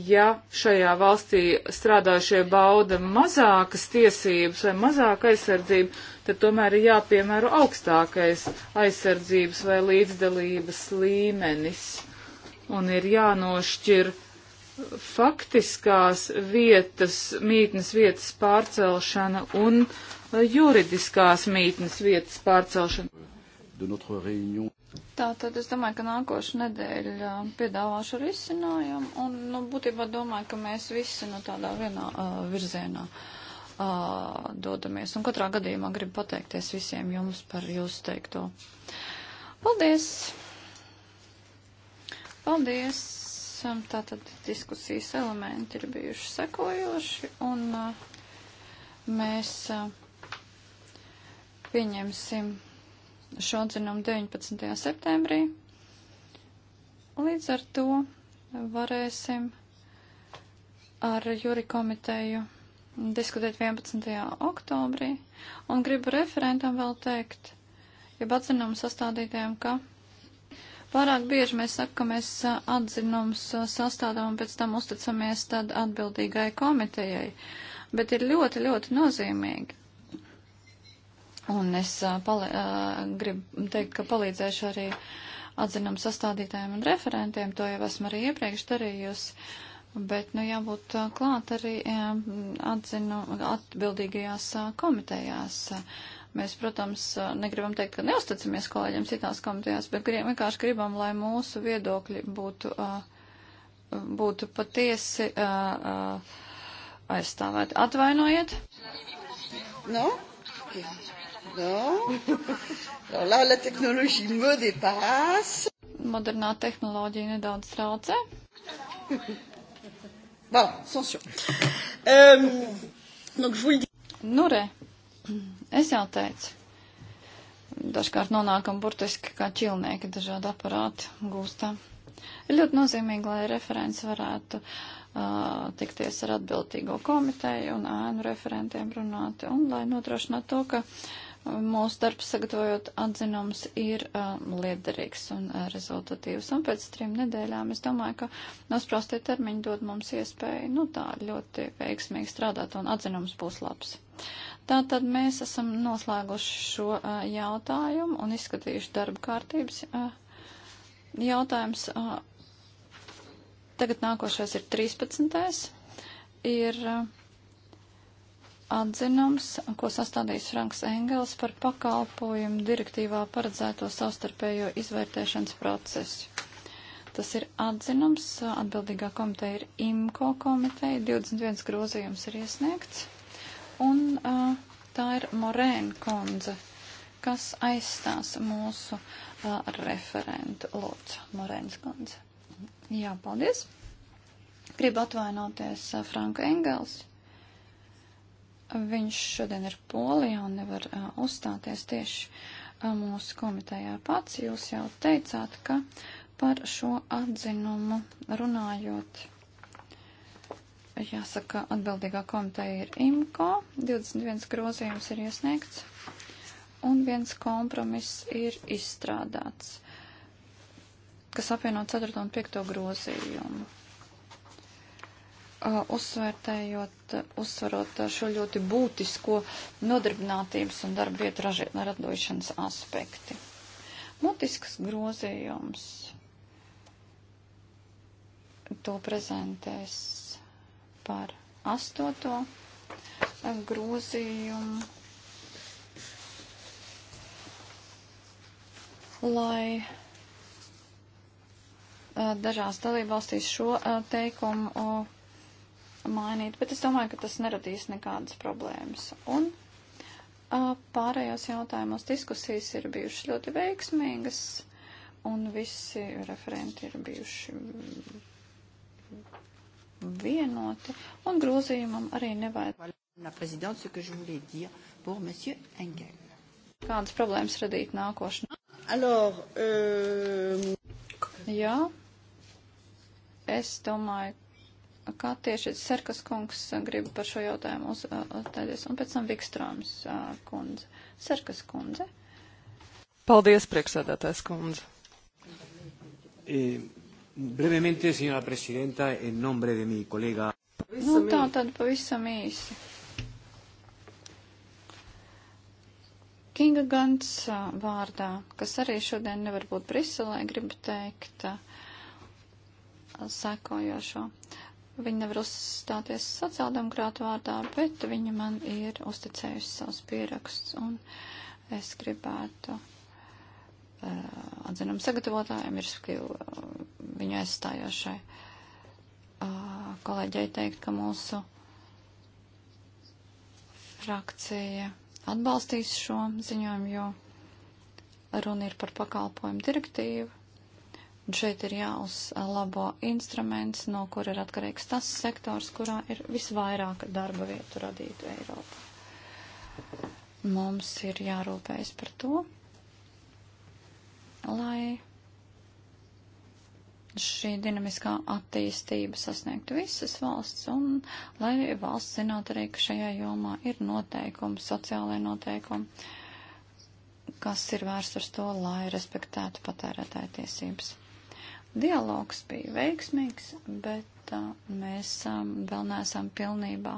Speaker 3: ja šajā valstī strādājušie bauda mazākas tiesības vai mazāka aizsardzība, tad tomēr ir jāpiemēro augstākais aizsardzības vai līdzdalības līmenis. Un ir jānošķir faktiskās vietas, mītnes vietas pārcelšana un juridiskās mītnes vietas pārcelšana
Speaker 1: de notre réunion. Tātad es domāju, ka nākošu nedēļu piedāvāšu risinājumu un, nu, būtībā domāju, ka mēs visi no nu, tādā vienā uh, virzienā uh, dodamies. Un katrā gadījumā gribu pateikties visiem jums par jūsu teikto. Paldies! Paldies! Tātad diskusijas elementi ir bijuši sekojoši un uh, mēs uh, pieņemsim šo atzinumu 19. septembrī. Līdz ar to varēsim ar jūri komiteju diskutēt 11. oktobrī. Un gribu referentam vēl teikt, ja atzinumu sastādītājiem, ka pārāk bieži mēs sakam, ka mēs atzinums sastādām un pēc tam uzticamies tad atbildīgai komitejai. Bet ir ļoti, ļoti nozīmīgi Un es pali, gribu teikt, ka palīdzēšu arī atzinam sastādītājiem un referentiem, to jau esmu arī iepriekš darījusi. Bet, nu, jābūt klāt arī atzinu atbildīgajās komitejās. Mēs, protams, negribam teikt, ka neusticamies kolēģiem citās komitejās, bet grib, vienkārši gribam, lai mūsu viedokļi būtu, būtu patiesi aizstāvēti. Atvainojiet! No? Nu? Okay. Non Alors là, la technologie me dépasse. Modernā tehnoloģija nedaudz traucē. voilà, censure. Um, donc, je vous le dis. Nu, re, es jau teicu. Dažkārt nonākam burtiski kā ķilnieki dažādi aparāti gūstā. Ir ļoti nozīmīgi, lai referents varētu uh, tikties ar atbildīgo komiteju un ēnu referentiem runāt, un lai nodrošinātu to, ka uh, mūsu darbs sagatavojot atzinums ir uh, liederīgs un uh, rezultatīvs. Un pēc trim nedēļām es domāju, ka nosprostie termiņi dod mums iespēju, nu tā, ļoti veiksmīgi strādāt un atzinums būs labs. Tātad mēs esam noslēguši šo uh, jautājumu un izskatījuši darba kārtības uh, jautājums. Uh, tagad nākošais ir 13. ir. Uh, atzinums, ko sastādījis Franks Engels par pakalpojumu direktīvā paredzēto savstarpējo izvērtēšanas procesu. Tas ir atzinums, atbildīgā komiteja ir IMCO komiteja, 21 grozījums ir iesniegts, un uh, tā ir Morēna kundze, kas aizstās mūsu uh, referentu Lūdzu, Morēnas kundze. Jā, paldies! Gribu atvainoties uh, Franka Engels Viņš šodien ir Polijā un nevar uh, uzstāties tieši uh, mūsu komitejā pats. Jūs jau teicāt, ka par šo atzinumu runājot, jāsaka, atbildīgā komiteja ir IMCO, 21 grozījums ir iesniegts un viens kompromiss ir izstrādāts, kas apvieno 4. un 5. grozījumu uzsvērtējot, uzsvarot šo ļoti būtisko nodarbinātības un darba vietu radošanas aspekti. Mutisks grozījums. To prezentēs par astoto grozījumu. Lai dažās dalībvalstīs šo teikumu mainīt, bet es domāju, ka tas neradīs nekādas problēmas. Un pārējos jautājumos diskusijas ir bijušas ļoti veiksmīgas, un visi referenti ir bijuši vienoti, un grozījumam arī nevajag. Kādas problēmas radīt nākošanā? Alors, euh... Jā, es domāju, kā tieši Serkas kungs uh, grib par šo jautājumu uh, uzstāties, un pēc tam Vikstrāms uh, kundze. Serkas kundze. Paldies,
Speaker 2: priekšsēdētājs kundze.
Speaker 1: E, brevemente, senora presidenta, en nombre de mi kolega. Nu, tā tad pavisam īsi. Kinga Gants vārdā, kas arī šodien nevar būt Briselē, gribu teikt sekojošo. Viņa nevar uzstāties sociāldemokrātu vārdā, bet viņa man ir uzticējusi savus pierakstus, un es gribētu uh, eh, atzinam sagatavotājiem ir skila uh, eh, viņu aizstājošai uh, kolēģei teikt, ka mūsu frakcija atbalstīs šo ziņojumu, jo runa ir par pakalpojumu direktīvu Un šeit ir jāuzlabo instruments, no kur ir atkarīgs tas sektors, kurā ir visvairāk darba vietu radītu Eiropā. Mums ir jārūpējas par to, lai šī dinamiskā attīstība sasniegtu visas valsts, un lai valsts zinātu arī, ka šajā jomā ir noteikumi, sociālai noteikumi, kas ir vērsts uz to, lai respektētu patērētāju tiesības. Dialogs bija veiksmīgs, bet uh, mēs um, vēl neesam pilnībā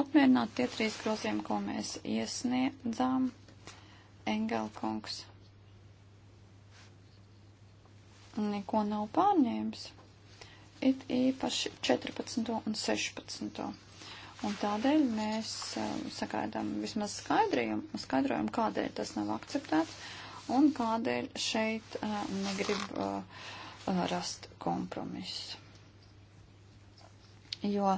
Speaker 1: apmierināti tie trīs grozījumi, ko mēs iesniedzām. Engelkungs neko nav pārņēmis. It īpaši 14. un 16. Un tādēļ mēs um, sagaidām vismaz skaidrojumu, skaidrojumu, kādēļ tas nav akceptēts un kādēļ šeit uh, negrib uh, Uh, rast kompromisu. Jo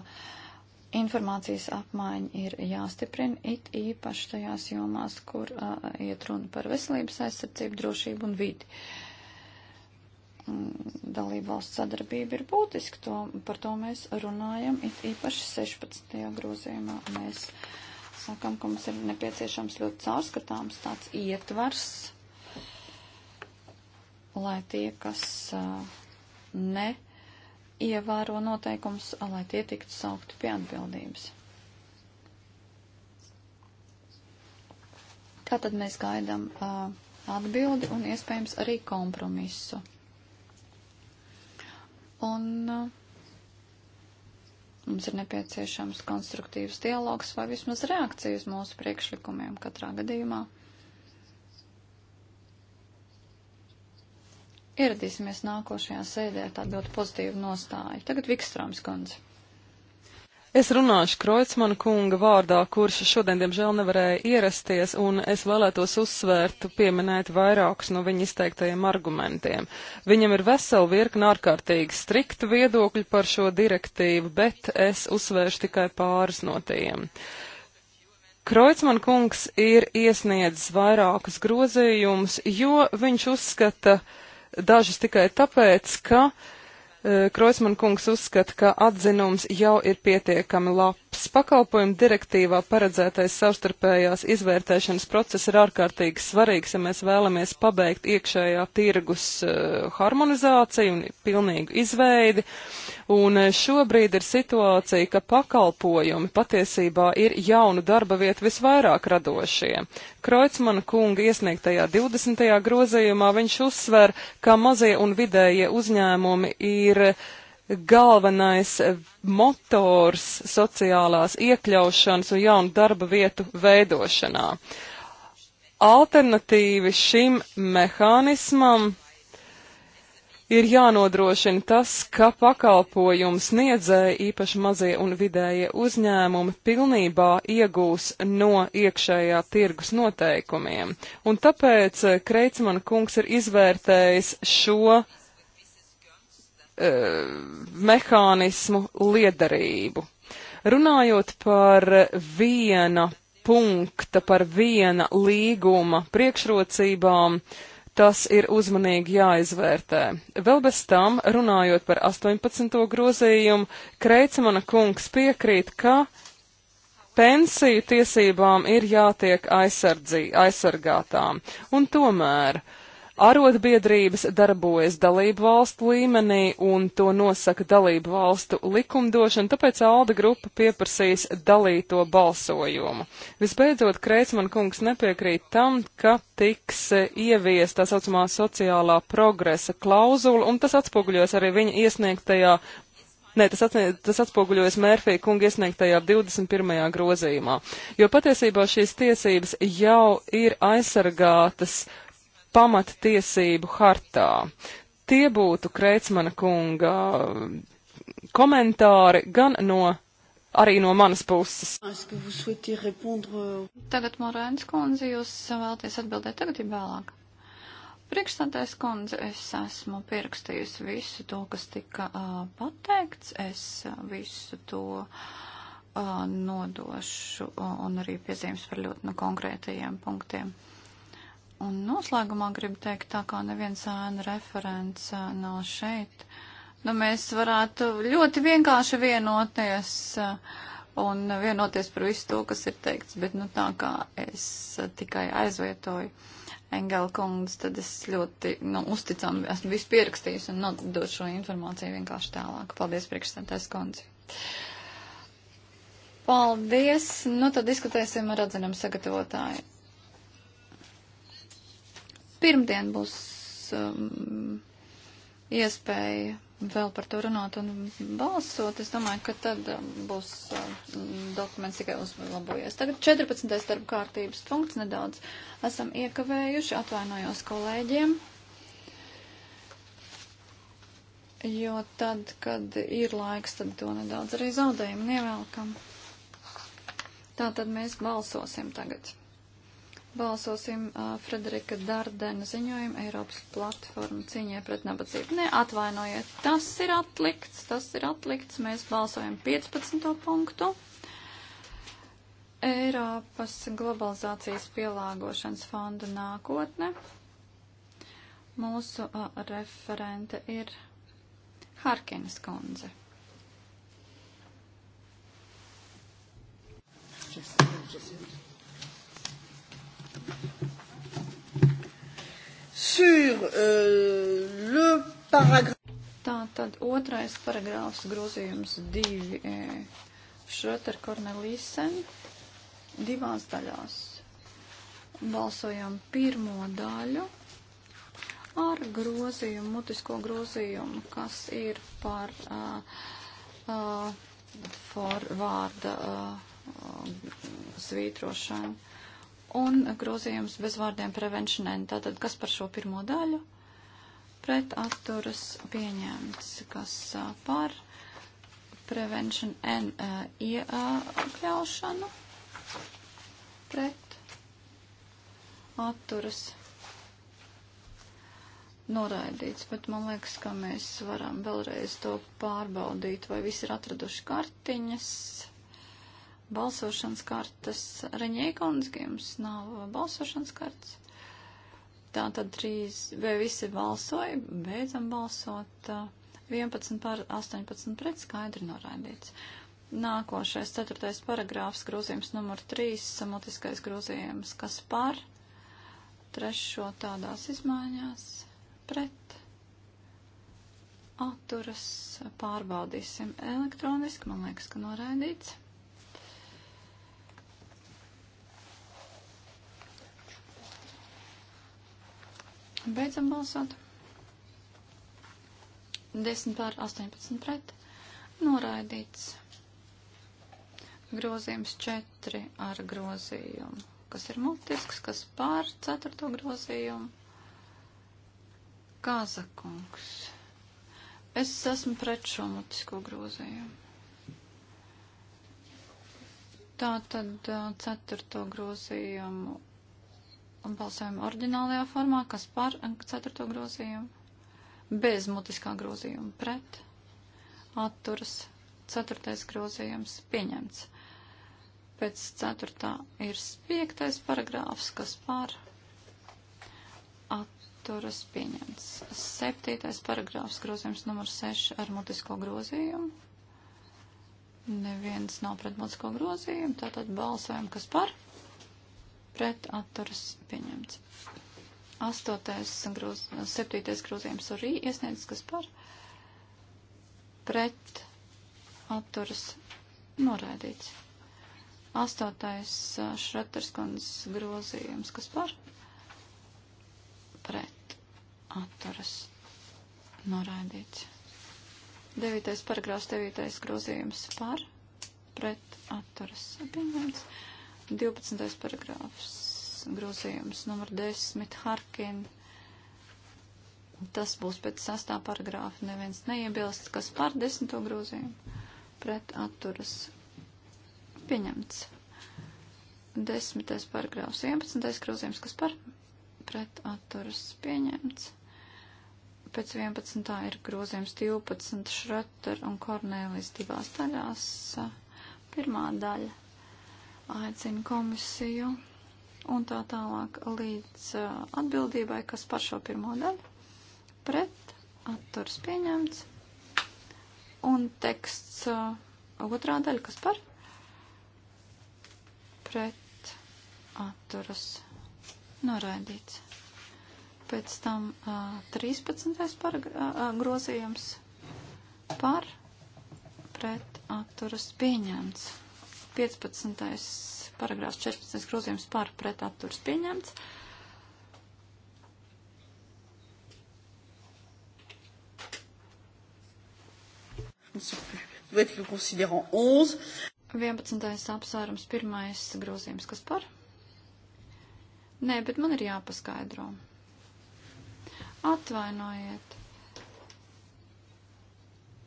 Speaker 1: informācijas apmaiņa ir jāstiprina it īpaši tajās jomās, kur uh, iet runa par veselības aizsardzību, drošību un vidi. Mm, dalību valsts sadarbība ir būtiska, to, par to mēs runājam, it īpaši 16. grozījumā mēs sakam, ka mums ir nepieciešams ļoti caurskatāms tāds ietvars, lai tie, kas ne ievēro noteikums, lai tie tiktu saukti pie atbildības. Tātad mēs gaidām uh, atbildi un iespējams arī kompromisu. Un uh, mums ir nepieciešams konstruktīvs dialogs vai vismaz reakcijas mūsu priekšlikumiem katrā gadījumā. ieradīsimies nākošajā sēdē ar tādu ļoti pozitīvu nostāju. Tagad Vikstrāms kundze.
Speaker 2: Es runāšu Kreutzmanu kunga vārdā, kurš šodien, diemžēl, nevarēja ierasties, un es vēlētos uzsvērt, pieminēt vairākus no viņa izteiktajiem argumentiem. Viņam ir vesela virkna ārkārtīgi strikta viedokļa par šo direktīvu, bet es uzsvēršu tikai pāris no tiem. Kreutzmann kungs ir iesniedzis vairākus grozījumus, jo viņš uzskata, ka dažas tikai tāpēc, ka e, Kroisman kungs uzskata, ka atzinums jau ir pietiekami labs. Pakalpojumu direktīvā paredzētais savstarpējās izvērtēšanas process ir ārkārtīgi svarīgs, ja mēs vēlamies pabeigt iekšējā tirgus e, harmonizāciju un pilnīgu izveidi. Uh, Un eh, šobrīd ir situācija, ka pakalpojumi patiesībā ir jaunu darba vietu visvairāk radošie. Kreutzmana kunga iesniegtajā 20. grozījumā viņš uzsver, ka mazie un vidējie uzņēmumi ir galvenais motors sociālās iekļaušanas un jaunu darba vietu veidošanā. Alternatīvi šim mehānismam ir jānodrošina tas, ka pakalpojumu sniedzēji, īpaši mazie un vidējie uzņēmumi, pilnībā iegūs no iekšējā tirgus noteikumiem. Un tāpēc eh, Kreitsmana kungs ir izvērtējis šo uh, mehānismu liederību. Runājot par viena punkta, par viena līguma priekšrocībām, uh, Tas ir uzmanīgi jāizvērtē. Vēl bez tam, runājot par 18. grozījumu, Kreicmana kungs piekrīt, ka pensiju tiesībām ir jātiek aizsargātām. Un tomēr Arotbiedrības darbojas dalību valstu līmenī un to nosaka dalību valstu likumdošana, tāpēc Alda grupa pieprasīs dalīto balsojumu. Visbeidzot, Kreitsman kungs nepiekrīt tam, ka tiks e, ievies tā saucamā sociālā progresa klauzula, un tas atspoguļos arī viņa iesniegtajā Nē, tas, atsniedz, tas atspoguļojas Mērfija kunga iesniegtajā 21. grozījumā, jo patiesībā šīs tiesības jau ir aizsargātas pamatiesību hartā. Tie būtu Kreitsmana kunga uh, komentāri gan no, arī no manas puses.
Speaker 1: Tagad Morēns kundze, jūs uh, vēlaties atbildēt tagad ir vēlāk. Priekšstādājs kundze, es esmu pierakstījusi visu to, kas tika uh, pateikts, es uh, visu to uh, nodošu uh, un arī piezīmes par ļoti no nu, konkrētajiem punktiem. Uh, Un noslēgumā gribu teikt, tā kā neviens ēna referents nav šeit, nu mēs varētu ļoti vienkārši vienoties un vienoties par visu to, kas ir teikts, bet nu tā kā es tikai aizvietoju Engela kungs, tad es ļoti, nu, uzticam, esmu visu pierakstījis un nodod šo informāciju vienkārši tālāk. Paldies, priekšstādājs kundzi. Paldies! Nu, tad diskutēsim ar atzinumu sagatavotāju pirmdien būs um, iespēja vēl par to runāt un balsot. Es domāju, ka tad um, būs um, dokuments tikai uzlabojies. Tagad 14. darba kārtības punkts nedaudz esam iekavējuši. Atvainojos kolēģiem. Jo tad, kad ir laiks, tad to nedaudz arī zaudējam un ievelkam. Tā tad mēs balsosim tagad. Balsosim uh, Frederika Dardena ziņojumu Eiropas platforma cīņai pret nabadzību. Ne, atvainojiet, tas ir atlikts, tas ir atlikts. Mēs balsojam 15. punktu. Eiropas globalizācijas pielāgošanas fonda nākotne. Mūsu uh, referente ir Harkinas kundze.
Speaker 2: Just, just, just.
Speaker 1: Sur euh, le paragraf. Tā tad otrais paragrāfs grozījums divi e, Šröter Kornelīsen divās daļās. Balsojam pirmo daļu ar grozījumu, mutisko grozījumu, kas ir par uh, uh, forvārda uh, svītrošanu un grozījums bezvārdiem prevention end. Tātad, kas par šo pirmo daļu? Pret atturas pieņemts, kas par prevention end iekļaušanu. Pret atturas noraidīts, bet man liekas, ka mēs varam vēlreiz to pārbaudīt, vai visi ir atraduši kartiņas balsošanas kartas. Reņēkundz, jums nav balsošanas kartas. Tā tad trīs, vai visi balsoja, beidzam balsot. 11 par 18 pret skaidri noraidīts. Nākošais, ceturtais paragrāfs, grozījums numur 3, samotiskais grozījums, kas par trešo tādās izmaiņās pret atturas pārbaudīsim elektroniski, man liekas, ka noraidīts. Beidzam balsot. 10 pār 18 pret. Noraidīts. Grozījums 4 ar grozījumu. Kas ir multisks, kas pār 4 grozījumu. Kazakungs. Es esmu pret šo mutisko grozījumu. Tā tad 4 grozījumu balsojumu ordinālajā formā, kas par ceturto grozījumu bez mutiskā grozījuma pret atturas ceturtais grozījums pieņemts. Pēc ceturtā ir piektais paragrāfs, kas par atturas pieņemts. Septītais paragrāfs grozījums numur 6 ar mutisko grozījumu. Neviens nav pret mutisko grozījumu, tātad balsojam, kas par pret atturas pieņemts. Astotais grūz, septītais grūzījums arī iesniedz, kas par pret atturas noraidīts. Astotais uh, Šraterskundas grozījums, kas par pret atturas noraidīts. Devītais paragrāfs, devītais grozījums par pret atturas pieņemts. 12. paragrāfs, grozījums numur 10, Harkin. Tas būs pēc 6. paragrāfa, neviens neiebilst, kas par 10. grozījumu pret atturas pieņemts. 10. paragrāfs, 11. grozījums, kas par pret atturas pieņemts pēc 11. ir grozījums 12 Šrater un Kornēlis divās daļās. Pirmā daļa aicina komisiju un tā tālāk līdz uh, atbildībai, kas par šo pirmo daļu pret atturs pieņemts un teksts uh, otrā daļa, kas par pret atturas noraidīts. Pēc tam uh, 13. Par, uh, uh, grozījums par pret atturas pieņemts. 15. paragrāfs 14. grozījums par pret atturs pieņemts. Vietu konsiderant 11. 11. apsvērums, pirmais grozījums, kas par? Nē, bet man ir jāpaskaidro. Atvainojiet.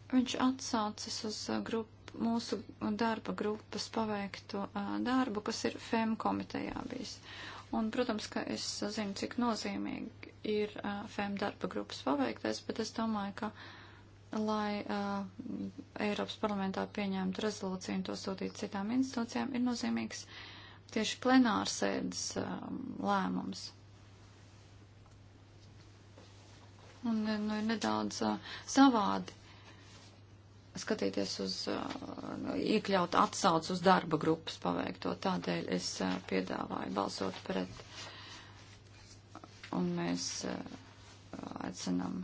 Speaker 1: Viņš atsaucas uz grupu mūsu darba grupas paveikto darbu, kas ir FEM komitejā bijis. Un, protams, ka es zinu, cik nozīmīgi ir FEM darba grupas paveiktais, bet es domāju, ka, lai Eiropas parlamentā pieņemtu rezolūciju un to sūtītu citām institūcijām, ir nozīmīgs tieši plenārsēdes lēmums. Un, nu, ir nedaudz savādi skatīties uz, uh, iekļaut atsauc uz darba grupas paveikto. Tādēļ es uh, piedāvāju balsot pret. Un mēs uh, aicinām.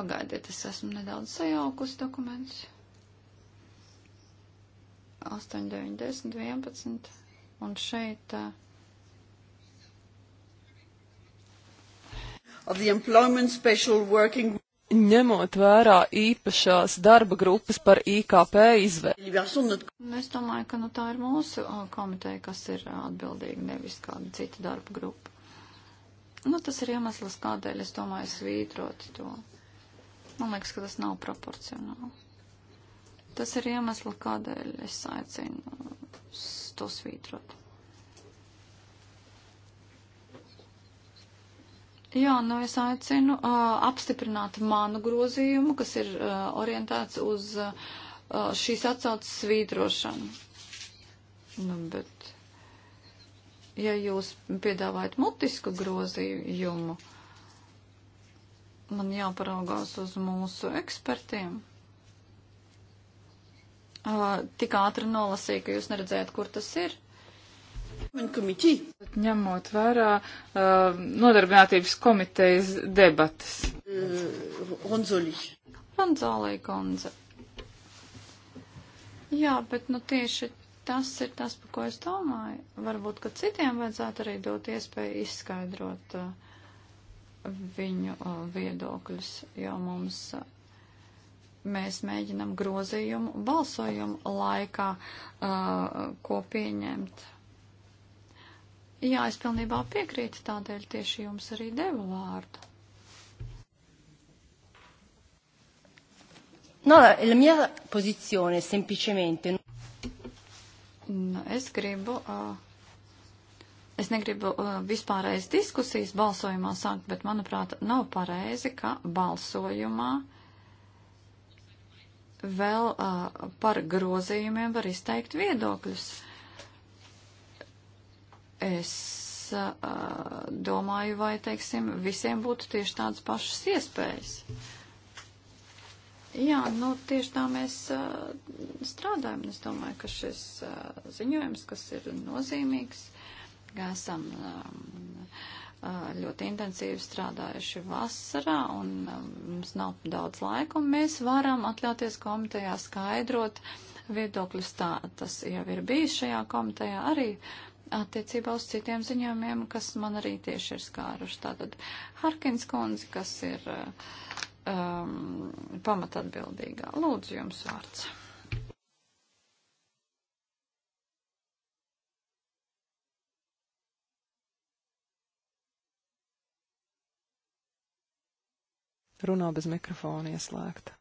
Speaker 1: Pagaidiet, es esmu nedaudz sajaukus dokumentus. 8, 9, 10, 11. Un šeit. Uh, of the Employment Special Working Group
Speaker 2: ņemot vērā īpašās darba grupas par IKP izvēli.
Speaker 1: Es domāju, ka nu, tā ir mūsu uh, komiteja, kas ir uh, atbildīga, nevis kāda cita darba grupa. Nu, tas ir iemesls, kādēļ es domāju svītrot to. Man liekas, ka tas nav proporcionāli. Tas ir iemesls, kādēļ es aicinu uh, to svītrot. Jā, nu es aicinu uh, apstiprināt manu grozījumu, kas ir uh, orientēts uz uh, šīs atsaucas svītrošanu. Nu, bet, ja jūs piedāvājat mutisku grozījumu, man jāparaugās uz mūsu ekspertiem. Uh, tik ātri nolasīju, ka jūs neredzējat, kur tas ir.
Speaker 3: Ņemot vērā uh, nodarbinātības komitejas debatas. Ronzolī. Uh, Ronzolī Gonza.
Speaker 1: Jā, bet nu tieši tas ir tas, par ko es domāju. Varbūt, ka citiem vajadzētu arī dot iespēju izskaidrot uh, viņu uh, viedokļus, jo mums. Uh, mēs mēģinam grozījumu balsojumu laikā, uh, ko pieņemt. Jā, es pilnībā piekrītu, tādēļ tieši jums arī devu vārdu. No, la mia posizione semplicemente. No, nu, es gribu, uh, es negribu uh, vispārreiz diskusijas balsojumā sākt, bet manuprāt nav pareizi, ka balsojumā vēl uh, par grozījumiem var izteikt viedokļus. Uh, Es uh, domāju, vai, teiksim, visiem būtu tieši tādas pašas iespējas. Jā, nu tieši tā mēs uh, strādājam. Es domāju, ka šis uh, ziņojums, kas ir nozīmīgs, ka esam um, ļoti intensīvi strādājuši vasarā un mums nav daudz laika, un mēs varam atļauties komitejā skaidrot viedokļus tā. Tas jau ir bijis šajā komitejā arī. Uh, attiecībā uz citiem ziņojumiem, kas man arī tieši ir skāruši. Tātad Harkins kundze, kas ir eh, um, pamatatbildīgā. Lūdzu, jums vārds.
Speaker 2: Runā bez mikrofona ieslēgta.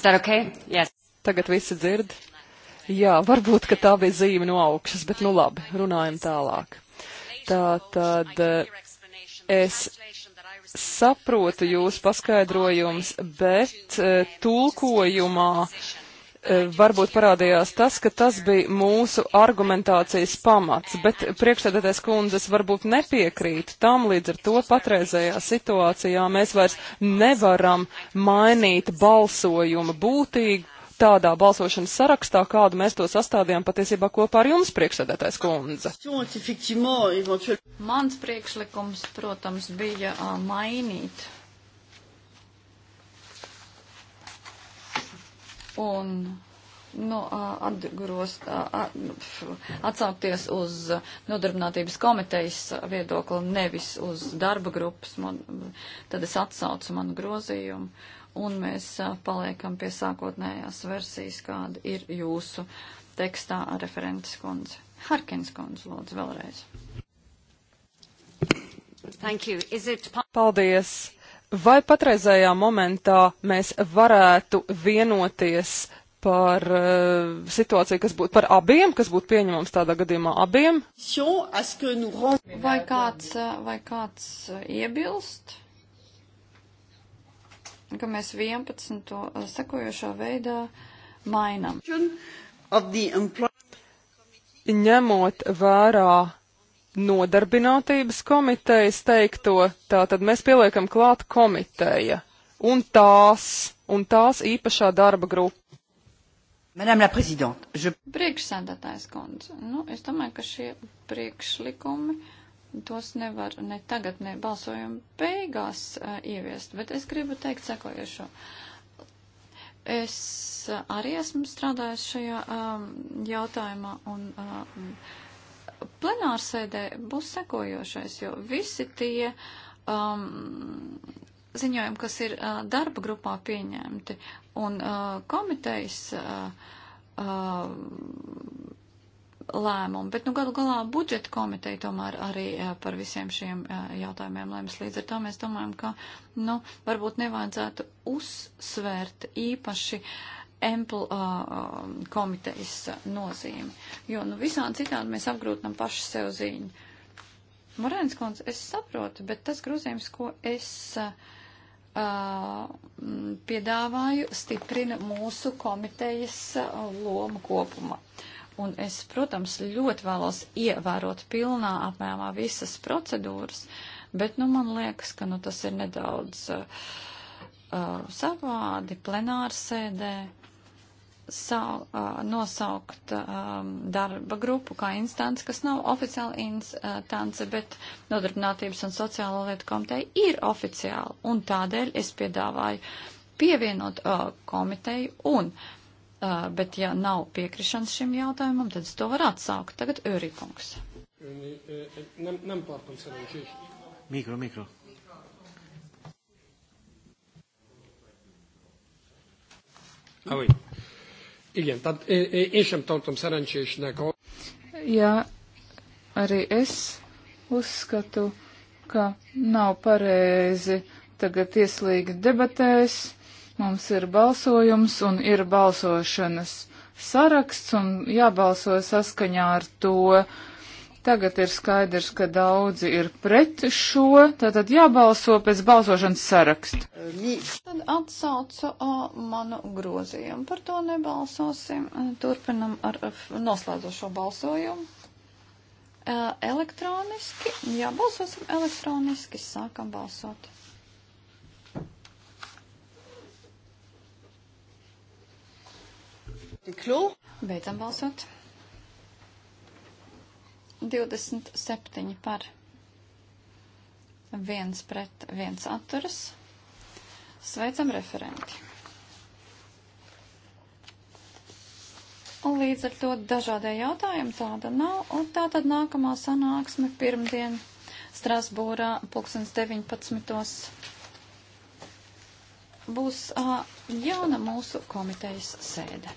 Speaker 2: Is that okay? Yes. Tagad visi dzird. Jā, varbūt, ka tā bija zīme no augšas, bet nu labi, runājam tālāk. Tā tad es saprotu jūsu paskaidrojums, bet eh, tulkojumā uh, E, varbūt parādījās tas, ka tas bija mūsu argumentācijas pamats, bet priekšsēdētais kundzes varbūt nepiekrīt tam, līdz ar to patreizējā situācijā mēs vairs nevaram mainīt balsojuma būtīgi tādā balsošanas sarakstā, kādu mēs to sastādījām patiesībā kopā ar jums, priekšsēdētais kundze.
Speaker 1: Mans priekšlikums, protams, bija mainīt un nu, atgros, atsaukties uz nodarbinātības komitejas viedokli, nevis uz darba grupas, man, tad es atsaucu manu grozījumu un mēs paliekam pie sākotnējās versijas, kāda ir jūsu tekstā ar referentes kundzi. Harkins kundze, lūdzu, vēlreiz. It... Paldies!
Speaker 2: Vai patreizējā momentā mēs varētu vienoties par uh, situāciju, kas būtu par abiem, kas būtu pieņemams tādā gadījumā abiem?
Speaker 1: Vai kāds, eh, vai kāds eh, iebilst, ka mēs 11. sekojošā veidā mainam?
Speaker 2: Ņemot vērā nodarbinātības komitejas teikto, tātad mēs pieliekam klāt komiteja un tās, un tās īpašā darba grupa.
Speaker 1: Madame la Présidente, je... Priekšsēdētājs kundze, nu, es domāju, ka šie priekšlikumi, tos nevar ne tagad, ne balsojuma beigās uh, ieviest, bet es gribu teikt sekojošo. Es eh, arī esmu strādājusi šajā um, jautājumā un um, uh, plenārsēdē būs sekojošais, jo visi tie um, ziņojumi, kas ir uh, darba grupā pieņemti un uh, komitejas uh, uh, lēmumu, bet nu galu galā budžeta komiteja tomēr arī jā, uh, par visiem šiem jā, uh, jautājumiem lēmas. Līdz ar to mēs domājam, ka nu, varbūt nevajadzētu uzsvērt īpaši uh, Empl uh, um, komitejas nozīmi. Jo, nu, visādi citādi mēs apgrūtinam pašu sev ziņu. Morēns kundze, es saprotu, bet tas grozījums, ko es uh, mm, piedāvāju, stiprina mūsu komitejas uh, lomu kopumā. Un es, protams, ļoti vēlos ievērot pilnā apmērā visas procedūras, bet, nu, man liekas, ka, nu, tas ir nedaudz uh, uh savādi plenārsēdē. sēdē sau, uh, nosaukt um, darba grupu kā instanci, kas nav oficiāla instance, bet Nodarbinātības un sociālo lietu komiteja ir oficiāla. Un tādēļ es piedāvāju pievienot uh, komiteju un, uh, bet ja nav piekrišanas šim jautājumam, tad es to varu atsaukt. Tagad Örikungs. Mikro, mikro. Ah oui. Igen, tehát én sem tartom szerencsésnek. A...
Speaker 3: Ja, arī es uzskatu, ka nav pareizi tagad ieslīgi debatēs. Mums ir balsojums un ir balsošanas saraksts un jābalso saskaņā ar to. Uh, Tagad ir skaidrs, ka daudzi ir pret šo, tātad jābalso pēc balsošanas saraksta.
Speaker 1: Tad atsaucu o, manu grozījumu. Par to nebalsosim. Turpinam ar noslēdzošo balsojumu. Elektroniski. Jā, balsosim elektroniski. Sākam balsot. Beidzam balsot. 27 par, 1 pret, 1 atturas. Sveicam referenti. Un līdz ar to dažādie jautājumi tāda nav, un tā tad nākamā sanāksme pirmdien Strasbūrā pulkstens 19. būs uh, jauna mūsu komitejas sēde.